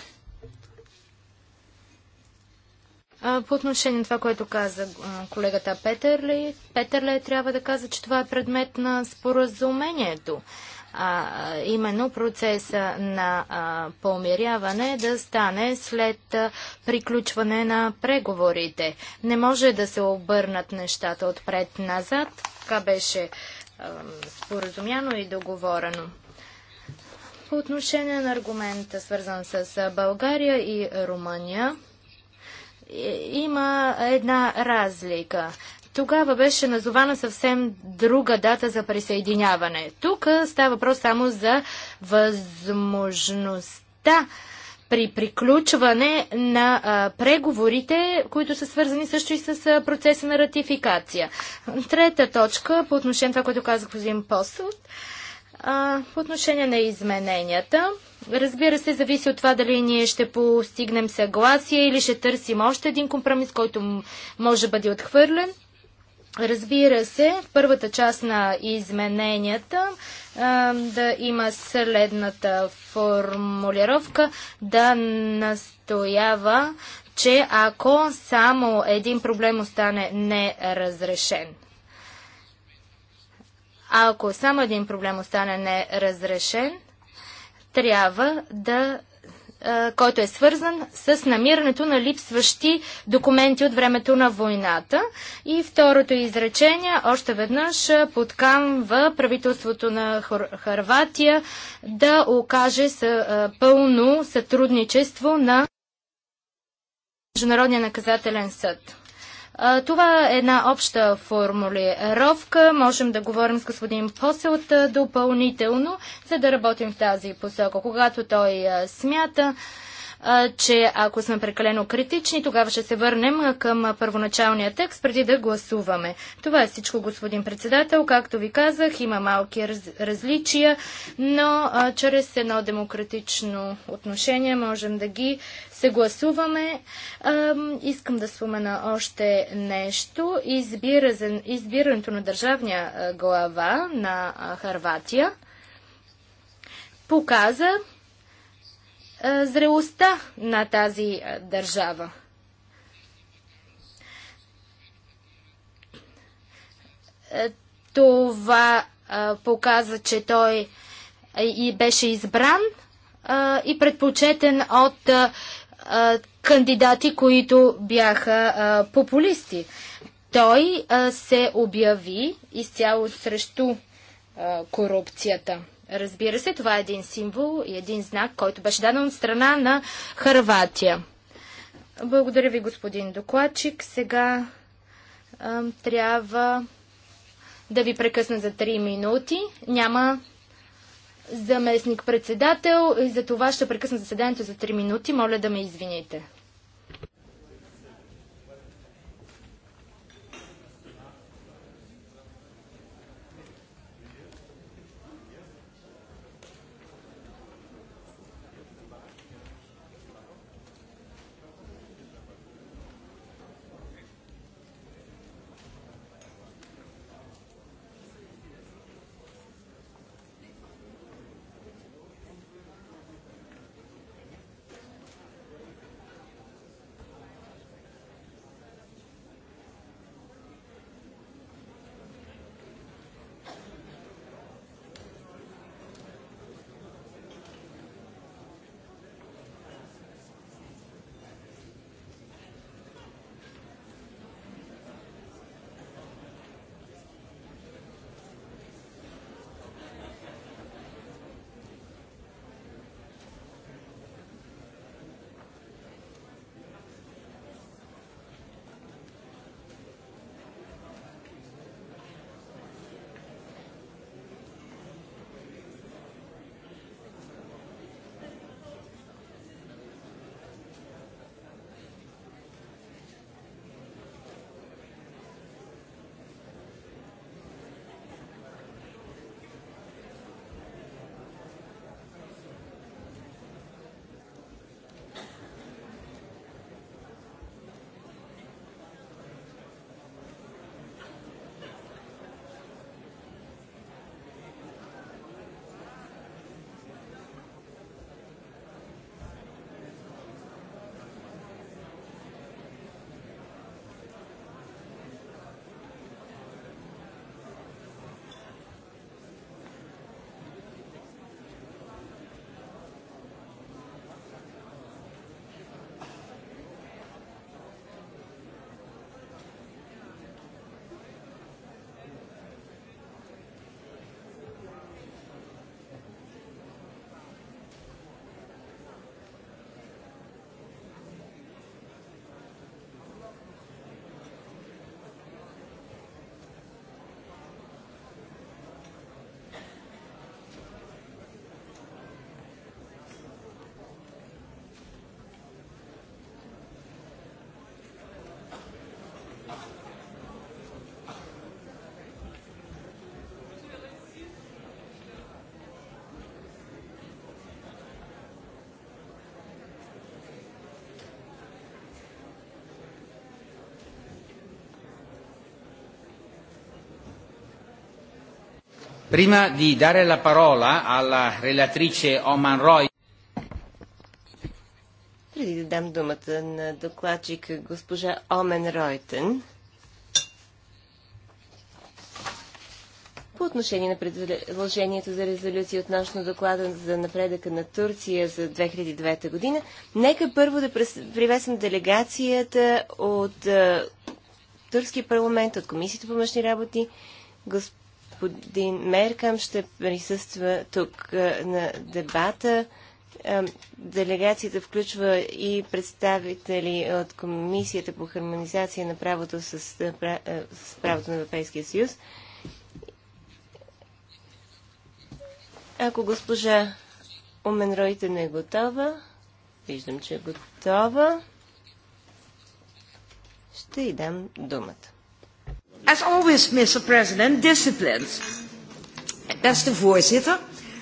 По отношение на това, което каза колегата Петърле, Петърле трябва да каза, че това е предмет на споразумението. А, именно процеса на а, помиряване да стане след а, приключване на преговорите. Не може да се обърнат нещата отпред-назад. Така беше а, споразумяно и договорено по отношение на аргумента, свързан с България и Румъния, има една разлика. Тогава беше назована съвсем друга дата за присъединяване. Тук става въпрос само за възможността при приключване на а, преговорите, които са свързани също и с а, процеса на ратификация. Трета точка по отношение на това, което казах господин Посълт. А, по отношение на измененията, разбира се, зависи от това дали ние ще постигнем съгласие или ще търсим още един компромис, който може да бъде отхвърлен. Разбира се, в първата част на измененията а, да има следната формулировка да настоява, че ако само един проблем остане неразрешен. А ако само един проблем остане неразрешен, трябва да който е свързан с намирането на липсващи документи от времето на войната. И второто изречение още веднъж подкамва правителството на Хор Харватия да окаже пълно сътрудничество на Международния наказателен съд. Това е една обща формулировка. Можем да говорим с господин Поселт допълнително, за да работим в тази посока. Когато той смята, че ако сме прекалено критични, тогава ще се върнем към първоначалния текст, преди да гласуваме. Това е всичко, господин председател. Както ви казах, има малки раз, различия, но а, чрез едно демократично отношение можем да ги съгласуваме. А, искам да спомена още нещо. Избира, за, избирането на държавния глава на Харватия показа, зрелостта на тази държава. Това показа, че той и беше избран и предпочетен от кандидати, които бяха популисти. Той се обяви изцяло срещу корупцията. Разбира се, това е един символ и един знак, който беше даден от страна на Харватия. Благодаря ви, господин докладчик. Сега а, трябва да ви прекъсна за 3 минути. Няма заместник-председател и за това ще прекъсна заседанието за 3 минути. Моля да ме извините. Prima di dare la parola alla relatrice Oman Roy. Преди да дам думата на докладчик госпожа Омен Ройтен, по отношение на предложението за резолюция относно доклада за напредъка на Турция за 2009 година, нека първо да приветствам делегацията от е, Турския парламент, от Комисията по външни работи, госп господин Меркам ще присъства тук на дебата. Делегацията включва и представители от Комисията по хармонизация на правото с, правото на Европейския съюз. Ако госпожа Омен не е готова, виждам, че е готова, ще й дам думата. As always, Mr. President, disciplines. Beste voorzitter,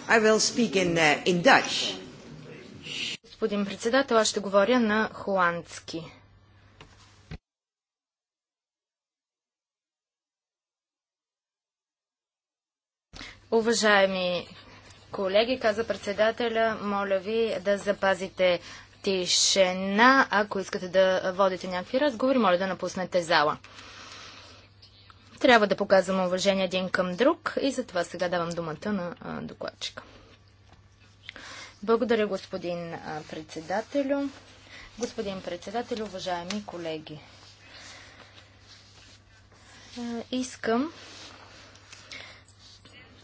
I will speak in, uh, in Dutch. Господин председател, аз ще говоря на холандски. Уважаеми колеги, каза председателя, моля ви да запазите тишина. Ако искате да водите някакви разговори, моля да напуснете зала. Трябва да показваме уважение един към друг и затова сега давам думата на докладчика. Благодаря, господин председателю. Господин председател, уважаеми колеги. Искам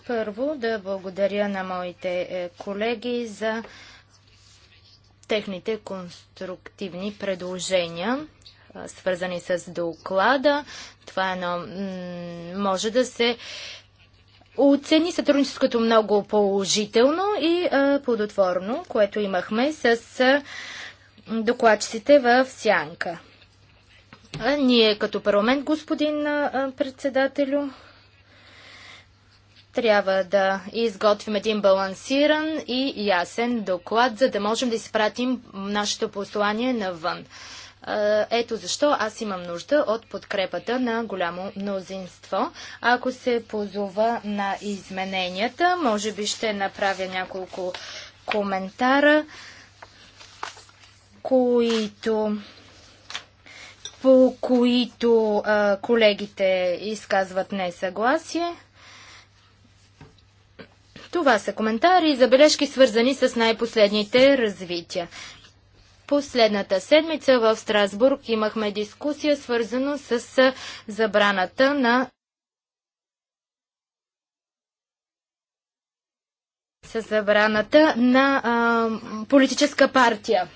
първо да благодаря на моите е, колеги за техните конструктивни предложения свързани с доклада. Това е едно, може да се оцени сътрудничеството много положително и а, плодотворно, което имахме с а, докладчиците в Сянка. А, ние като парламент, господин а, председателю, трябва да изготвим един балансиран и ясен доклад, за да можем да изпратим нашето послание навън. Ето защо аз имам нужда от подкрепата на голямо мнозинство. Ако се позова на измененията, може би ще направя няколко коментара, които по които а, колегите изказват несъгласие. Това са коментари и забележки, свързани с най-последните развития. Последната седмица в Страсбург имахме дискусия, свързано с забраната на с забраната на а, политическа партия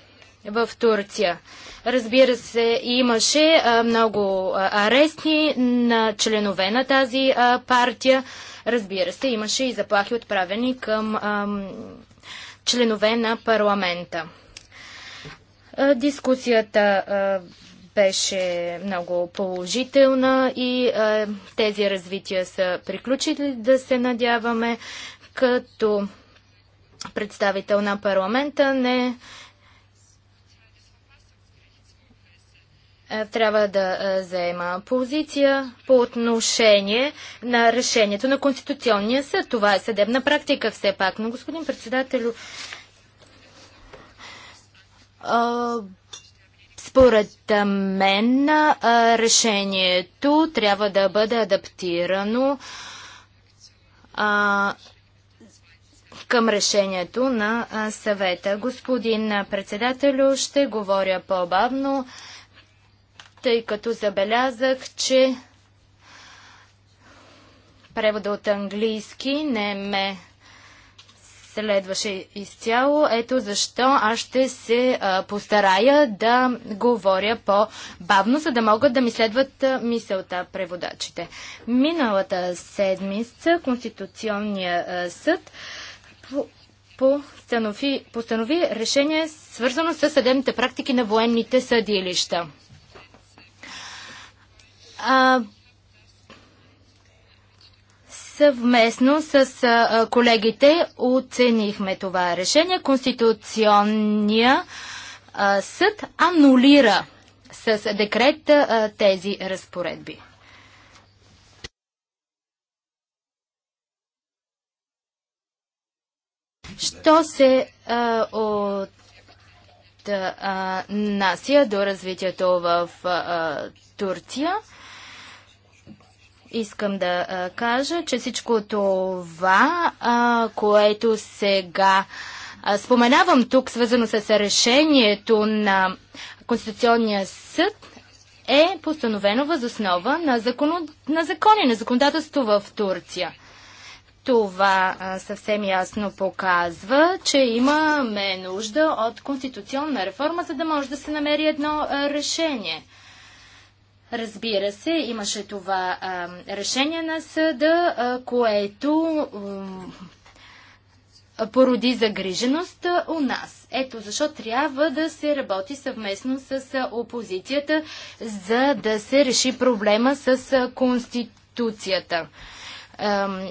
в Турция. Разбира се, имаше а, много арести на членове на тази а, партия. Разбира се, имаше и заплахи отправени към а, членове на парламента. Дискусията беше много положителна и тези развития са приключили да се надяваме, като представител на парламента не трябва да заема позиция по отношение на решението на Конституционния съд. Това е съдебна практика все пак. Но, господин председател, според мен решението трябва да бъде адаптирано към решението на съвета. Господин председателю, ще говоря по-бавно, тъй като забелязах, че превода от английски не ме следваше изцяло. Ето защо аз ще се а, постарая да говоря по-бавно, за да могат да ми следват а, мисълта преводачите. Миналата седмица Конституционния а, съд постанови, постанови решение свързано с съдебните практики на военните съдилища. Съвместно с колегите оценихме това решение. Конституционния съд анулира с декрет тези разпоредби. Що се а, от а, до развитието в а, Турция? Искам да а, кажа, че всичко това, а, което сега а, споменавам тук, свързано с решението на Конституционния съд, е постановено възоснова на, закон... на закони, на законодателство в Турция. Това а, съвсем ясно показва, че имаме нужда от конституционна реформа, за да може да се намери едно а, решение – Разбира се, имаше това а, решение на съда, а, което а, породи загриженост у нас. Ето защо трябва да се работи съвместно с опозицията, за да се реши проблема с Конституцията.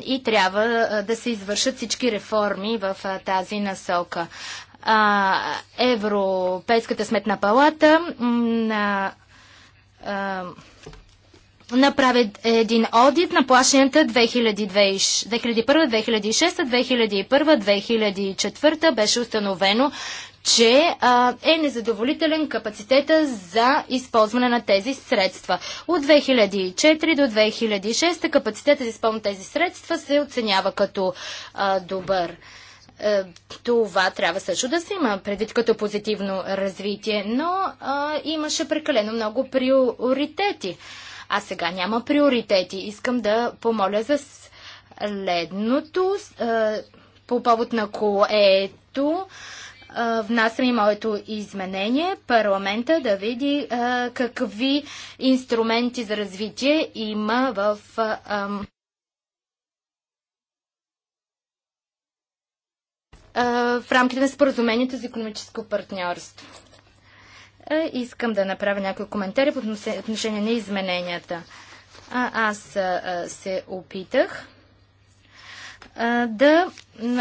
И трябва да се извършат всички реформи в тази насока. Европейската сметна палата на направи един одит на плащанията 2001-2006, 2001-2004 беше установено, че а, е незадоволителен капацитета за използване на тези средства. От 2004 до 2006 капацитета за използване на тези средства се оценява като а, добър. Е, това трябва също да се има предвид като позитивно развитие, но а, имаше прекалено много приоритети. А сега няма приоритети. Искам да помоля за следното а, по повод на което внасям и моето изменение парламента да види а, какви инструменти за развитие има в а, в рамките на споразумението за економическо партньорство. Искам да направя някои коментари по отношение на измененията. Аз се опитах да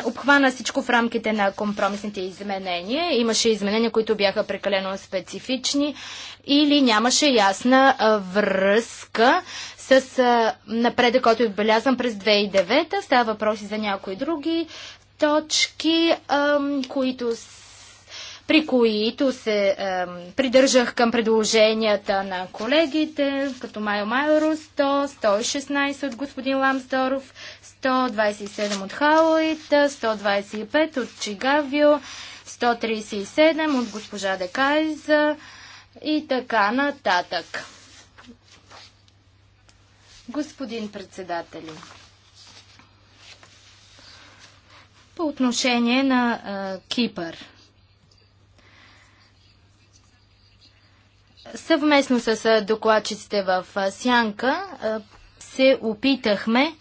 обхвана всичко в рамките на компромисните изменения. Имаше изменения, които бяха прекалено специфични или нямаше ясна връзка с напредък, който е отбелязан през 2009. Става въпроси за някои други точки, които при които се е, придържах към предложенията на колегите, като Майо Майоро 100, 116 от господин Ламсдоров, 127 от Хауит, 125 от Чигавио, 137 от госпожа Декайза и така нататък. Господин председателю. По отношение на а, Кипър. Съвместно с докладчиците в Сянка се опитахме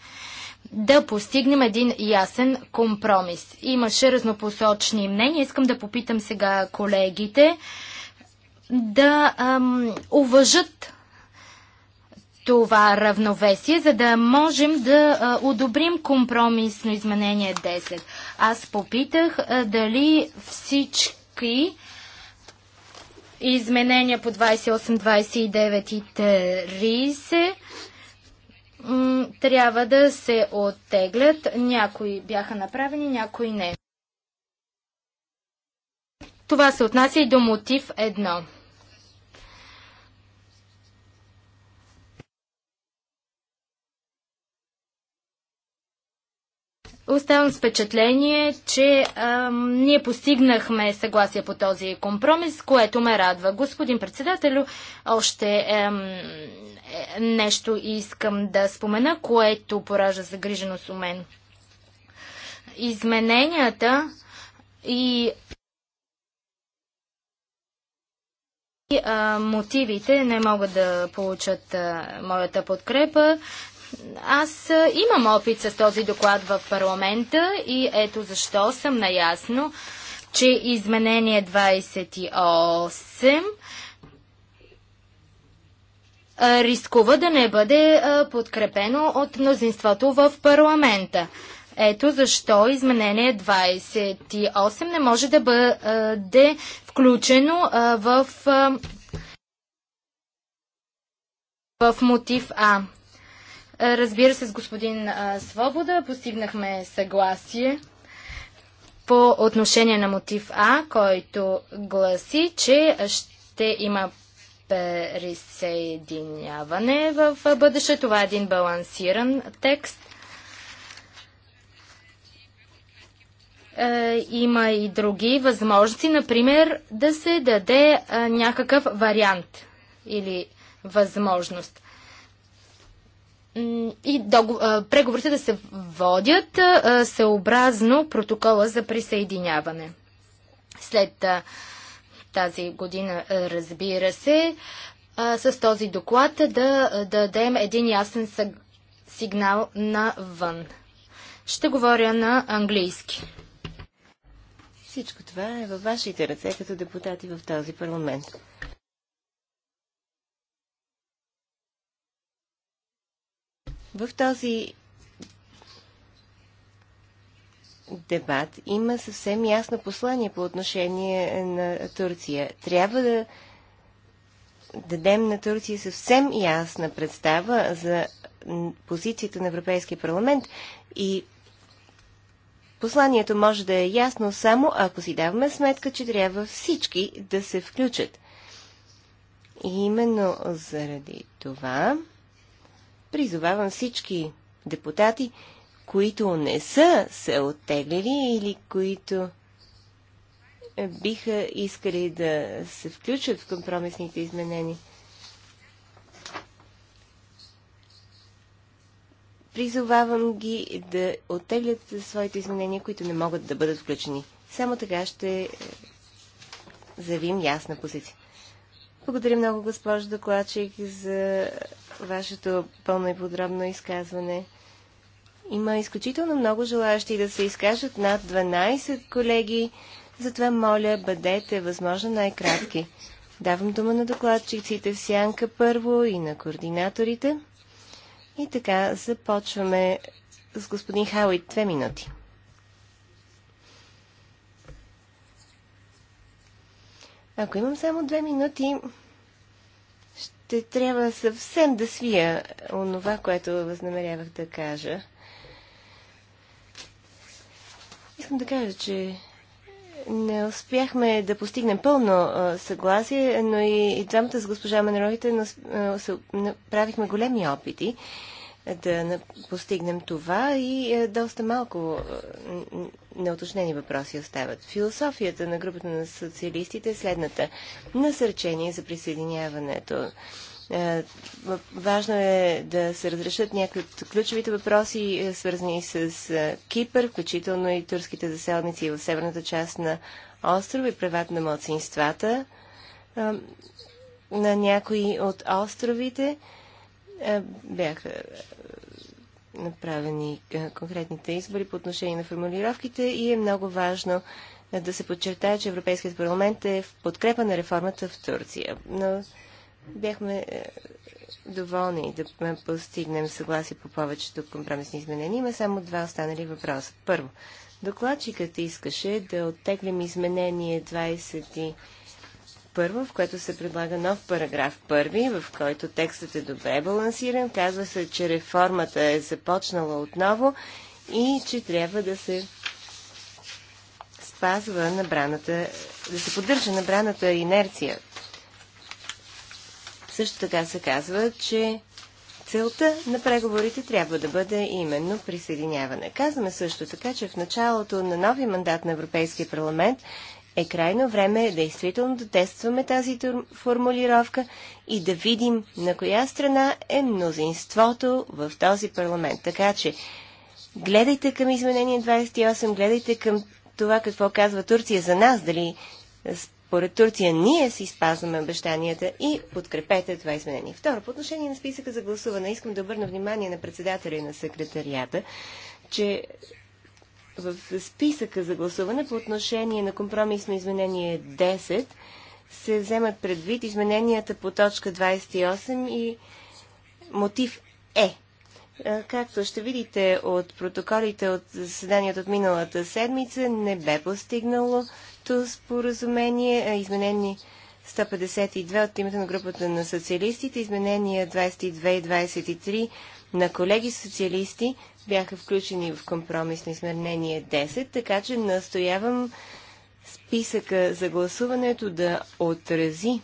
да постигнем един ясен компромис. Имаше разнопосочни мнения. Искам да попитам сега колегите да ам, уважат това равновесие, за да можем да а, одобрим компромисно изменение 10. Аз попитах а, дали всички изменения по 28, 29 и 30 трябва да се оттеглят. Някои бяха направени, някои не. Това се отнася и до мотив 1. Оставам с впечатление, че ам, ние постигнахме съгласие по този компромис, което ме радва. Господин председателю, още ам, е, нещо искам да спомена, което поража загриженост у мен. Измененията и, и а, мотивите не могат да получат а, моята подкрепа. Аз имам опит с този доклад в парламента и ето защо съм наясно, че изменение 28 рискува да не бъде подкрепено от мнозинството в парламента. Ето защо изменение 28 не може да бъде включено в, в мотив А. Разбира се, с господин Свобода постигнахме съгласие по отношение на мотив А, който гласи, че ще има присъединяване в бъдеще. Това е един балансиран текст. Е, има и други възможности, например да се даде някакъв вариант или възможност и преговорите да се водят съобразно протокола за присъединяване. След тази година, разбира се, с този доклад да дадем един ясен сигнал навън. Ще говоря на английски. Всичко това е във вашите ръце като депутати в този парламент. В този дебат има съвсем ясно послание по отношение на Турция. Трябва да дадем на Турция съвсем ясна представа за позицията на Европейския парламент и посланието може да е ясно само ако си даваме сметка, че трябва всички да се включат. И именно заради това призовавам всички депутати, които не са се оттеглили или които биха искали да се включат в компромисните изменения. Призовавам ги да оттеглят своите изменения, които не могат да бъдат включени. Само така ще заявим ясна позиция. Благодаря много, госпожо докладчик, за вашето пълно и подробно изказване. Има изключително много желаящи да се изкажат над 12 колеги, затова моля, бъдете възможно най-кратки. Давам дума на докладчиците в Сянка първо и на координаторите. И така, започваме с господин Хауит. Две минути. Ако имам само две минути, ще трябва съвсем да свия онова, което възнамерявах да кажа. Искам да кажа, че не успяхме да постигнем пълно съгласие, но и, и двамата с госпожа Манеровите направихме големи опити да постигнем това и е, доста малко е, неуточнени въпроси остават. Философията на групата на социалистите е следната. Насърчение за присъединяването. Е, важно е да се разрешат някои от ключовите въпроси, свързани с Кипър, включително и турските заселници в северната част на острова и правата на младсинствата на някои от островите бяха направени конкретните избори по отношение на формулировките и е много важно да се подчертая, че Европейският парламент е в подкрепа на реформата в Турция. Но бяхме доволни да постигнем съгласие по повечето компромисни изменения. Има само два останали въпроса. Първо, докладчикът искаше да оттеглим изменение 20 първо, в което се предлага нов параграф първи, в който текстът е добре балансиран. Казва се, че реформата е започнала отново и че трябва да се спазва набраната, да се поддържа набраната инерция. Също така се казва, че целта на преговорите трябва да бъде именно присъединяване. Казваме също така, че в началото на нови мандат на Европейския парламент е крайно време действително да тестваме тази формулировка и да видим на коя страна е мнозинството в този парламент. Така че гледайте към изменение 28, гледайте към това какво казва Турция за нас, дали е, според Турция ние си спазваме обещанията и подкрепете това изменение. Второ, по отношение на списъка за гласуване, искам да обърна внимание на председателя и на секретарията, че в списъка за гласуване по отношение на компромисно изменение 10 се вземат предвид измененията по точка 28 и мотив Е. Както ще видите от протоколите от заседанието от миналата седмица, не бе постигнало то споразумение. Изменение 152 от името на групата на социалистите, изменения 22 и 23 на колеги социалисти бяха включени в компромисно измернение 10, така че настоявам списъка за гласуването да отрази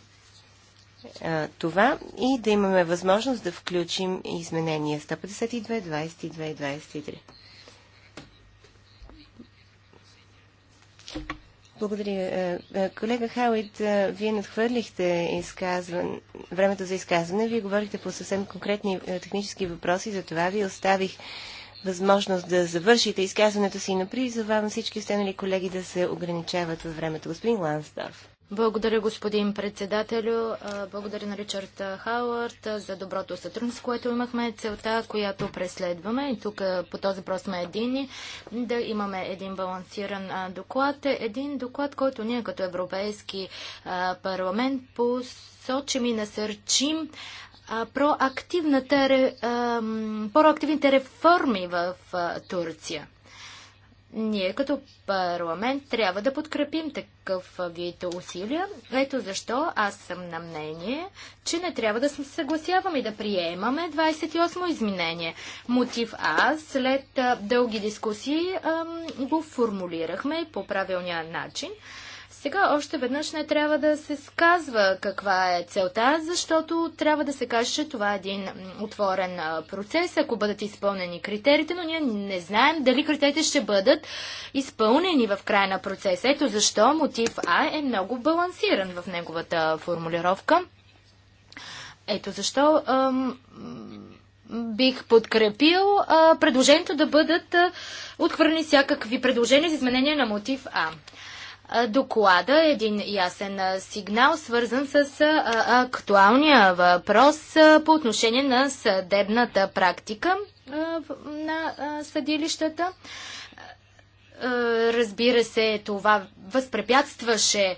а, това и да имаме възможност да включим изменения 152, 22 и 23. Благодаря. Е, е, колега Хауит, е, вие надхвърлихте изказван... времето за изказване. Вие говорихте по съвсем конкретни технически въпроси, за това ви оставих възможност да завършите изказването си, но призовавам всички останали колеги да се ограничават във времето. Господин Лансдорф. Благодаря, господин председателю. Благодаря на Ричард Хауърд за доброто сътрудничество, което имахме. Целта, която преследваме, и тук по този въпрос сме едини, да имаме един балансиран доклад. Един доклад, който ние като Европейски парламент посочим и насърчим проактивните реформи в Турция. Ние като парламент трябва да подкрепим такъв вид усилия. Ето защо аз съм на мнение, че не трябва да се съгласяваме и да приемаме 28 изменение. Мотив А, след дълги дискусии го формулирахме по правилния начин. Сега още веднъж не трябва да се сказва каква е целта, защото трябва да се каже, че това е един отворен процес, ако бъдат изпълнени критериите, но ние не знаем дали критериите ще бъдат изпълнени в края на процеса. Ето защо мотив А е много балансиран в неговата формулировка. Ето защо ам, бих подкрепил а, предложението да бъдат отхвърлени всякакви предложения за изменения на мотив А доклада един ясен сигнал, свързан с актуалния въпрос по отношение на съдебната практика на съдилищата. Разбира се, това възпрепятстваше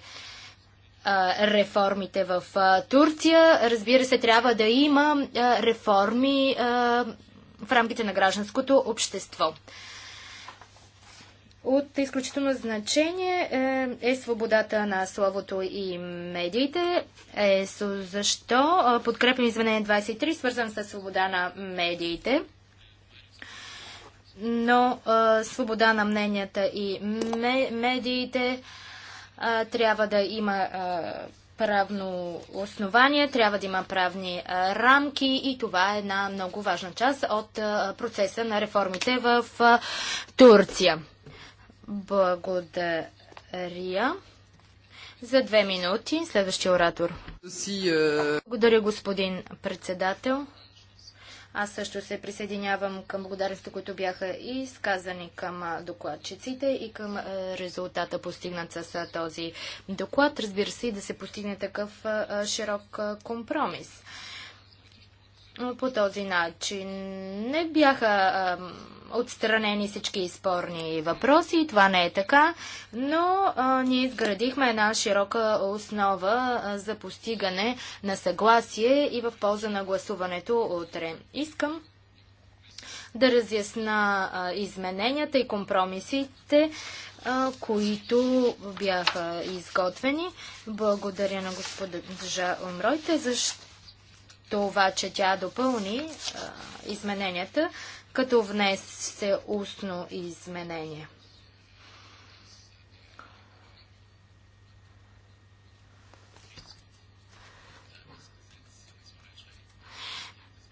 реформите в Турция. Разбира се, трябва да има реформи в рамките на гражданското общество. От изключително значение е, е свободата на словото и медиите. Е, защо е, подкрепям извинение 23, свързан с свобода на медиите. Но е, свобода на мненията и медиите е, трябва да има е, правно основание, трябва да има правни е, рамки и това е една много важна част от е, процеса на реформите в е, Турция. Благодаря. За две минути следващия оратор. Е, Благодаря, господин председател. Аз също се присъединявам към благодарностите, които бяха изказани към докладчиците и към резултата постигнат с този доклад. Разбира се и да се постигне такъв широк компромис по този начин. Не бяха отстранени всички спорни въпроси, това не е така, но а, ние изградихме една широка основа а, за постигане на съгласие и в полза на гласуването утре. Искам да разясна а, измененията и компромисите, а, които бяха изготвени. Благодаря на господа Омройте, защото това, че тя допълни а, измененията, като внесе устно изменение.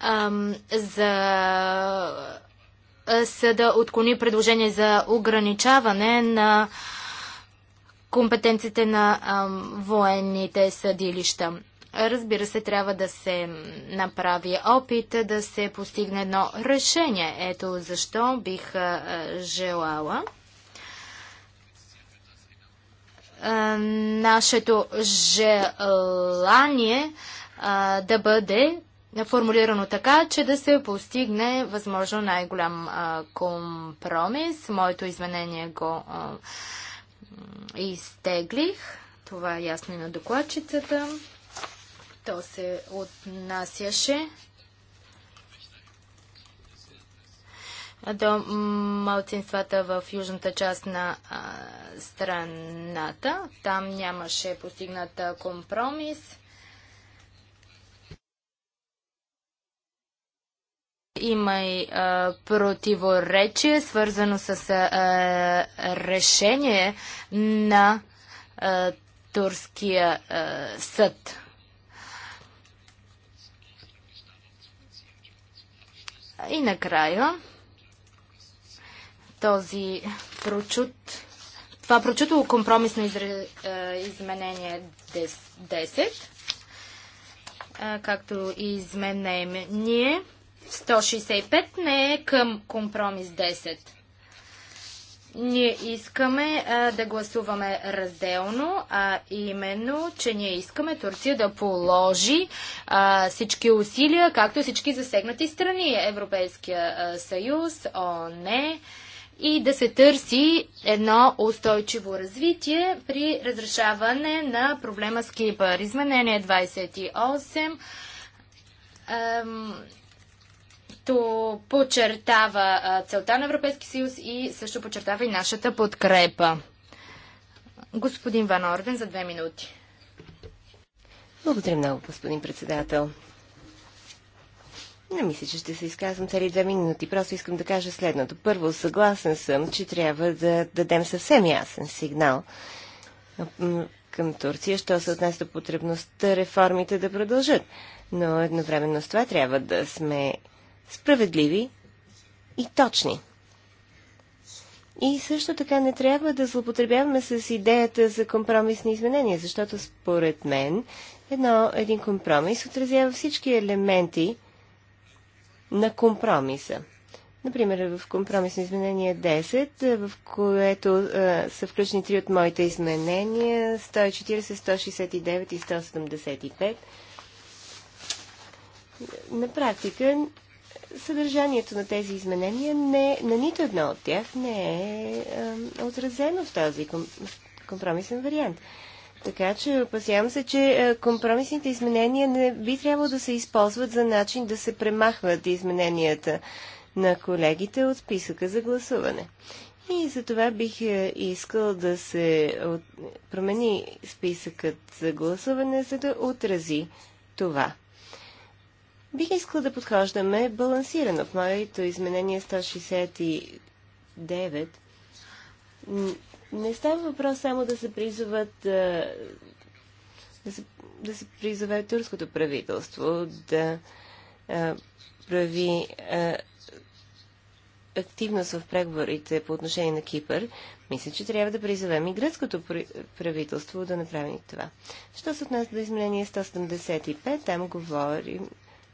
Ам, за съда отклони предложение за ограничаване на компетенциите на ам, военните съдилища. Разбира се, трябва да се направи опит да се постигне едно решение. Ето защо бих желала нашето желание да бъде формулирано така, че да се постигне възможно най-голям компромис. Моето изменение го изтеглих. Това е ясно и на докладчицата то се отнасяше до малцинствата в южната част на а, страната. Там нямаше постигната компромис. Има и а, противоречие, свързано с а, решение на турския съд. И накрая този прочут, това прочуто компромисно е, изменение 10, е, както и изменение 165 не е към компромис 10. Ние искаме а, да гласуваме разделно, а именно, че ние искаме Турция да положи а, всички усилия, както всички засегнати страни, Европейския а, съюз, ОНЕ, и да се търси едно устойчиво развитие при разрешаване на проблема с Кипър. Изменение 28. А, който подчертава целта на Европейски съюз и също подчертава и нашата подкрепа. Господин Ван Орден за две минути. Благодаря много, господин председател. Не мисля, че ще се изказвам цели две минути. Просто искам да кажа следното. Първо, съгласен съм, че трябва да дадем съвсем ясен сигнал към Турция, що се отнесе до потребността реформите да продължат. Но едновременно с това трябва да сме справедливи и точни. И също така не трябва да злоупотребяваме с идеята за компромисни изменения, защото според мен едно, един компромис отразява всички елементи на компромиса. Например, в компромисно изменение 10, е, в което а, е, са включени три от моите изменения 140, 169 и 175. На практика съдържанието на тези изменения не, на нито едно от тях не е е отразено в този компромисен вариант. Така че опасявам се, че компромисните изменения не би трябвало да се използват за начин да се премахват измененията на колегите от списъка за гласуване. И за това бих искал да се промени списъкът за гласуване, за да отрази това. Бих искала да подхождаме балансирано. В моето изменение 169 не става въпрос само да се призоват да, се, да се призове турското правителство да а, прави а, активност в преговорите по отношение на Кипър, мисля, че трябва да призовем и гръцкото правителство да направи това. Що се отнася до изменение 175, там говорим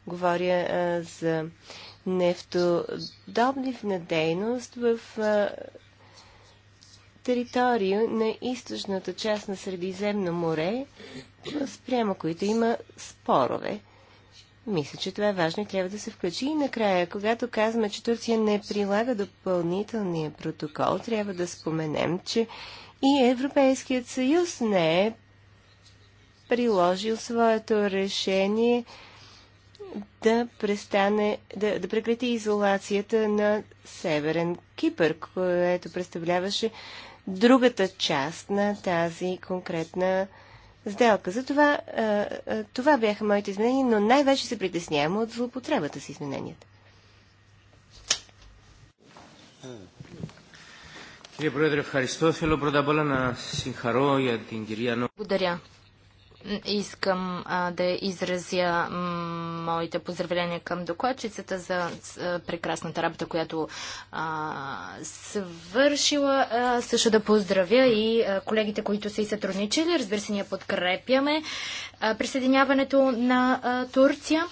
Говоря а, за нефтодобивна дейност в а, територия на източната част на Средиземно море, спрямо които има спорове. Мисля, че това е важно и трябва да се включи. И накрая, когато казваме, че Турция не прилага допълнителния протокол, трябва да споменем, че и Европейският съюз не е приложил своето решение да престане, да, да прекрати изолацията на Северен Кипър, което представляваше другата част на тази конкретна сделка. Затова това бяха моите изменения, но най-вече се притеснявам от злоупотребата с измененията. Благодаря. Искам а, да изразя моите поздравления към докладчицата за а, прекрасната работа, която а, свършила. А, също да поздравя и а, колегите, които са и сътрудничили. Разбира се, ние подкрепяме а, присъединяването на а, Турция.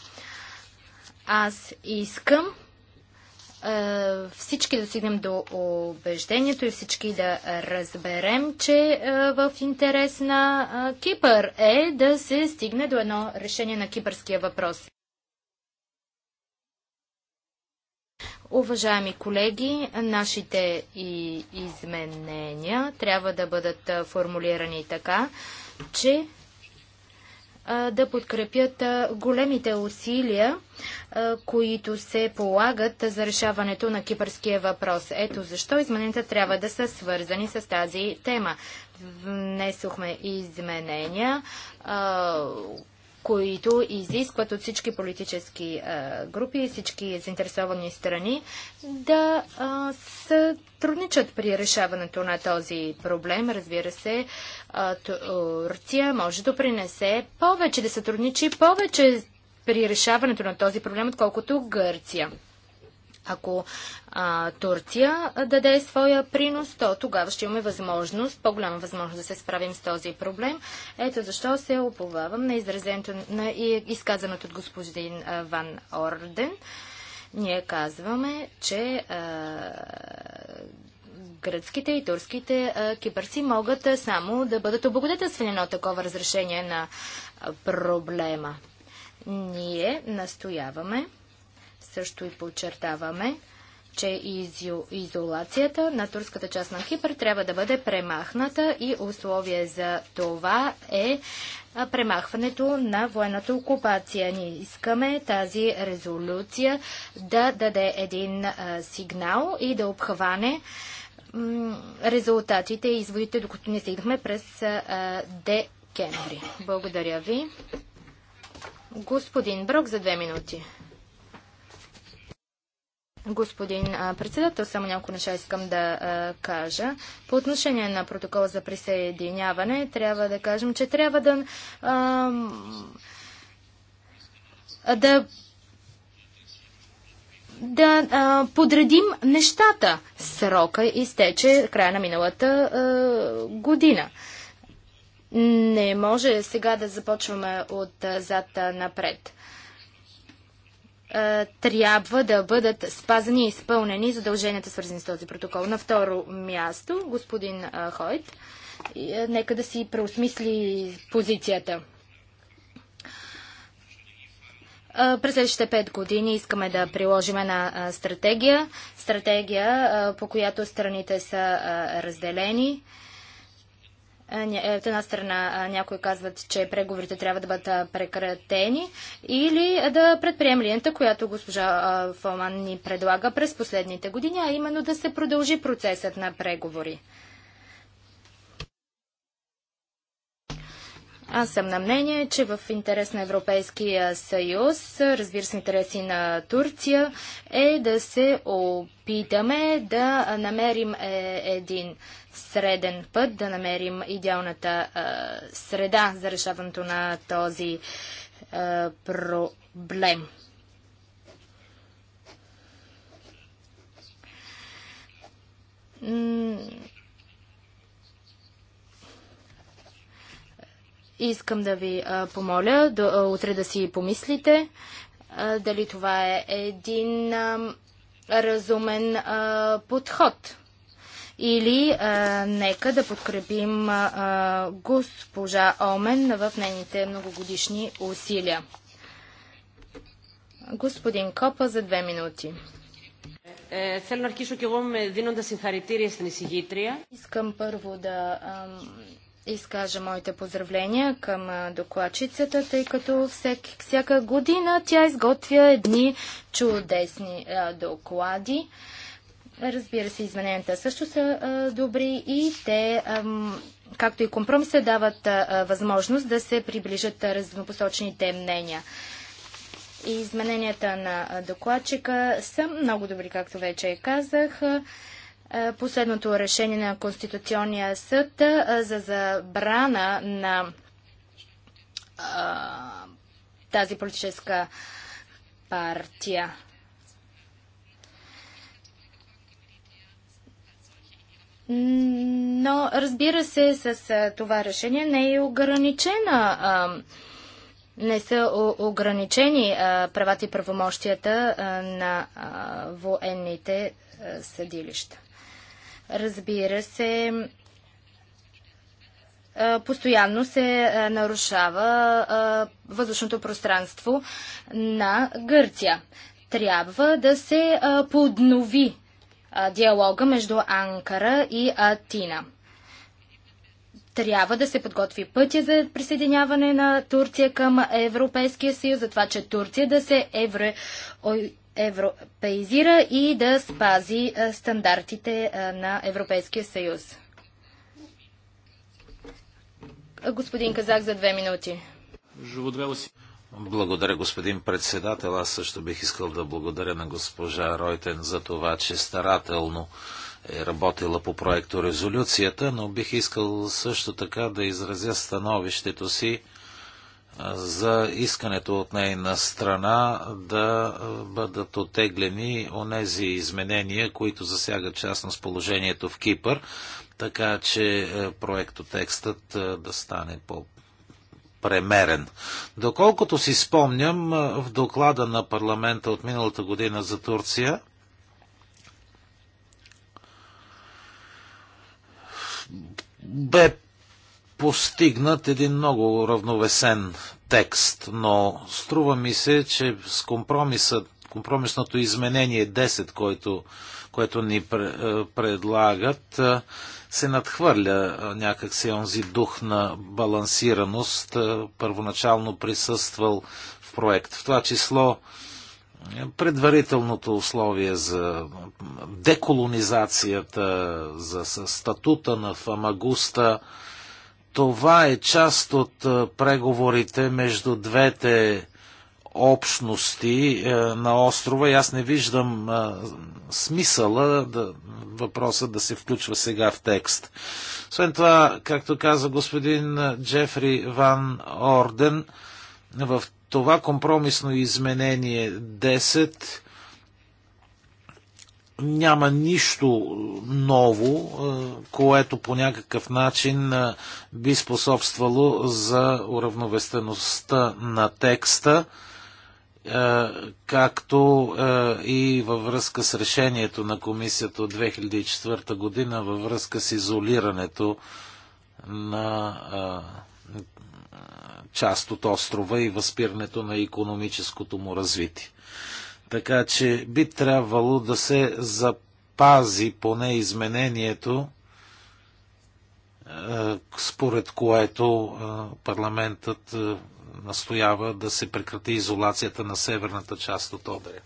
Аз искам е, всички да стигнем до убеждението и всички да разберем, че е, в интерес на е, Кипър е да се стигне до едно решение на кипърския въпрос. Уважаеми колеги, нашите и изменения трябва да бъдат формулирани така, че да подкрепят големите усилия, които се полагат за решаването на кипърския въпрос. Ето защо измененията трябва да са свързани с тази тема. Внесохме изменения, които изискват от всички политически а, е, групи и всички заинтересовани страни да а, е, сътрудничат при решаването на този проблем. Разбира се, а, е, Турция може да принесе повече, да сътрудничи повече при решаването на този проблем, отколкото Гърция. Ако а, Турция даде своя принос, то тогава ще имаме възможност, по-голяма възможност да се справим с този проблем. Ето защо се оповавам на изразението на изказаното от господин а, Ван Орден. Ние казваме, че а, гръцките и турските а, кипърци могат а, само да бъдат облагодетелствени на такова разрешение на а, проблема. Ние настояваме също и подчертаваме, че изолацията на турската част на Кипър трябва да бъде премахната и условие за това е премахването на военната окупация. Ние искаме тази резолюция да даде един а, сигнал и да обхване резултатите и изводите, докато не стигнахме през декември. Благодаря ви. Господин Брок за две минути. Господин председател, само няколко неща искам да кажа. По отношение на протокола за присъединяване, трябва да кажем, че трябва да, да, да а, подредим нещата. Срока изтече края на миналата а, година. Не може сега да започваме от зад напред. Е, трябва да бъдат спазани и изпълнени задълженията, свързани с този протокол. На второ място, господин е, Хойт, е, нека да си преосмисли позицията. През следващите пет години искаме да приложим една стратегия, стратегия, по която страните са разделени. Е, е, от една страна е, някои казват, че преговорите трябва да бъдат прекратени или да предприем линията, която госпожа Фоман ни предлага през последните години, а именно да се продължи процесът на преговори. Аз съм на мнение, че в интерес на Европейския съюз, разбира се, интереси на Турция, е да се опитаме да намерим е, един среден път, да намерим идеалната е, среда за решаването на този е, проблем. Искам да ви а, помоля до, а, утре да си помислите а, дали това е един а, разумен а, подход. Или а, нека да подкрепим а, госпожа Омен в нейните многогодишни усилия. Господин Копа за две минути. Е, Искам първо да изкажа моите поздравления към докладчицата, тъй като всек, всяка година тя изготвя едни чудесни а, доклади. Разбира се, измененията също са а, добри и те, а, както и компромиса, дават а, възможност да се приближат разнопосочните мнения. И измененията на докладчика са много добри, както вече казах. Е, последното решение на Конституционния съд е, за забрана на тази политическа партия. Но разбира се, с е, това решение не е ограничена. не са ограничени правата и правомощията на военните съдилища. Разбира се, постоянно се нарушава въздушното пространство на Гърция. Трябва да се поднови диалога между Анкара и Атина. Трябва да се подготви пътя за присъединяване на Турция към Европейския съюз, за това, че Турция да се евро европеизира и да спази стандартите на Европейския съюз. Господин Казак за две минути. Благодаря, господин председател. Аз също бих искал да благодаря на госпожа Ройтен за това, че старателно е работила по проекто резолюцията, но бих искал също така да изразя становището си за искането от нейна страна да бъдат отеглени онези изменения, които засягат частно с положението в Кипър, така че проектотекстът да стане по премерен. Доколкото си спомням, в доклада на парламента от миналата година за Турция, бе постигнат един много равновесен текст, но струва ми се, че с компромиса, компромисното изменение 10, който, което ни е, предлагат, е, се надхвърля е, някакси онзи дух на балансираност, първоначално присъствал в проект. В това число предварителното условие за деколонизацията, за статута на Фамагуста, това е част от е, преговорите между двете общности е, на острова и аз не виждам е, смисъла да, въпроса да се включва сега в текст. Освен това, както каза господин Джефри Ван Орден, в това компромисно изменение 10 няма нищо ново, е, което по някакъв начин е, би способствало за уравновестеността на текста, е, както и във връзка с решението на комисията от 2004 година във връзка с изолирането на част от острова и възпирането на економическото му развитие. Така че би трябвало да се запази поне изменението, е, според което е, парламентът е, настоява да се прекрати изолацията на северната част от Одре.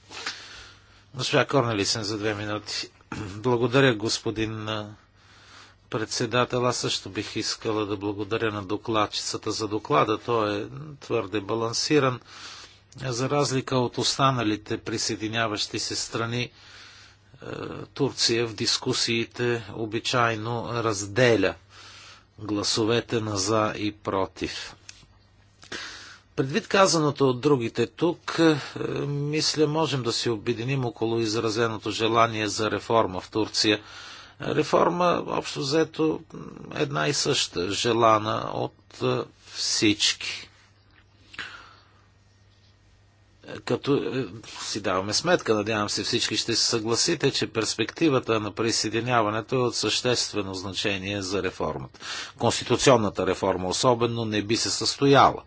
Госпожа Корнелисен за две минути. Благодаря, господин председател. Аз също бих искала да благодаря на докладчицата за доклада. Той е твърде балансиран за разлика от останалите присъединяващи се страни, е, Турция в дискусиите обичайно разделя гласовете на за и против. Предвид казаното от другите тук, е, мисля, можем да се обединим около изразеното желание за реформа в Турция. Реформа, общо взето, една и съща, желана от е, всички като е, си даваме сметка, надявам се всички ще се съгласите, че перспективата на присъединяването е от съществено значение за реформата. Конституционната реформа особено не би се състояла,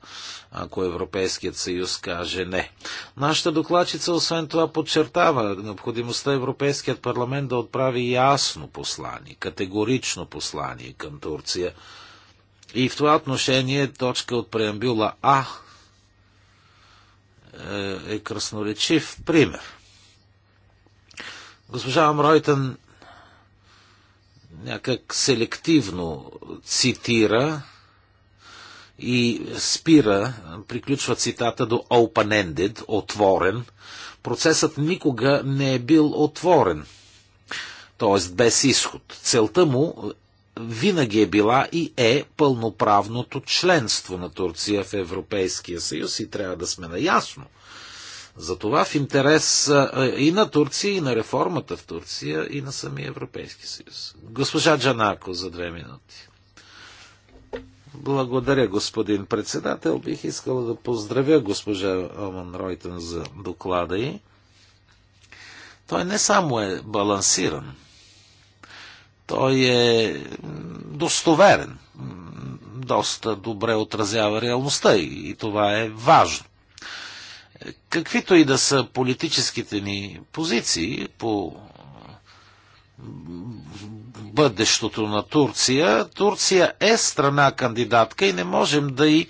ако Европейският съюз каже не. Нашата докладчица освен това подчертава необходимостта Европейският парламент да отправи ясно послание, категорично послание към Турция. И в това отношение точка от преамбюла А е, е красноречив пример. Госпожа Амройтън някак селективно цитира и спира, приключва цитата до open-ended, отворен. Процесът никога не е бил отворен, т.е. без изход. Целта му винаги е била и е пълноправното членство на Турция в Европейския съюз и трябва да сме наясно. Затова в интерес и на Турция, и на реформата в Турция, и на самия Европейски съюз. Госпожа Джанако за две минути. Благодаря, господин председател. Бих искала да поздравя госпожа Оман Ройтен за доклада й. Той не само е балансиран, той е достоверен, доста добре отразява реалността и това е важно. Каквито и да са политическите ни позиции по бъдещето на Турция, Турция е страна кандидатка и не можем да й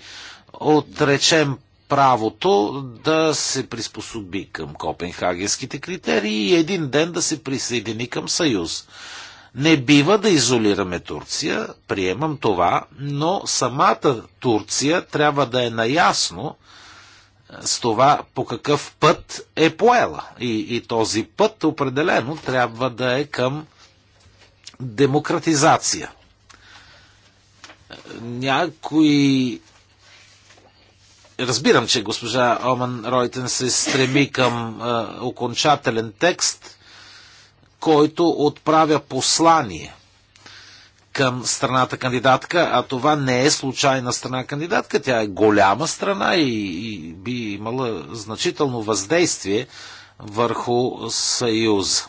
отречем правото да се приспособи към копенхагенските критерии и един ден да се присъедини към Съюз. Не бива да изолираме Турция, приемам това, но самата Турция трябва да е наясно е, с това по какъв път е поела. И, и този път определено трябва да е към демократизация. Някои Разбирам, че госпожа Оман Ройтен се стреми към е, окончателен текст, който отправя послание към страната кандидатка, а това не е случайна страна кандидатка, тя е голяма страна и, и би имала значително въздействие върху Съюз.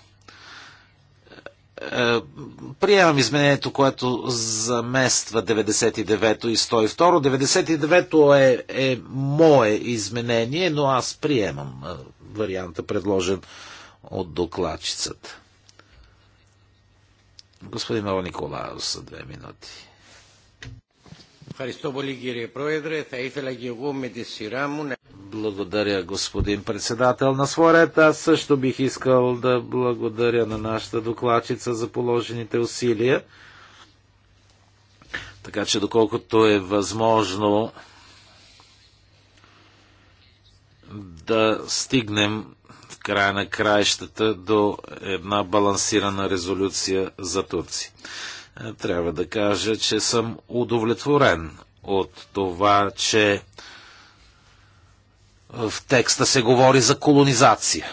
Е, приемам изменението, което замества 99-то и 102 99-то е, е мое изменение, но аз приемам е, варианта, предложен от докладчицата. Господин Ново за две минути. Благодаря, господин председател. На своя ред аз също бих искал да благодаря на нашата докладчица за положените усилия. Така че, доколкото е възможно да стигнем края на краищата до една балансирана резолюция за Турци. Е, трябва да кажа, че съм удовлетворен от това, че в текста се говори за колонизация.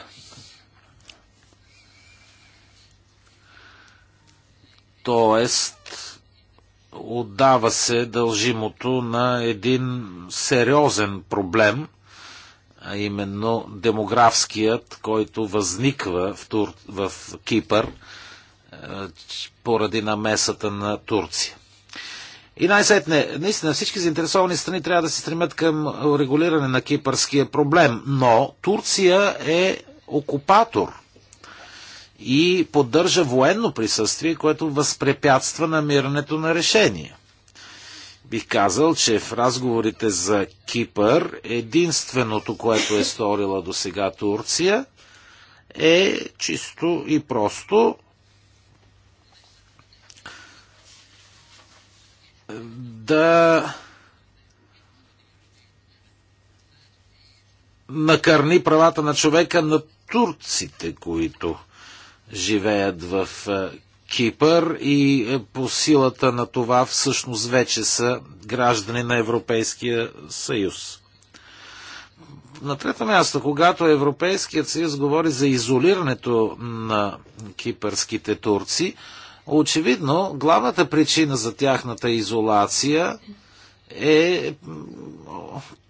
Тоест, отдава се дължимото на един сериозен проблем, а именно демографският, който възниква в, Тур... в Кипър е, поради намесата на Турция. И най-сетне, наистина всички заинтересовани страни трябва да се стремят към регулиране на кипърския проблем, но Турция е окупатор и поддържа военно присъствие, което възпрепятства намирането на решение. Бих казал, че в разговорите за Кипър единственото, което е сторила до сега Турция, е чисто и просто да накърни правата на човека на турците, които живеят в е, Кипър и е, по силата на това всъщност вече са граждани на Европейския съюз. На трето място, когато Европейският съюз говори за изолирането на кипърските турци, очевидно главната причина за тяхната изолация е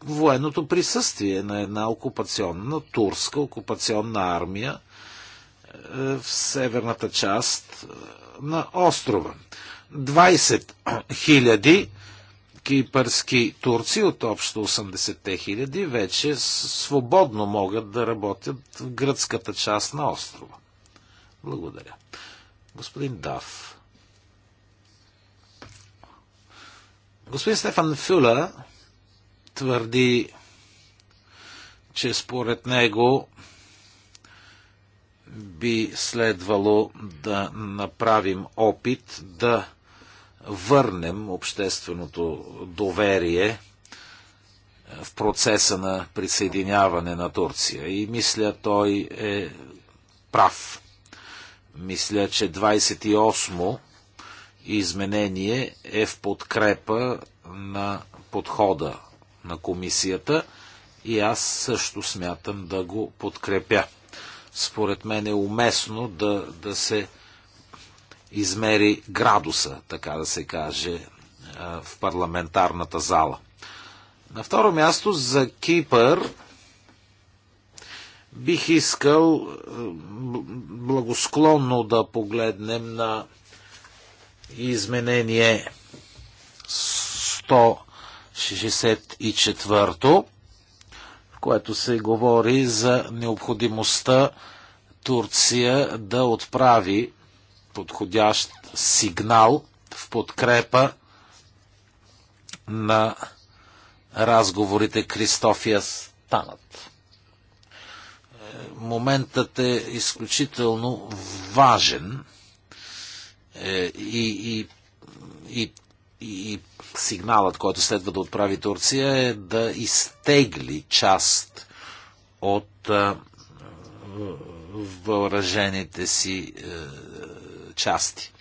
военното присъствие на една окупационна турска окупационна армия в северната част е, на острова. 20 000 кипърски турци от общо 80 000 вече свободно могат да работят в гръцката част на острова. Благодаря. Господин Дав. Господин Стефан Фюла твърди, че според него би следвало да направим опит да върнем общественото доверие е, в процеса на присъединяване на Турция. И мисля, той е прав. Мисля, че 28-о изменение е в подкрепа на подхода на комисията и аз също смятам да го подкрепя според мен е уместно да, да се измери градуса, така да се каже, в парламентарната зала. На второ място за Кипър бих искал благосклонно да погледнем на изменение 164 което се говори за необходимостта Турция да отправи подходящ сигнал в подкрепа на разговорите Кристофия станат. Е, моментът е изключително важен е, и, и, и и сигналът, който следва да отправи Турция е да изтегли част от въоръжените си е, части.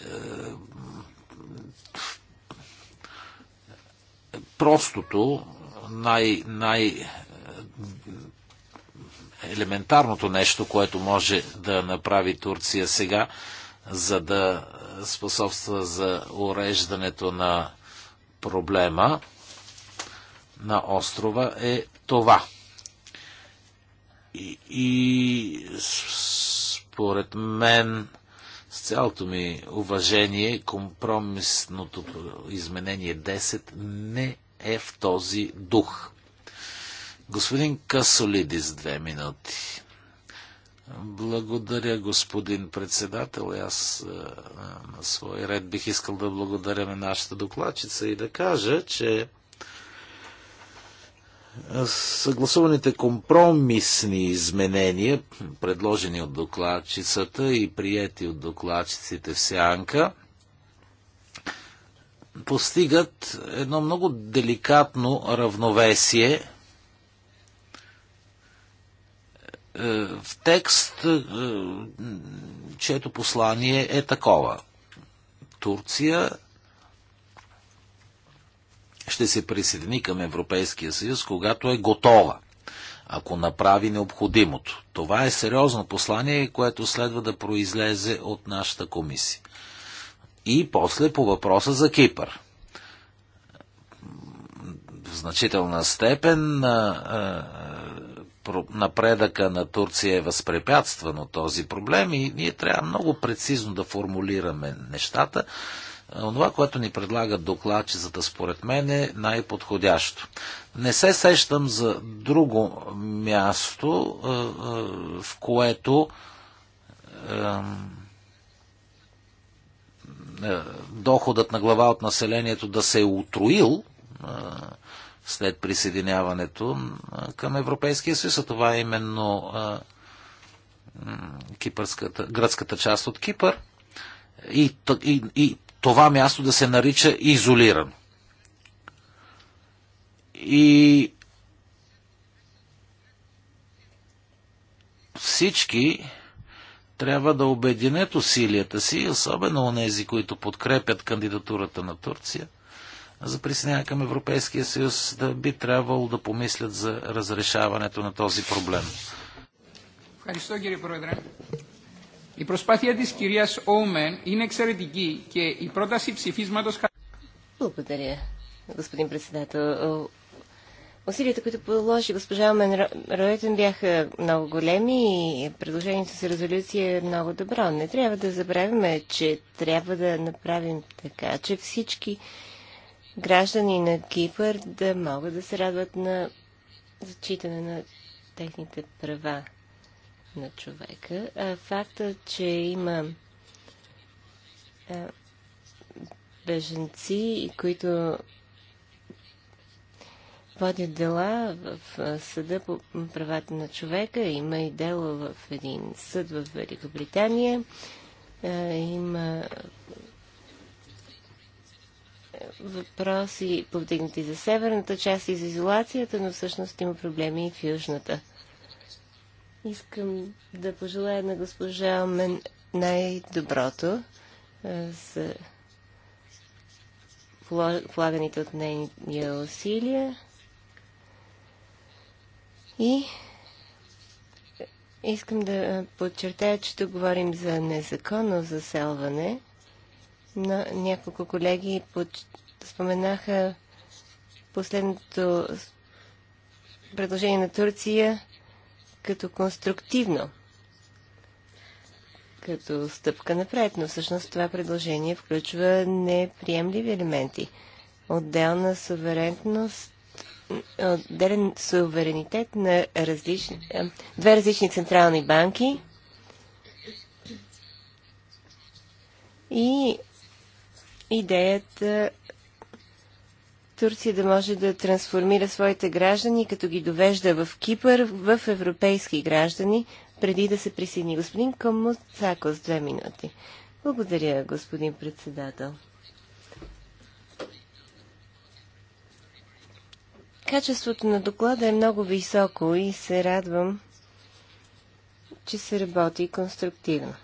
Е, простото, най, най елементарното нещо, което може да направи Турция сега, за да способства за уреждането на проблема на острова е това. И, и според мен, с цялото ми уважение, компромисното изменение 10 не е в този дух. Господин Касолидис, две минути. Благодаря, господин председател. Аз е, на свой ред бих искал да благодаря на нашата докладчица и да кажа, че е, съгласуваните компромисни изменения, предложени от докладчицата и приети от докладчиците в сянка, постигат едно много деликатно равновесие – Е, в текст, е, чието послание е такова. Турция ще се присъедини към Европейския съюз, когато е готова, ако направи необходимото. Това е сериозно послание, което следва да произлезе от нашата комисия. И после по въпроса за Кипър. В значителна степен е, напредъка на Турция е възпрепятстван от този проблем и ние трябва много прецизно да формулираме нещата. Това, което ни предлага докладчицата, според мен е най-подходящо. Не се сещам за друго място, е, е, в което е, доходът на глава от населението да се е утроил след присъединяването към Европейския съюз, а това е именно кипърската, гръцката част от Кипър и, и, и това място да се нарича изолирано. И всички трябва да обединят усилията си, особено нези, които подкрепят кандидатурата на Турция – за присъединяване към Европейския съюз, да би трябвало да помислят за разрешаването на този проблем. Благодаря, господин председател. Усилията, които положи госпожа Омен Ройтен, бяха много големи и предложението за резолюция е много добро. Не трябва да забравяме, че трябва да направим така, че всички граждани на Кипър да могат да се радват на зачитане на техните права на човека. А факта, че има а, беженци, които водят дела в съда по правата на човека. Има и дело в един съд в Великобритания. Има въпроси повдигнати за северната част и за изолацията, но всъщност има проблеми и в южната. Искам да пожелая на госпожа Мен най-доброто за полаганите от нейния усилия и искам да подчертая, че тук говорим за незаконно заселване – на няколко колеги споменаха последното предложение на Турция като конструктивно, като стъпка напред, но всъщност това предложение включва неприемливи елементи. Отделна суверенност, отделен суверенитет на различни, две различни централни банки и идеята е, Турция да може да трансформира своите граждани, като ги довежда в Кипър в европейски граждани, преди да се присъедини. Господин Камуцако с две минути. Благодаря, господин председател. Качеството на доклада е много високо и се радвам, че се работи конструктивно.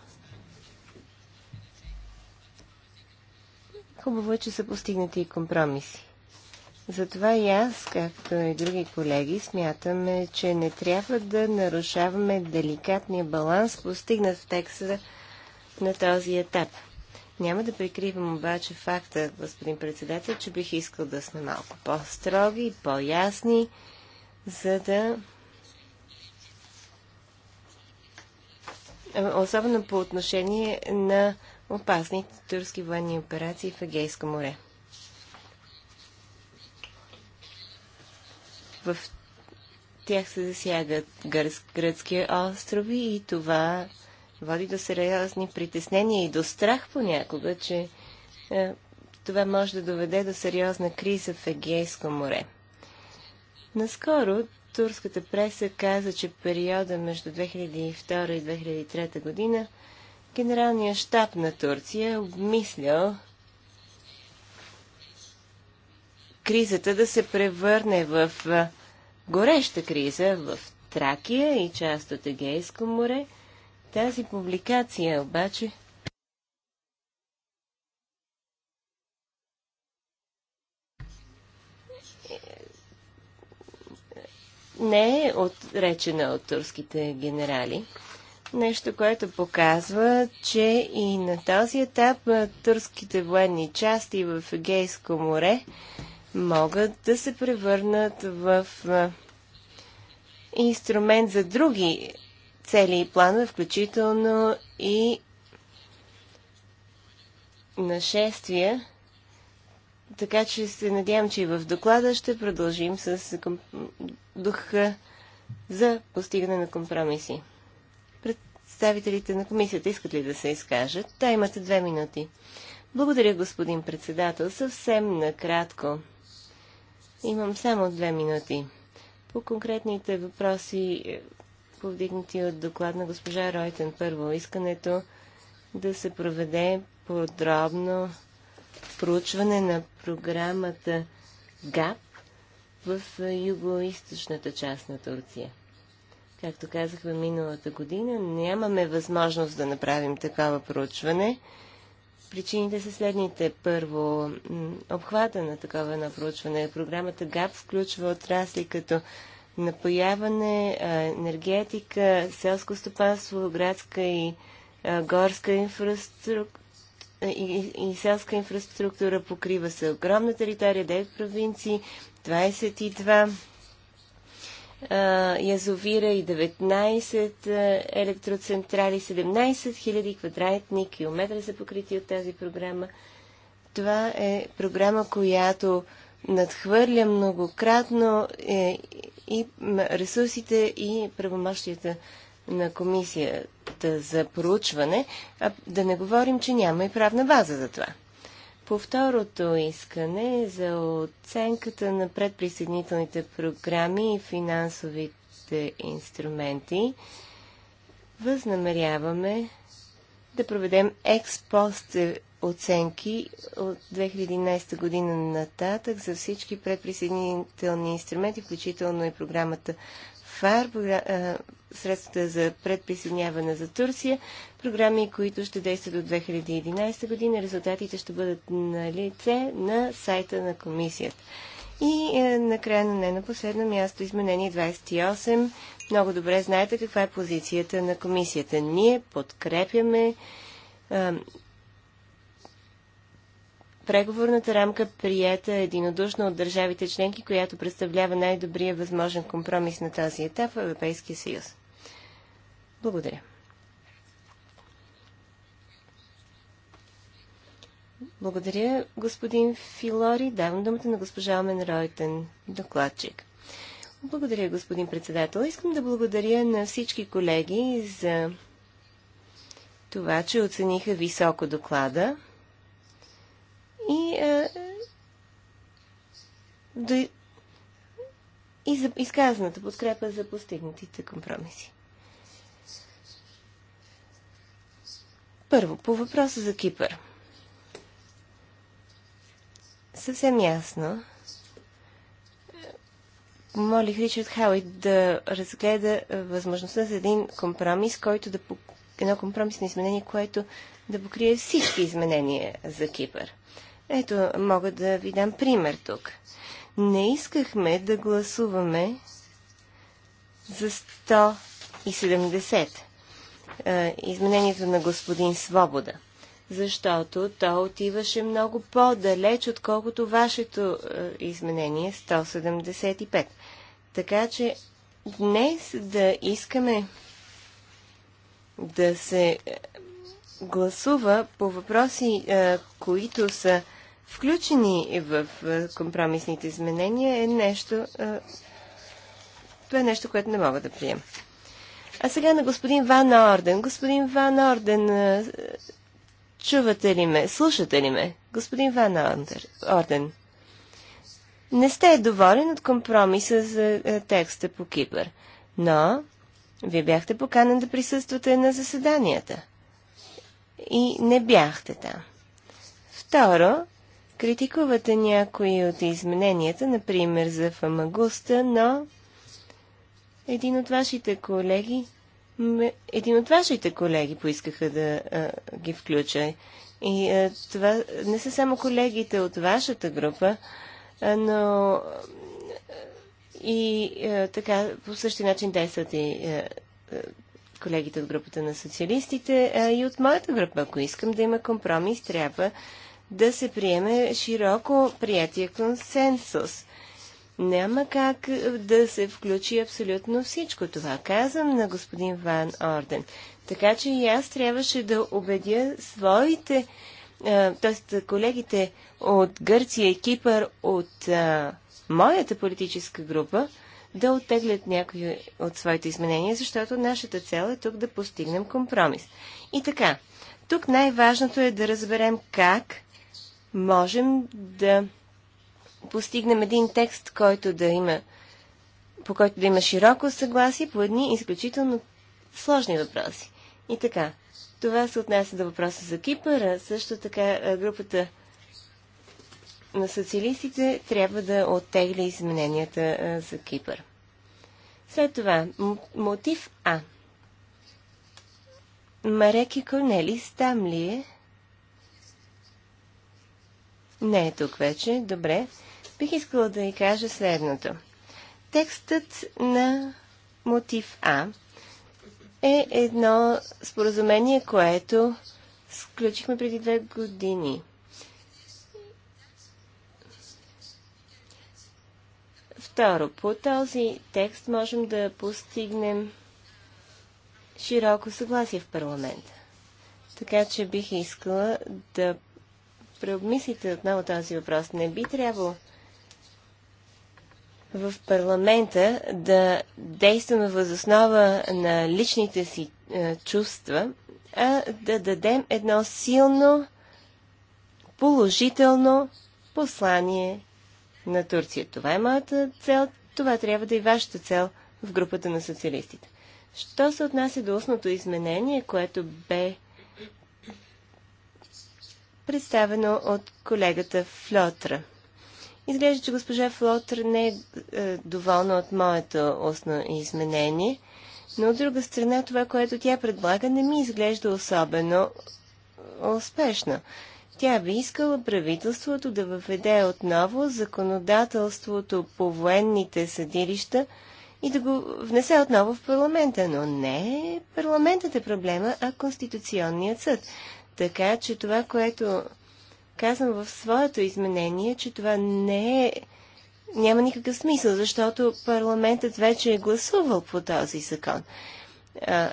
Хубаво е, че са постигнати и компромиси. Затова и аз, както и други колеги, смятаме, че не трябва да нарушаваме деликатния баланс, постигнат в текста на този етап. Няма да прикривам обаче факта, господин председател, че бих искал да сме малко по-строги, по-ясни, за да... Особено по отношение на опасните турски военни операции в Егейско море. В тях се засягат гръцки острови и това води до сериозни притеснения и до страх понякога, че е, това може да доведе до сериозна криза в Егейско море. Наскоро турската преса каза, че периода между 2002 и 2003 година Генералният щаб на Турция е обмислял кризата да се превърне в гореща криза в Тракия и част от Егейско море. Тази публикация обаче не е отречена от турските генерали. Нещо, което показва, че и на този етап турските военни части в Егейско море могат да се превърнат в инструмент за други цели и планове, включително и нашествия. Така че се надявам, че и в доклада ще продължим с духа за постигане на компромиси представителите на комисията искат ли да се изкажат? Та имате две минути. Благодаря, господин председател. Съвсем накратко. Имам само две минути. По конкретните въпроси, е, повдигнати от доклад на госпожа Ройтен, първо искането да се проведе подробно проучване на програмата ГАП в е, юго-источната част на Турция. Както казахме миналата година, нямаме възможност да направим такова проучване. Причините са следните. Първо, обхвата на такова на проучване. Програмата ГАП включва отрасли като напояване, енергетика, селско стопанство, градска и горска инфраструктура и, и селска инфраструктура покрива се огромна територия, 9 провинции, 22 е, язовира и 19 е, електроцентрали, 17 000 квадратни километра са покрити от тази програма. Това е програма, която надхвърля многократно е, и ресурсите и правомощията на комисията за проучване, а да не говорим, че няма и правна база за това. По второто искане за оценката на предприсъединителните програми и финансовите инструменти, възнамеряваме да проведем експост оценки от 2011 година нататък за всички предприсъединителни инструменти, включително и програмата ФАР, средствата за предприсъединяване за Турция, програми, които ще действат до 2011 година. Резултатите ще бъдат на лице на сайта на комисията. И е, накрая, но не на последно място, изменение 28. Много добре знаете каква е позицията на комисията. Ние подкрепяме е, Преговорната рамка приета единодушно от държавите членки, която представлява най-добрия възможен компромис на този етап в Европейския съюз. Благодаря. Благодаря, господин Филори. Давам думата на госпожа Омен Ройтен, докладчик. Благодаря, господин председател. Искам да благодаря на всички колеги за това, че оцениха високо доклада и, е, да и за изказаната подкрепа за постигнатите компромиси. Първо, по въпроса за Кипър. Съвсем ясно. Молих Ричард Хауит да разгледа е, възможността за един компромис, който да едно компромисно изменение, което да покрие всички изменения за Кипър. Ето, мога да ви дам пример тук. Не искахме да гласуваме за 170 изменението на господин Свобода, защото то отиваше много по-далеч, отколкото вашето изменение 175. Така че днес да искаме да се гласува по въпроси, които са включени в е, компромисните изменения, е нещо, е, това е нещо, което не мога да приема. А сега на господин Ван Орден. Господин Ван Орден, е, чувате ли ме? Слушате ли ме? Господин Ван Орден, не сте доволен от компромиса за текста по Кипър, но вие бяхте поканен да присъствате на заседанията. И не бяхте там. Второ, Критикувате някои от измененията, например за Фамагуста, но един от вашите колеги един от вашите колеги поискаха да а, ги включа. И а, това не са само колегите от вашата група, а, но и а, така по същия начин действат и а, колегите от групата на социалистите а, и от моята група. Ако искам да има компромис, трябва да се приеме широко приятия консенсус. Няма как е, да се включи абсолютно всичко това. Казвам на господин Ван Орден. Така че и аз трябваше да убедя своите, т.е. колегите от Гърция и Кипър от а, е, моята политическа група, да оттеглят някои от своите изменения, защото нашата цел е тук да постигнем компромис. И така, тук най-важното е да разберем как можем да постигнем един текст, който да има, по който да има широко съгласие по едни изключително сложни въпроси. И така, това се отнася до въпроса за Кипър, също така групата на социалистите трябва да оттегли измененията за Кипър. След това, мотив А. Мареки Корнели, там ли е? Не е тук вече. Добре. Бих искала да ви кажа следното. Текстът на мотив А е едно споразумение, което сключихме преди две години. Второ, по този текст можем да постигнем широко съгласие в парламента. Така че бих искала да преобмислите отново този въпрос. Не би трябвало в парламента да действаме възоснова на личните си е, чувства, а да дадем едно силно, положително послание на Турция. Това е моята цел, това трябва да е вашата цел в групата на социалистите. Що се отнася до устното изменение, което бе представено от колегата Флотра. Изглежда, че госпожа Флотър не е, е доволна от моето устно изменение, но от друга страна това, което тя предлага, не ми изглежда особено е, успешно. Тя би искала правителството да въведе отново законодателството по военните съдилища и да го внесе отново в парламента. Но не е, парламентът е проблема, а Конституционният съд. Така че това, което казвам в своето изменение, че това не е няма никакъв смисъл, защото парламентът вече е гласувал по този закон. А,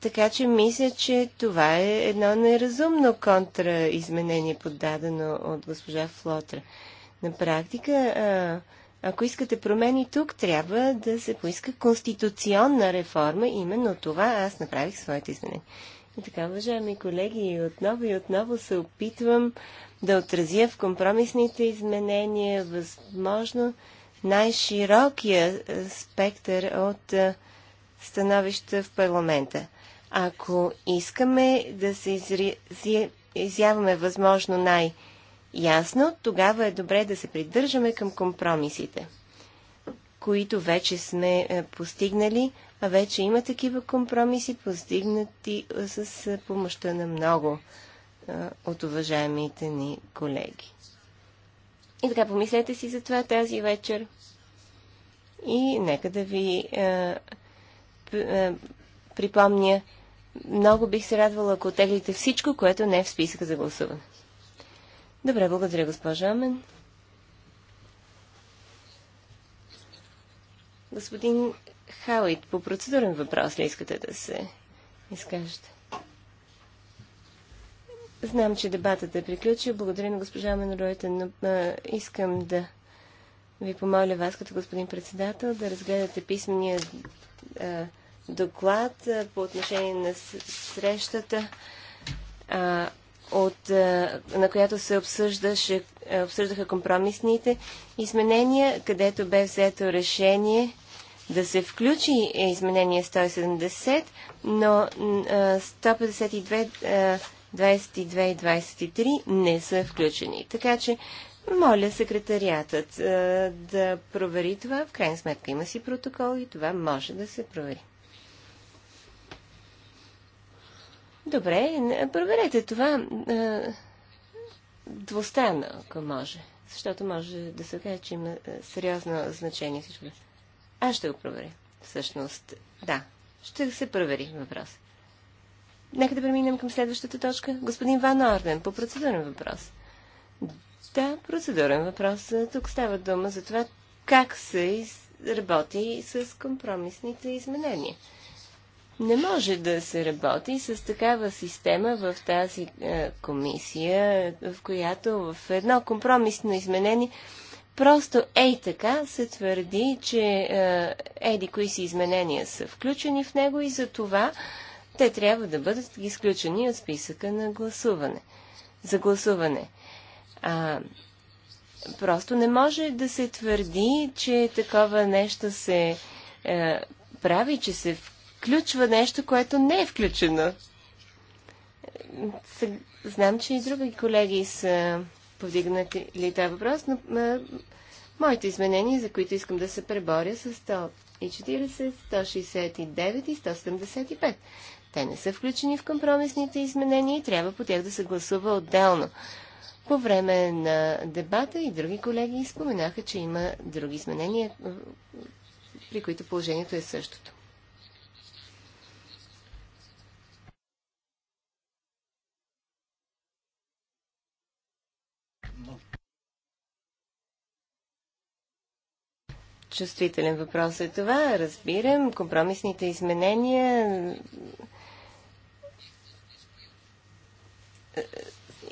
така че мисля, че това е едно неразумно контраизменение, поддадено от госпожа Флотра. На практика, а, ако искате промени тук, трябва да се поиска конституционна реформа. Именно това аз направих своите изменения. И така, уважаеми колеги, отново и отново се опитвам да отразя в компромисните изменения възможно най-широкия спектър от становища в парламента. Ако искаме да се изри... изяваме възможно най-ясно, тогава е добре да се придържаме към компромисите които вече сме е, постигнали, а вече има такива компромиси, постигнати е, с е, помощта на много от уважаемите ни колеги. И така, помислете си за това тази вечер и нека да ви е, е, припомня, много бих се радвала, ако теглите всичко, което не е в списъка за гласуване. Добре, благодаря, госпожа Амен. Господин Хауит, по процедурен въпрос ли искате да се изкажете? Знам, че дебатът е приключил. Благодаря на госпожа Менроите, но а, искам да ви помоля вас, като господин председател, да разгледате писмения а, доклад а, по отношение на срещата, а, от, а, на която се обсъждаше, обсъждаха компромисните изменения, където бе взето решение да се включи изменение 170, но 152, 22 и 23 не са включени. Така че, моля секретариатът да провери това. В крайна сметка има си протокол и това може да се провери. Добре, проверете това двустранно, ако може. Защото може да се каже, че има сериозно значение всичко. Аз ще го проверя. Всъщност, да. Ще се провери въпрос. Нека да преминем към следващата точка. Господин Ван Орден, по процедурен въпрос. Да, процедурен въпрос. Тук става дума за това как се работи с компромисните изменения. Не може да се работи с такава система в тази е, комисия, в която в едно компромисно изменение Просто ей така се твърди, че е, еди кои си изменения са включени в него и за това те трябва да бъдат изключени от списъка на гласуване. За гласуване. А, просто не може да се твърди, че такова нещо се е, прави, че се включва нещо, което не е включено. Е, знам, че и други колеги са повдигнат ли това въпрос, но а, моите изменения, за които искам да се преборя, са 140, 169 и 175. Те не са включени в компромисните изменения и трябва по тях да се гласува отделно. По време на дебата и други колеги споменаха, че има други изменения, при които положението е същото. чувствителен въпрос е това. Разбирам, компромисните изменения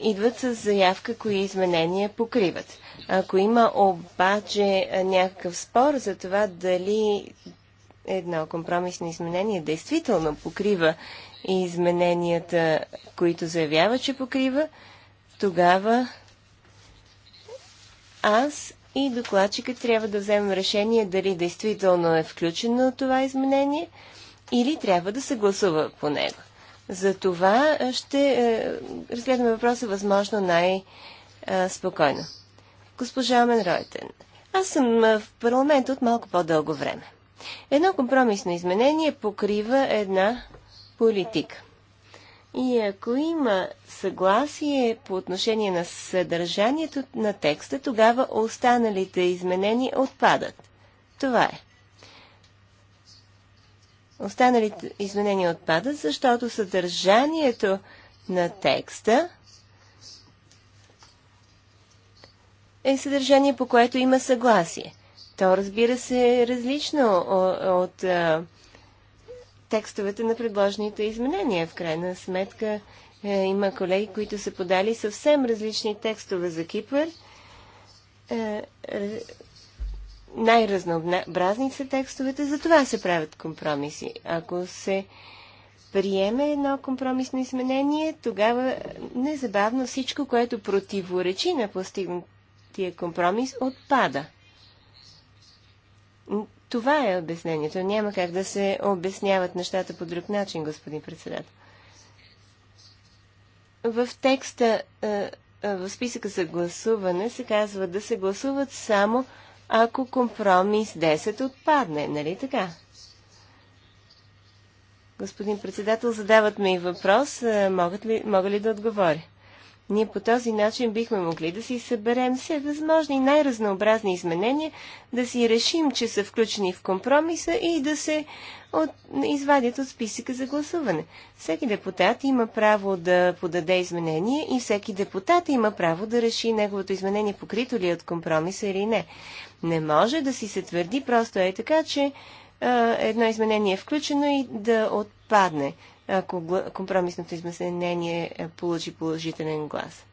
идват с заявка, кои изменения покриват. Ако има обаче някакъв спор за това дали едно компромисно изменение действително покрива и измененията, които заявява, че покрива, тогава аз и докладчикът трябва да вземе решение дали действително е включено това изменение или трябва да се гласува по него. За това ще е, разгледаме въпроса възможно най-спокойно. Е, Госпожа Амен Ройтен, аз съм в парламент от малко по-дълго време. Едно компромисно изменение покрива една политика. И ако има съгласие по отношение на съдържанието на текста, тогава останалите изменения отпадат. Това е. Останалите изменения отпадат, защото съдържанието на текста е съдържание, по което има съгласие. То, разбира се, е различно от, от текстовете на предложените изменения. В крайна сметка е, има колеги, които са подали съвсем различни текстове за Кипър. Е, е, най-разнообразни са текстовете, за това се правят компромиси. Ако се приеме едно компромисно изменение, тогава незабавно всичко, което противоречи на постигнатия компромис, отпада. Това е обяснението. Няма как да се обясняват нещата по друг начин, господин председател. В текста, е, е, в списъка за гласуване се казва да се гласуват само ако компромис 10 отпадне, нали така? Господин председател, задават ми въпрос. Е, могат ли, мога ли да отговоря? Ние по този начин бихме могли да си съберем все възможни най-разнообразни изменения, да си решим, че са включени в компромиса и да се от... извадят от списъка за гласуване. Всеки депутат има право да подаде изменение и всеки депутат има право да реши неговото изменение покрито ли е от компромиса или не. Не може да си се твърди просто е така, че е, едно изменение е включено и да отпадне ако компромисното изменение е, получи положителен глас.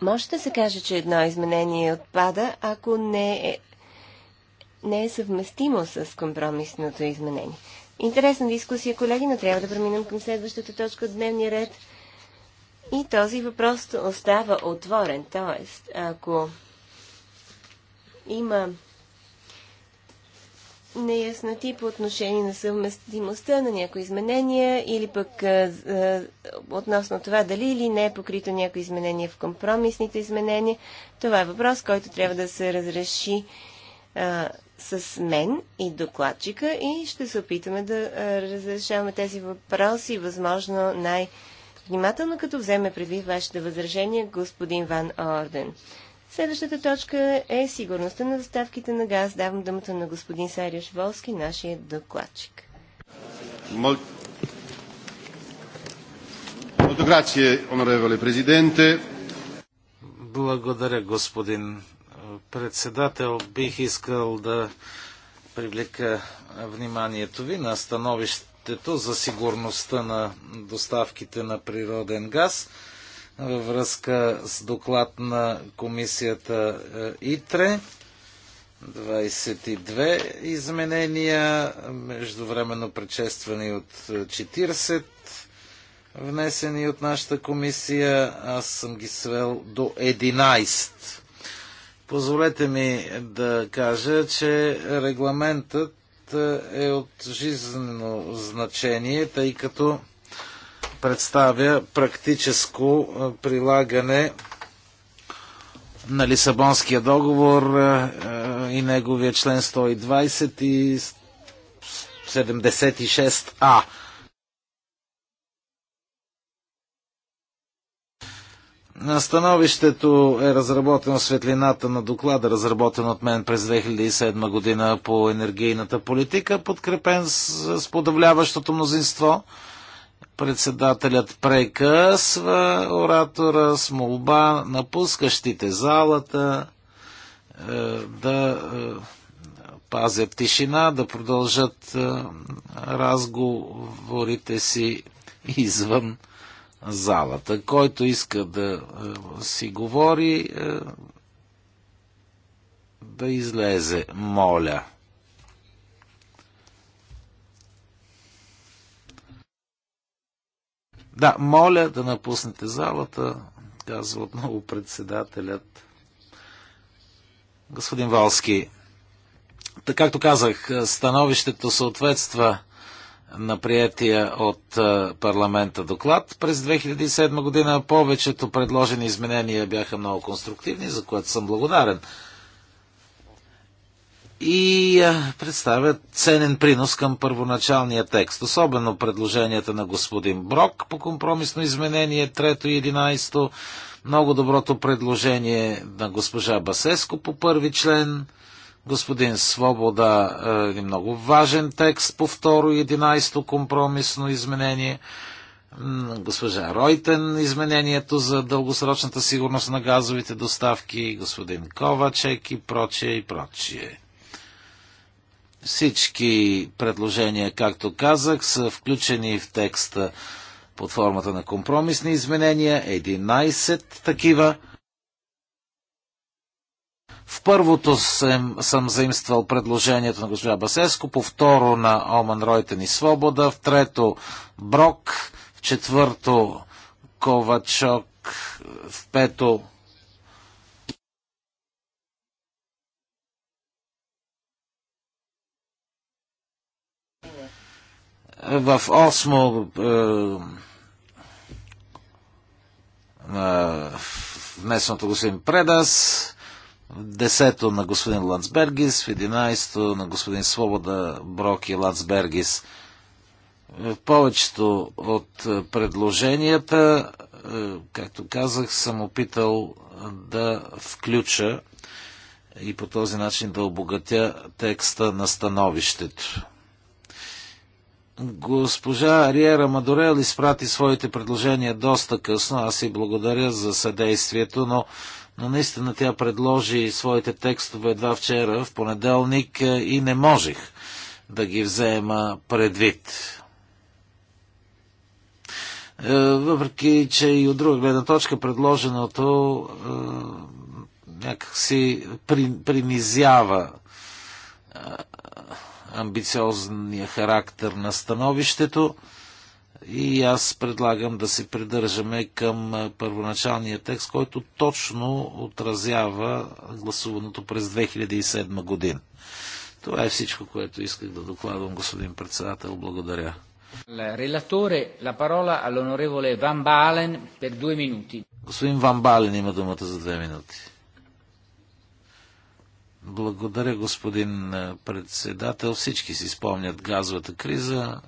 Може да се каже, че едно изменение отпада, ако не е, не е съвместимо с компромисното изменение. Интересна дискусия, колеги, но трябва да преминем към следващата точка от дневния ред. И този въпрос остава отворен. Тоест, ако има неясноти по отношение на съвместимостта на някои изменения или пък а, а, относно това дали или не е покрито някои изменения в компромисните изменения. Това е въпрос, който трябва да се разреши а, с мен и докладчика и ще се опитаме да разрешаваме тези въпроси възможно най- Внимателно като вземе предвид вашите възражения, господин Ван Орден. Следващата точка е сигурността на доставките на газ. Давам думата на господин Сариш Волски, нашия докладчик. Благодаря, господин председател. Бих искал да привлека вниманието ви на становището за сигурността на доставките на природен газ – във връзка с доклад на комисията е, ИТРЕ. 22 изменения, междувременно предшествани от 40, е, внесени от нашата комисия. Аз съм ги свел до 11. Позволете ми да кажа, че регламентът е, е от жизнено значение, тъй като представя практическо прилагане на Лисабонския договор и неговия член 120 и 76а. Становището е разработено светлината на доклада, разработен от мен през 2007 година по енергийната политика, подкрепен с подавляващото мнозинство Председателят прекъсва оратора с молба напускащите залата е, да е, пазят тишина, да продължат е, разговорите си извън залата. Който иска да си говори, да излезе, моля. Да, моля да напуснете залата, казва отново председателят. Господин Валски, така както казах, становището съответства на приятия от парламента доклад. През 2007 година повечето предложени изменения бяха много конструктивни, за което съм благодарен и представят ценен принос към първоначалния текст, особено предложенията на господин Брок по компромисно изменение 3 и 11, много доброто предложение на госпожа Басеско по първи член, господин Свобода е много важен текст по второ и 11 компромисно изменение, госпожа Ройтен изменението за дългосрочната сигурност на газовите доставки, господин Ковачек и прочие и прочие. Всички предложения, както казах, са включени в текста под формата на компромисни изменения, 11 такива. В първото съм, съм заимствал предложението на госпожа Басеско, по второ на Оман Ройтен и Свобода, в трето Брок, в четвърто Ковачок, в пето В осмо е, е, внесеното господин Предас, в 10-то на господин Лацбергис, в 11-то на господин Свобода Брок и Лацбергис. В повечето от предложенията, е, както казах, съм опитал да включа и по този начин да обогатя текста на становището. Госпожа Ариера Мадорел изпрати своите предложения доста късно. Аз и благодаря за съдействието, но, но наистина тя предложи своите текстове едва вчера, в понеделник, е, и не можех да ги взема предвид. Е, въпреки, че и от друга гледна точка предложеното е, някакси принизява амбициозния характер на становището и аз предлагам да се придържаме към първоначалния текст, който точно отразява гласуваното през 2007 година. Това е всичко, което исках да докладвам, господин председател. Благодаря. Релаторе, ла парола ал Ван Бален пер 2 минути. Господин Ван Бален има думата за две минути. Благодаря, господин председател. Всички си спомнят газовата криза,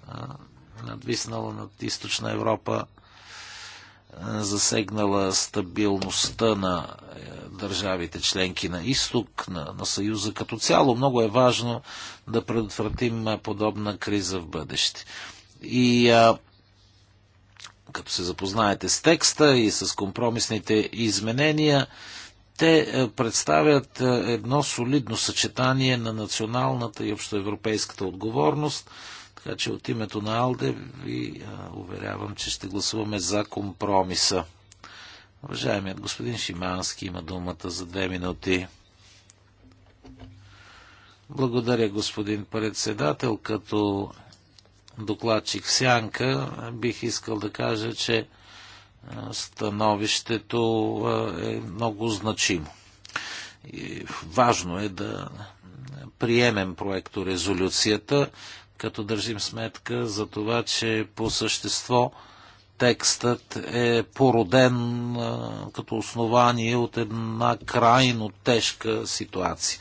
надвиснала над източна Европа, засегнала стабилността на е, държавите членки на изток, на, на Съюза като цяло. Много е важно да предотвратим подобна криза в бъдеще. И а, като се запознаете с текста и с компромисните изменения, те е, представят е, едно солидно съчетание на националната и общоевропейската отговорност, така че от името на Алде ви е, уверявам, че ще гласуваме за компромиса. Уважаемият господин Шимански има думата за две минути. Благодаря, господин председател. Като докладчик в Сянка бих искал да кажа, че становището е много значимо. И важно е да приемем проекто резолюцията, като държим сметка за това, че по същество текстът е породен като основание от една крайно тежка ситуация.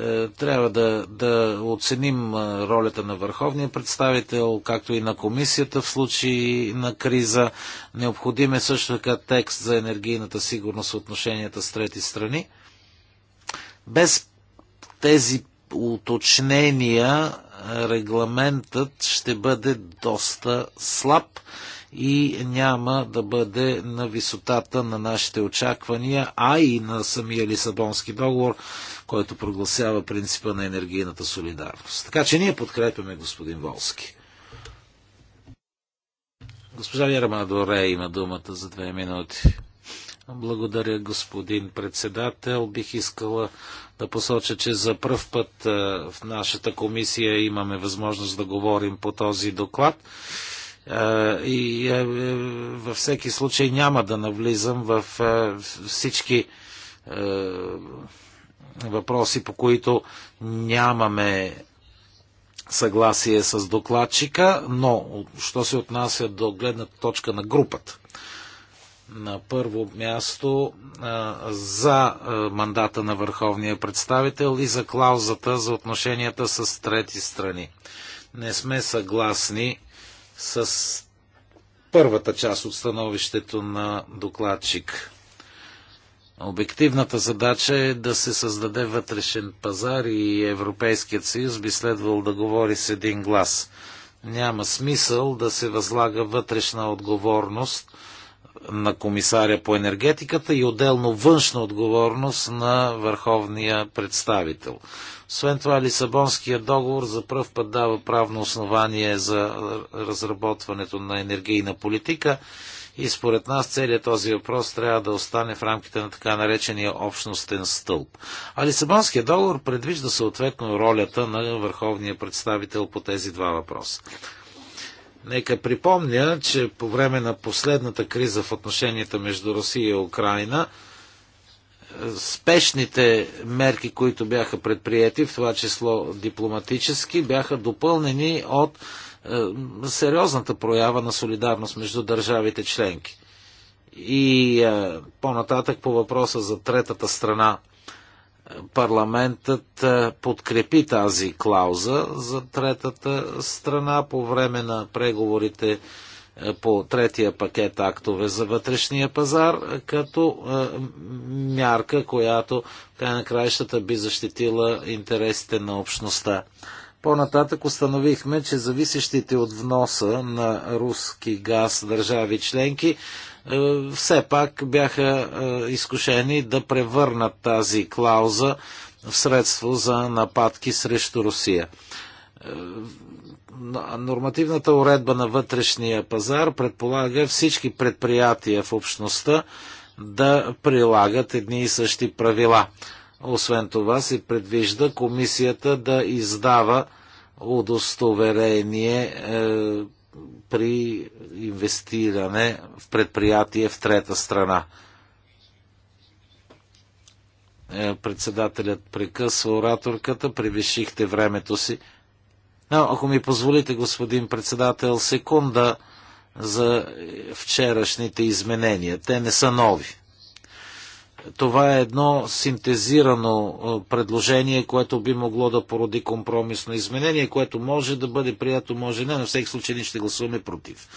Е, трябва да, да оценим е, ролята на върховния представител, както и на комисията в случай на криза. Необходим е също така текст за енергийната сигурност в отношенията с трети страни. Без тези уточнения е, регламентът ще бъде доста слаб и няма да бъде на висотата на нашите очаквания, а и на самия Лисабонски договор който прогласява принципа на енергийната солидарност. Така че ние подкрепяме господин Волски. Госпожа Вера Доре има думата за две минути. Благодаря, господин председател. Бих искала да посоча, че за първ път е, в нашата комисия имаме възможност да говорим по този доклад. Е, и е, във всеки случай няма да навлизам в всички въпроси, по които нямаме съгласие с докладчика, но що се отнася до гледната точка на групата. На първо място за мандата на върховния представител и за клаузата за отношенията с трети страни. Не сме съгласни с първата част от становището на докладчик. Обективната задача е да се създаде вътрешен пазар и Европейският съюз би следвал да говори с един глас. Няма смисъл да се възлага вътрешна отговорност на комисаря по енергетиката и отделно външна отговорност на върховния представител. Освен това, Лисабонския договор за пръв път дава правно основание за разработването на енергийна политика и според нас целият този въпрос трябва да остане в рамките на така наречения общностен стълб. А Лисабонския договор предвижда съответно ролята на върховния представител по тези два въпроса. Нека припомня, че по време на последната криза в отношенията между Русия и Украина, спешните мерки, които бяха предприяти, в това число дипломатически, бяха допълнени от е, сериозната проява на солидарност между държавите членки. И е, по-нататък по въпроса за третата страна, е, парламентът е, подкрепи тази клауза за третата страна по време на преговорите е, по третия пакет актове за вътрешния пазар, е, като мярка, която край на краищата би защитила интересите на общността. По-нататък установихме, че зависещите от вноса на руски газ държави членки е, все пак бяха е, изкушени да превърнат тази клауза в средство за нападки срещу Русия. Е, нормативната уредба на вътрешния пазар предполага всички предприятия в общността да прилагат едни и същи правила. Освен това се предвижда комисията да издава удостоверение е, при инвестиране в предприятие в трета страна. Е, председателят прекъсва ораторката, превишихте времето си. Но, ако ми позволите, господин председател, секунда за вчерашните изменения. Те не са нови. Това е едно синтезирано предложение, което би могло да породи компромисно изменение, което може да бъде прието, може не. На всеки случай ние ще гласуваме против.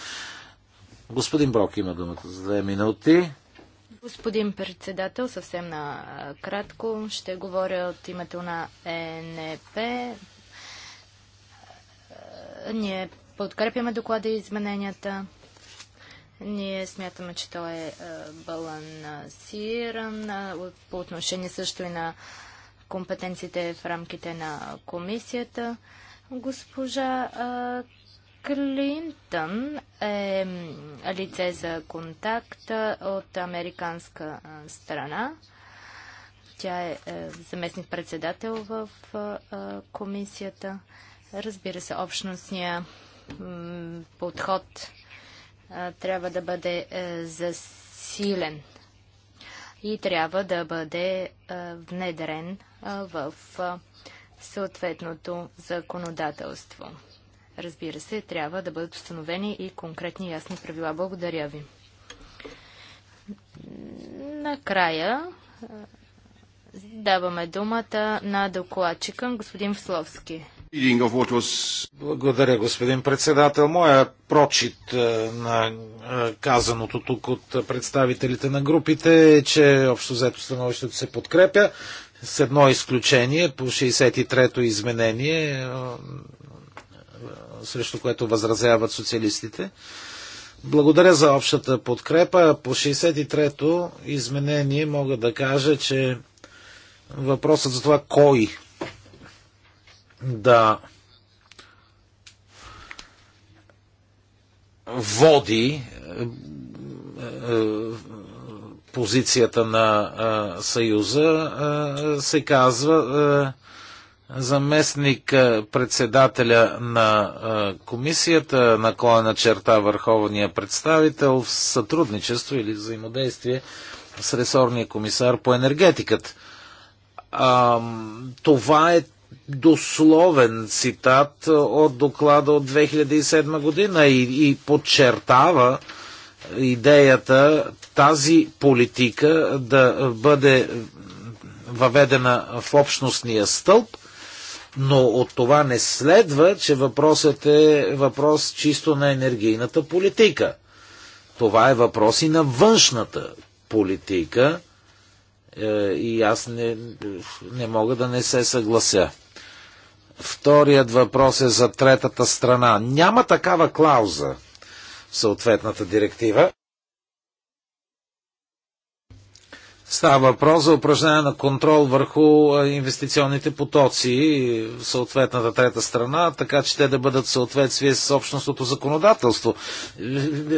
Господин Брок има думата за две минути. Господин председател, съвсем на кратко ще говоря от името на ЕНП. Ние подкрепяме доклада и измененията. Ние смятаме, че той е, е балансиран по отношение също и на компетенциите в рамките на комисията. Госпожа Клинтън е лице за контакт от американска страна. Тя е, е заместник-председател в комисията. Разбира се, общностния подход трябва да бъде е, засилен и трябва да бъде е, внедрен е, в съответното законодателство. Разбира се, трябва да бъдат установени и конкретни ясни правила. Благодаря ви. Накрая даваме думата на докладчика господин Всловски. Благодаря, господин председател. Моя прочит е, на е, казаното тук от представителите на групите е, че общо взето становището се подкрепя с едно изключение по 63-то изменение, е, срещу което възразяват социалистите. Благодаря за общата подкрепа. По 63-то изменение мога да кажа, че въпросът за това кой да води е, е, позицията на е, Съюза, се казва заместник председателя на комисията, наклона черта върховния представител в сътрудничество или взаимодействие с ресорния комисар по енергетиката. това е дословен цитат е, от доклада от 2007 година и, и подчертава идеята тази политика да бъде въведена в общностния стълб, но от това не следва, че въпросът е въпрос чисто на енергийната политика. Това е въпрос и на външната политика е, и аз не, не мога да не се съглася. Вторият въпрос е за третата страна. Няма такава клауза в съответната директива. Става въпрос за упражнение на контрол върху инвестиционните потоци в съответната трета страна, така че те да бъдат в съответствие с общностното законодателство.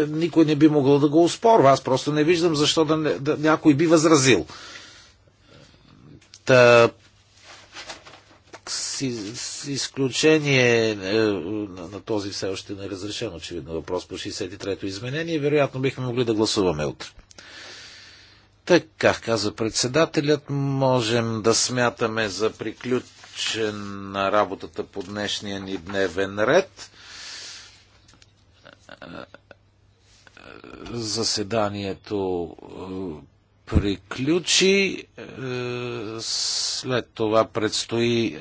Никой не би могъл да го успорва. Аз просто не виждам защо да, не, да някой би възразил. Та, си, изключение е, е, на, на този все още неразрешен очевидно въпрос по 63-то изменение, вероятно бихме могли да гласуваме утре. Така, каза председателят, можем да смятаме за приключен на работата по днешния ни дневен ред. Заседанието е, приключи. След това предстои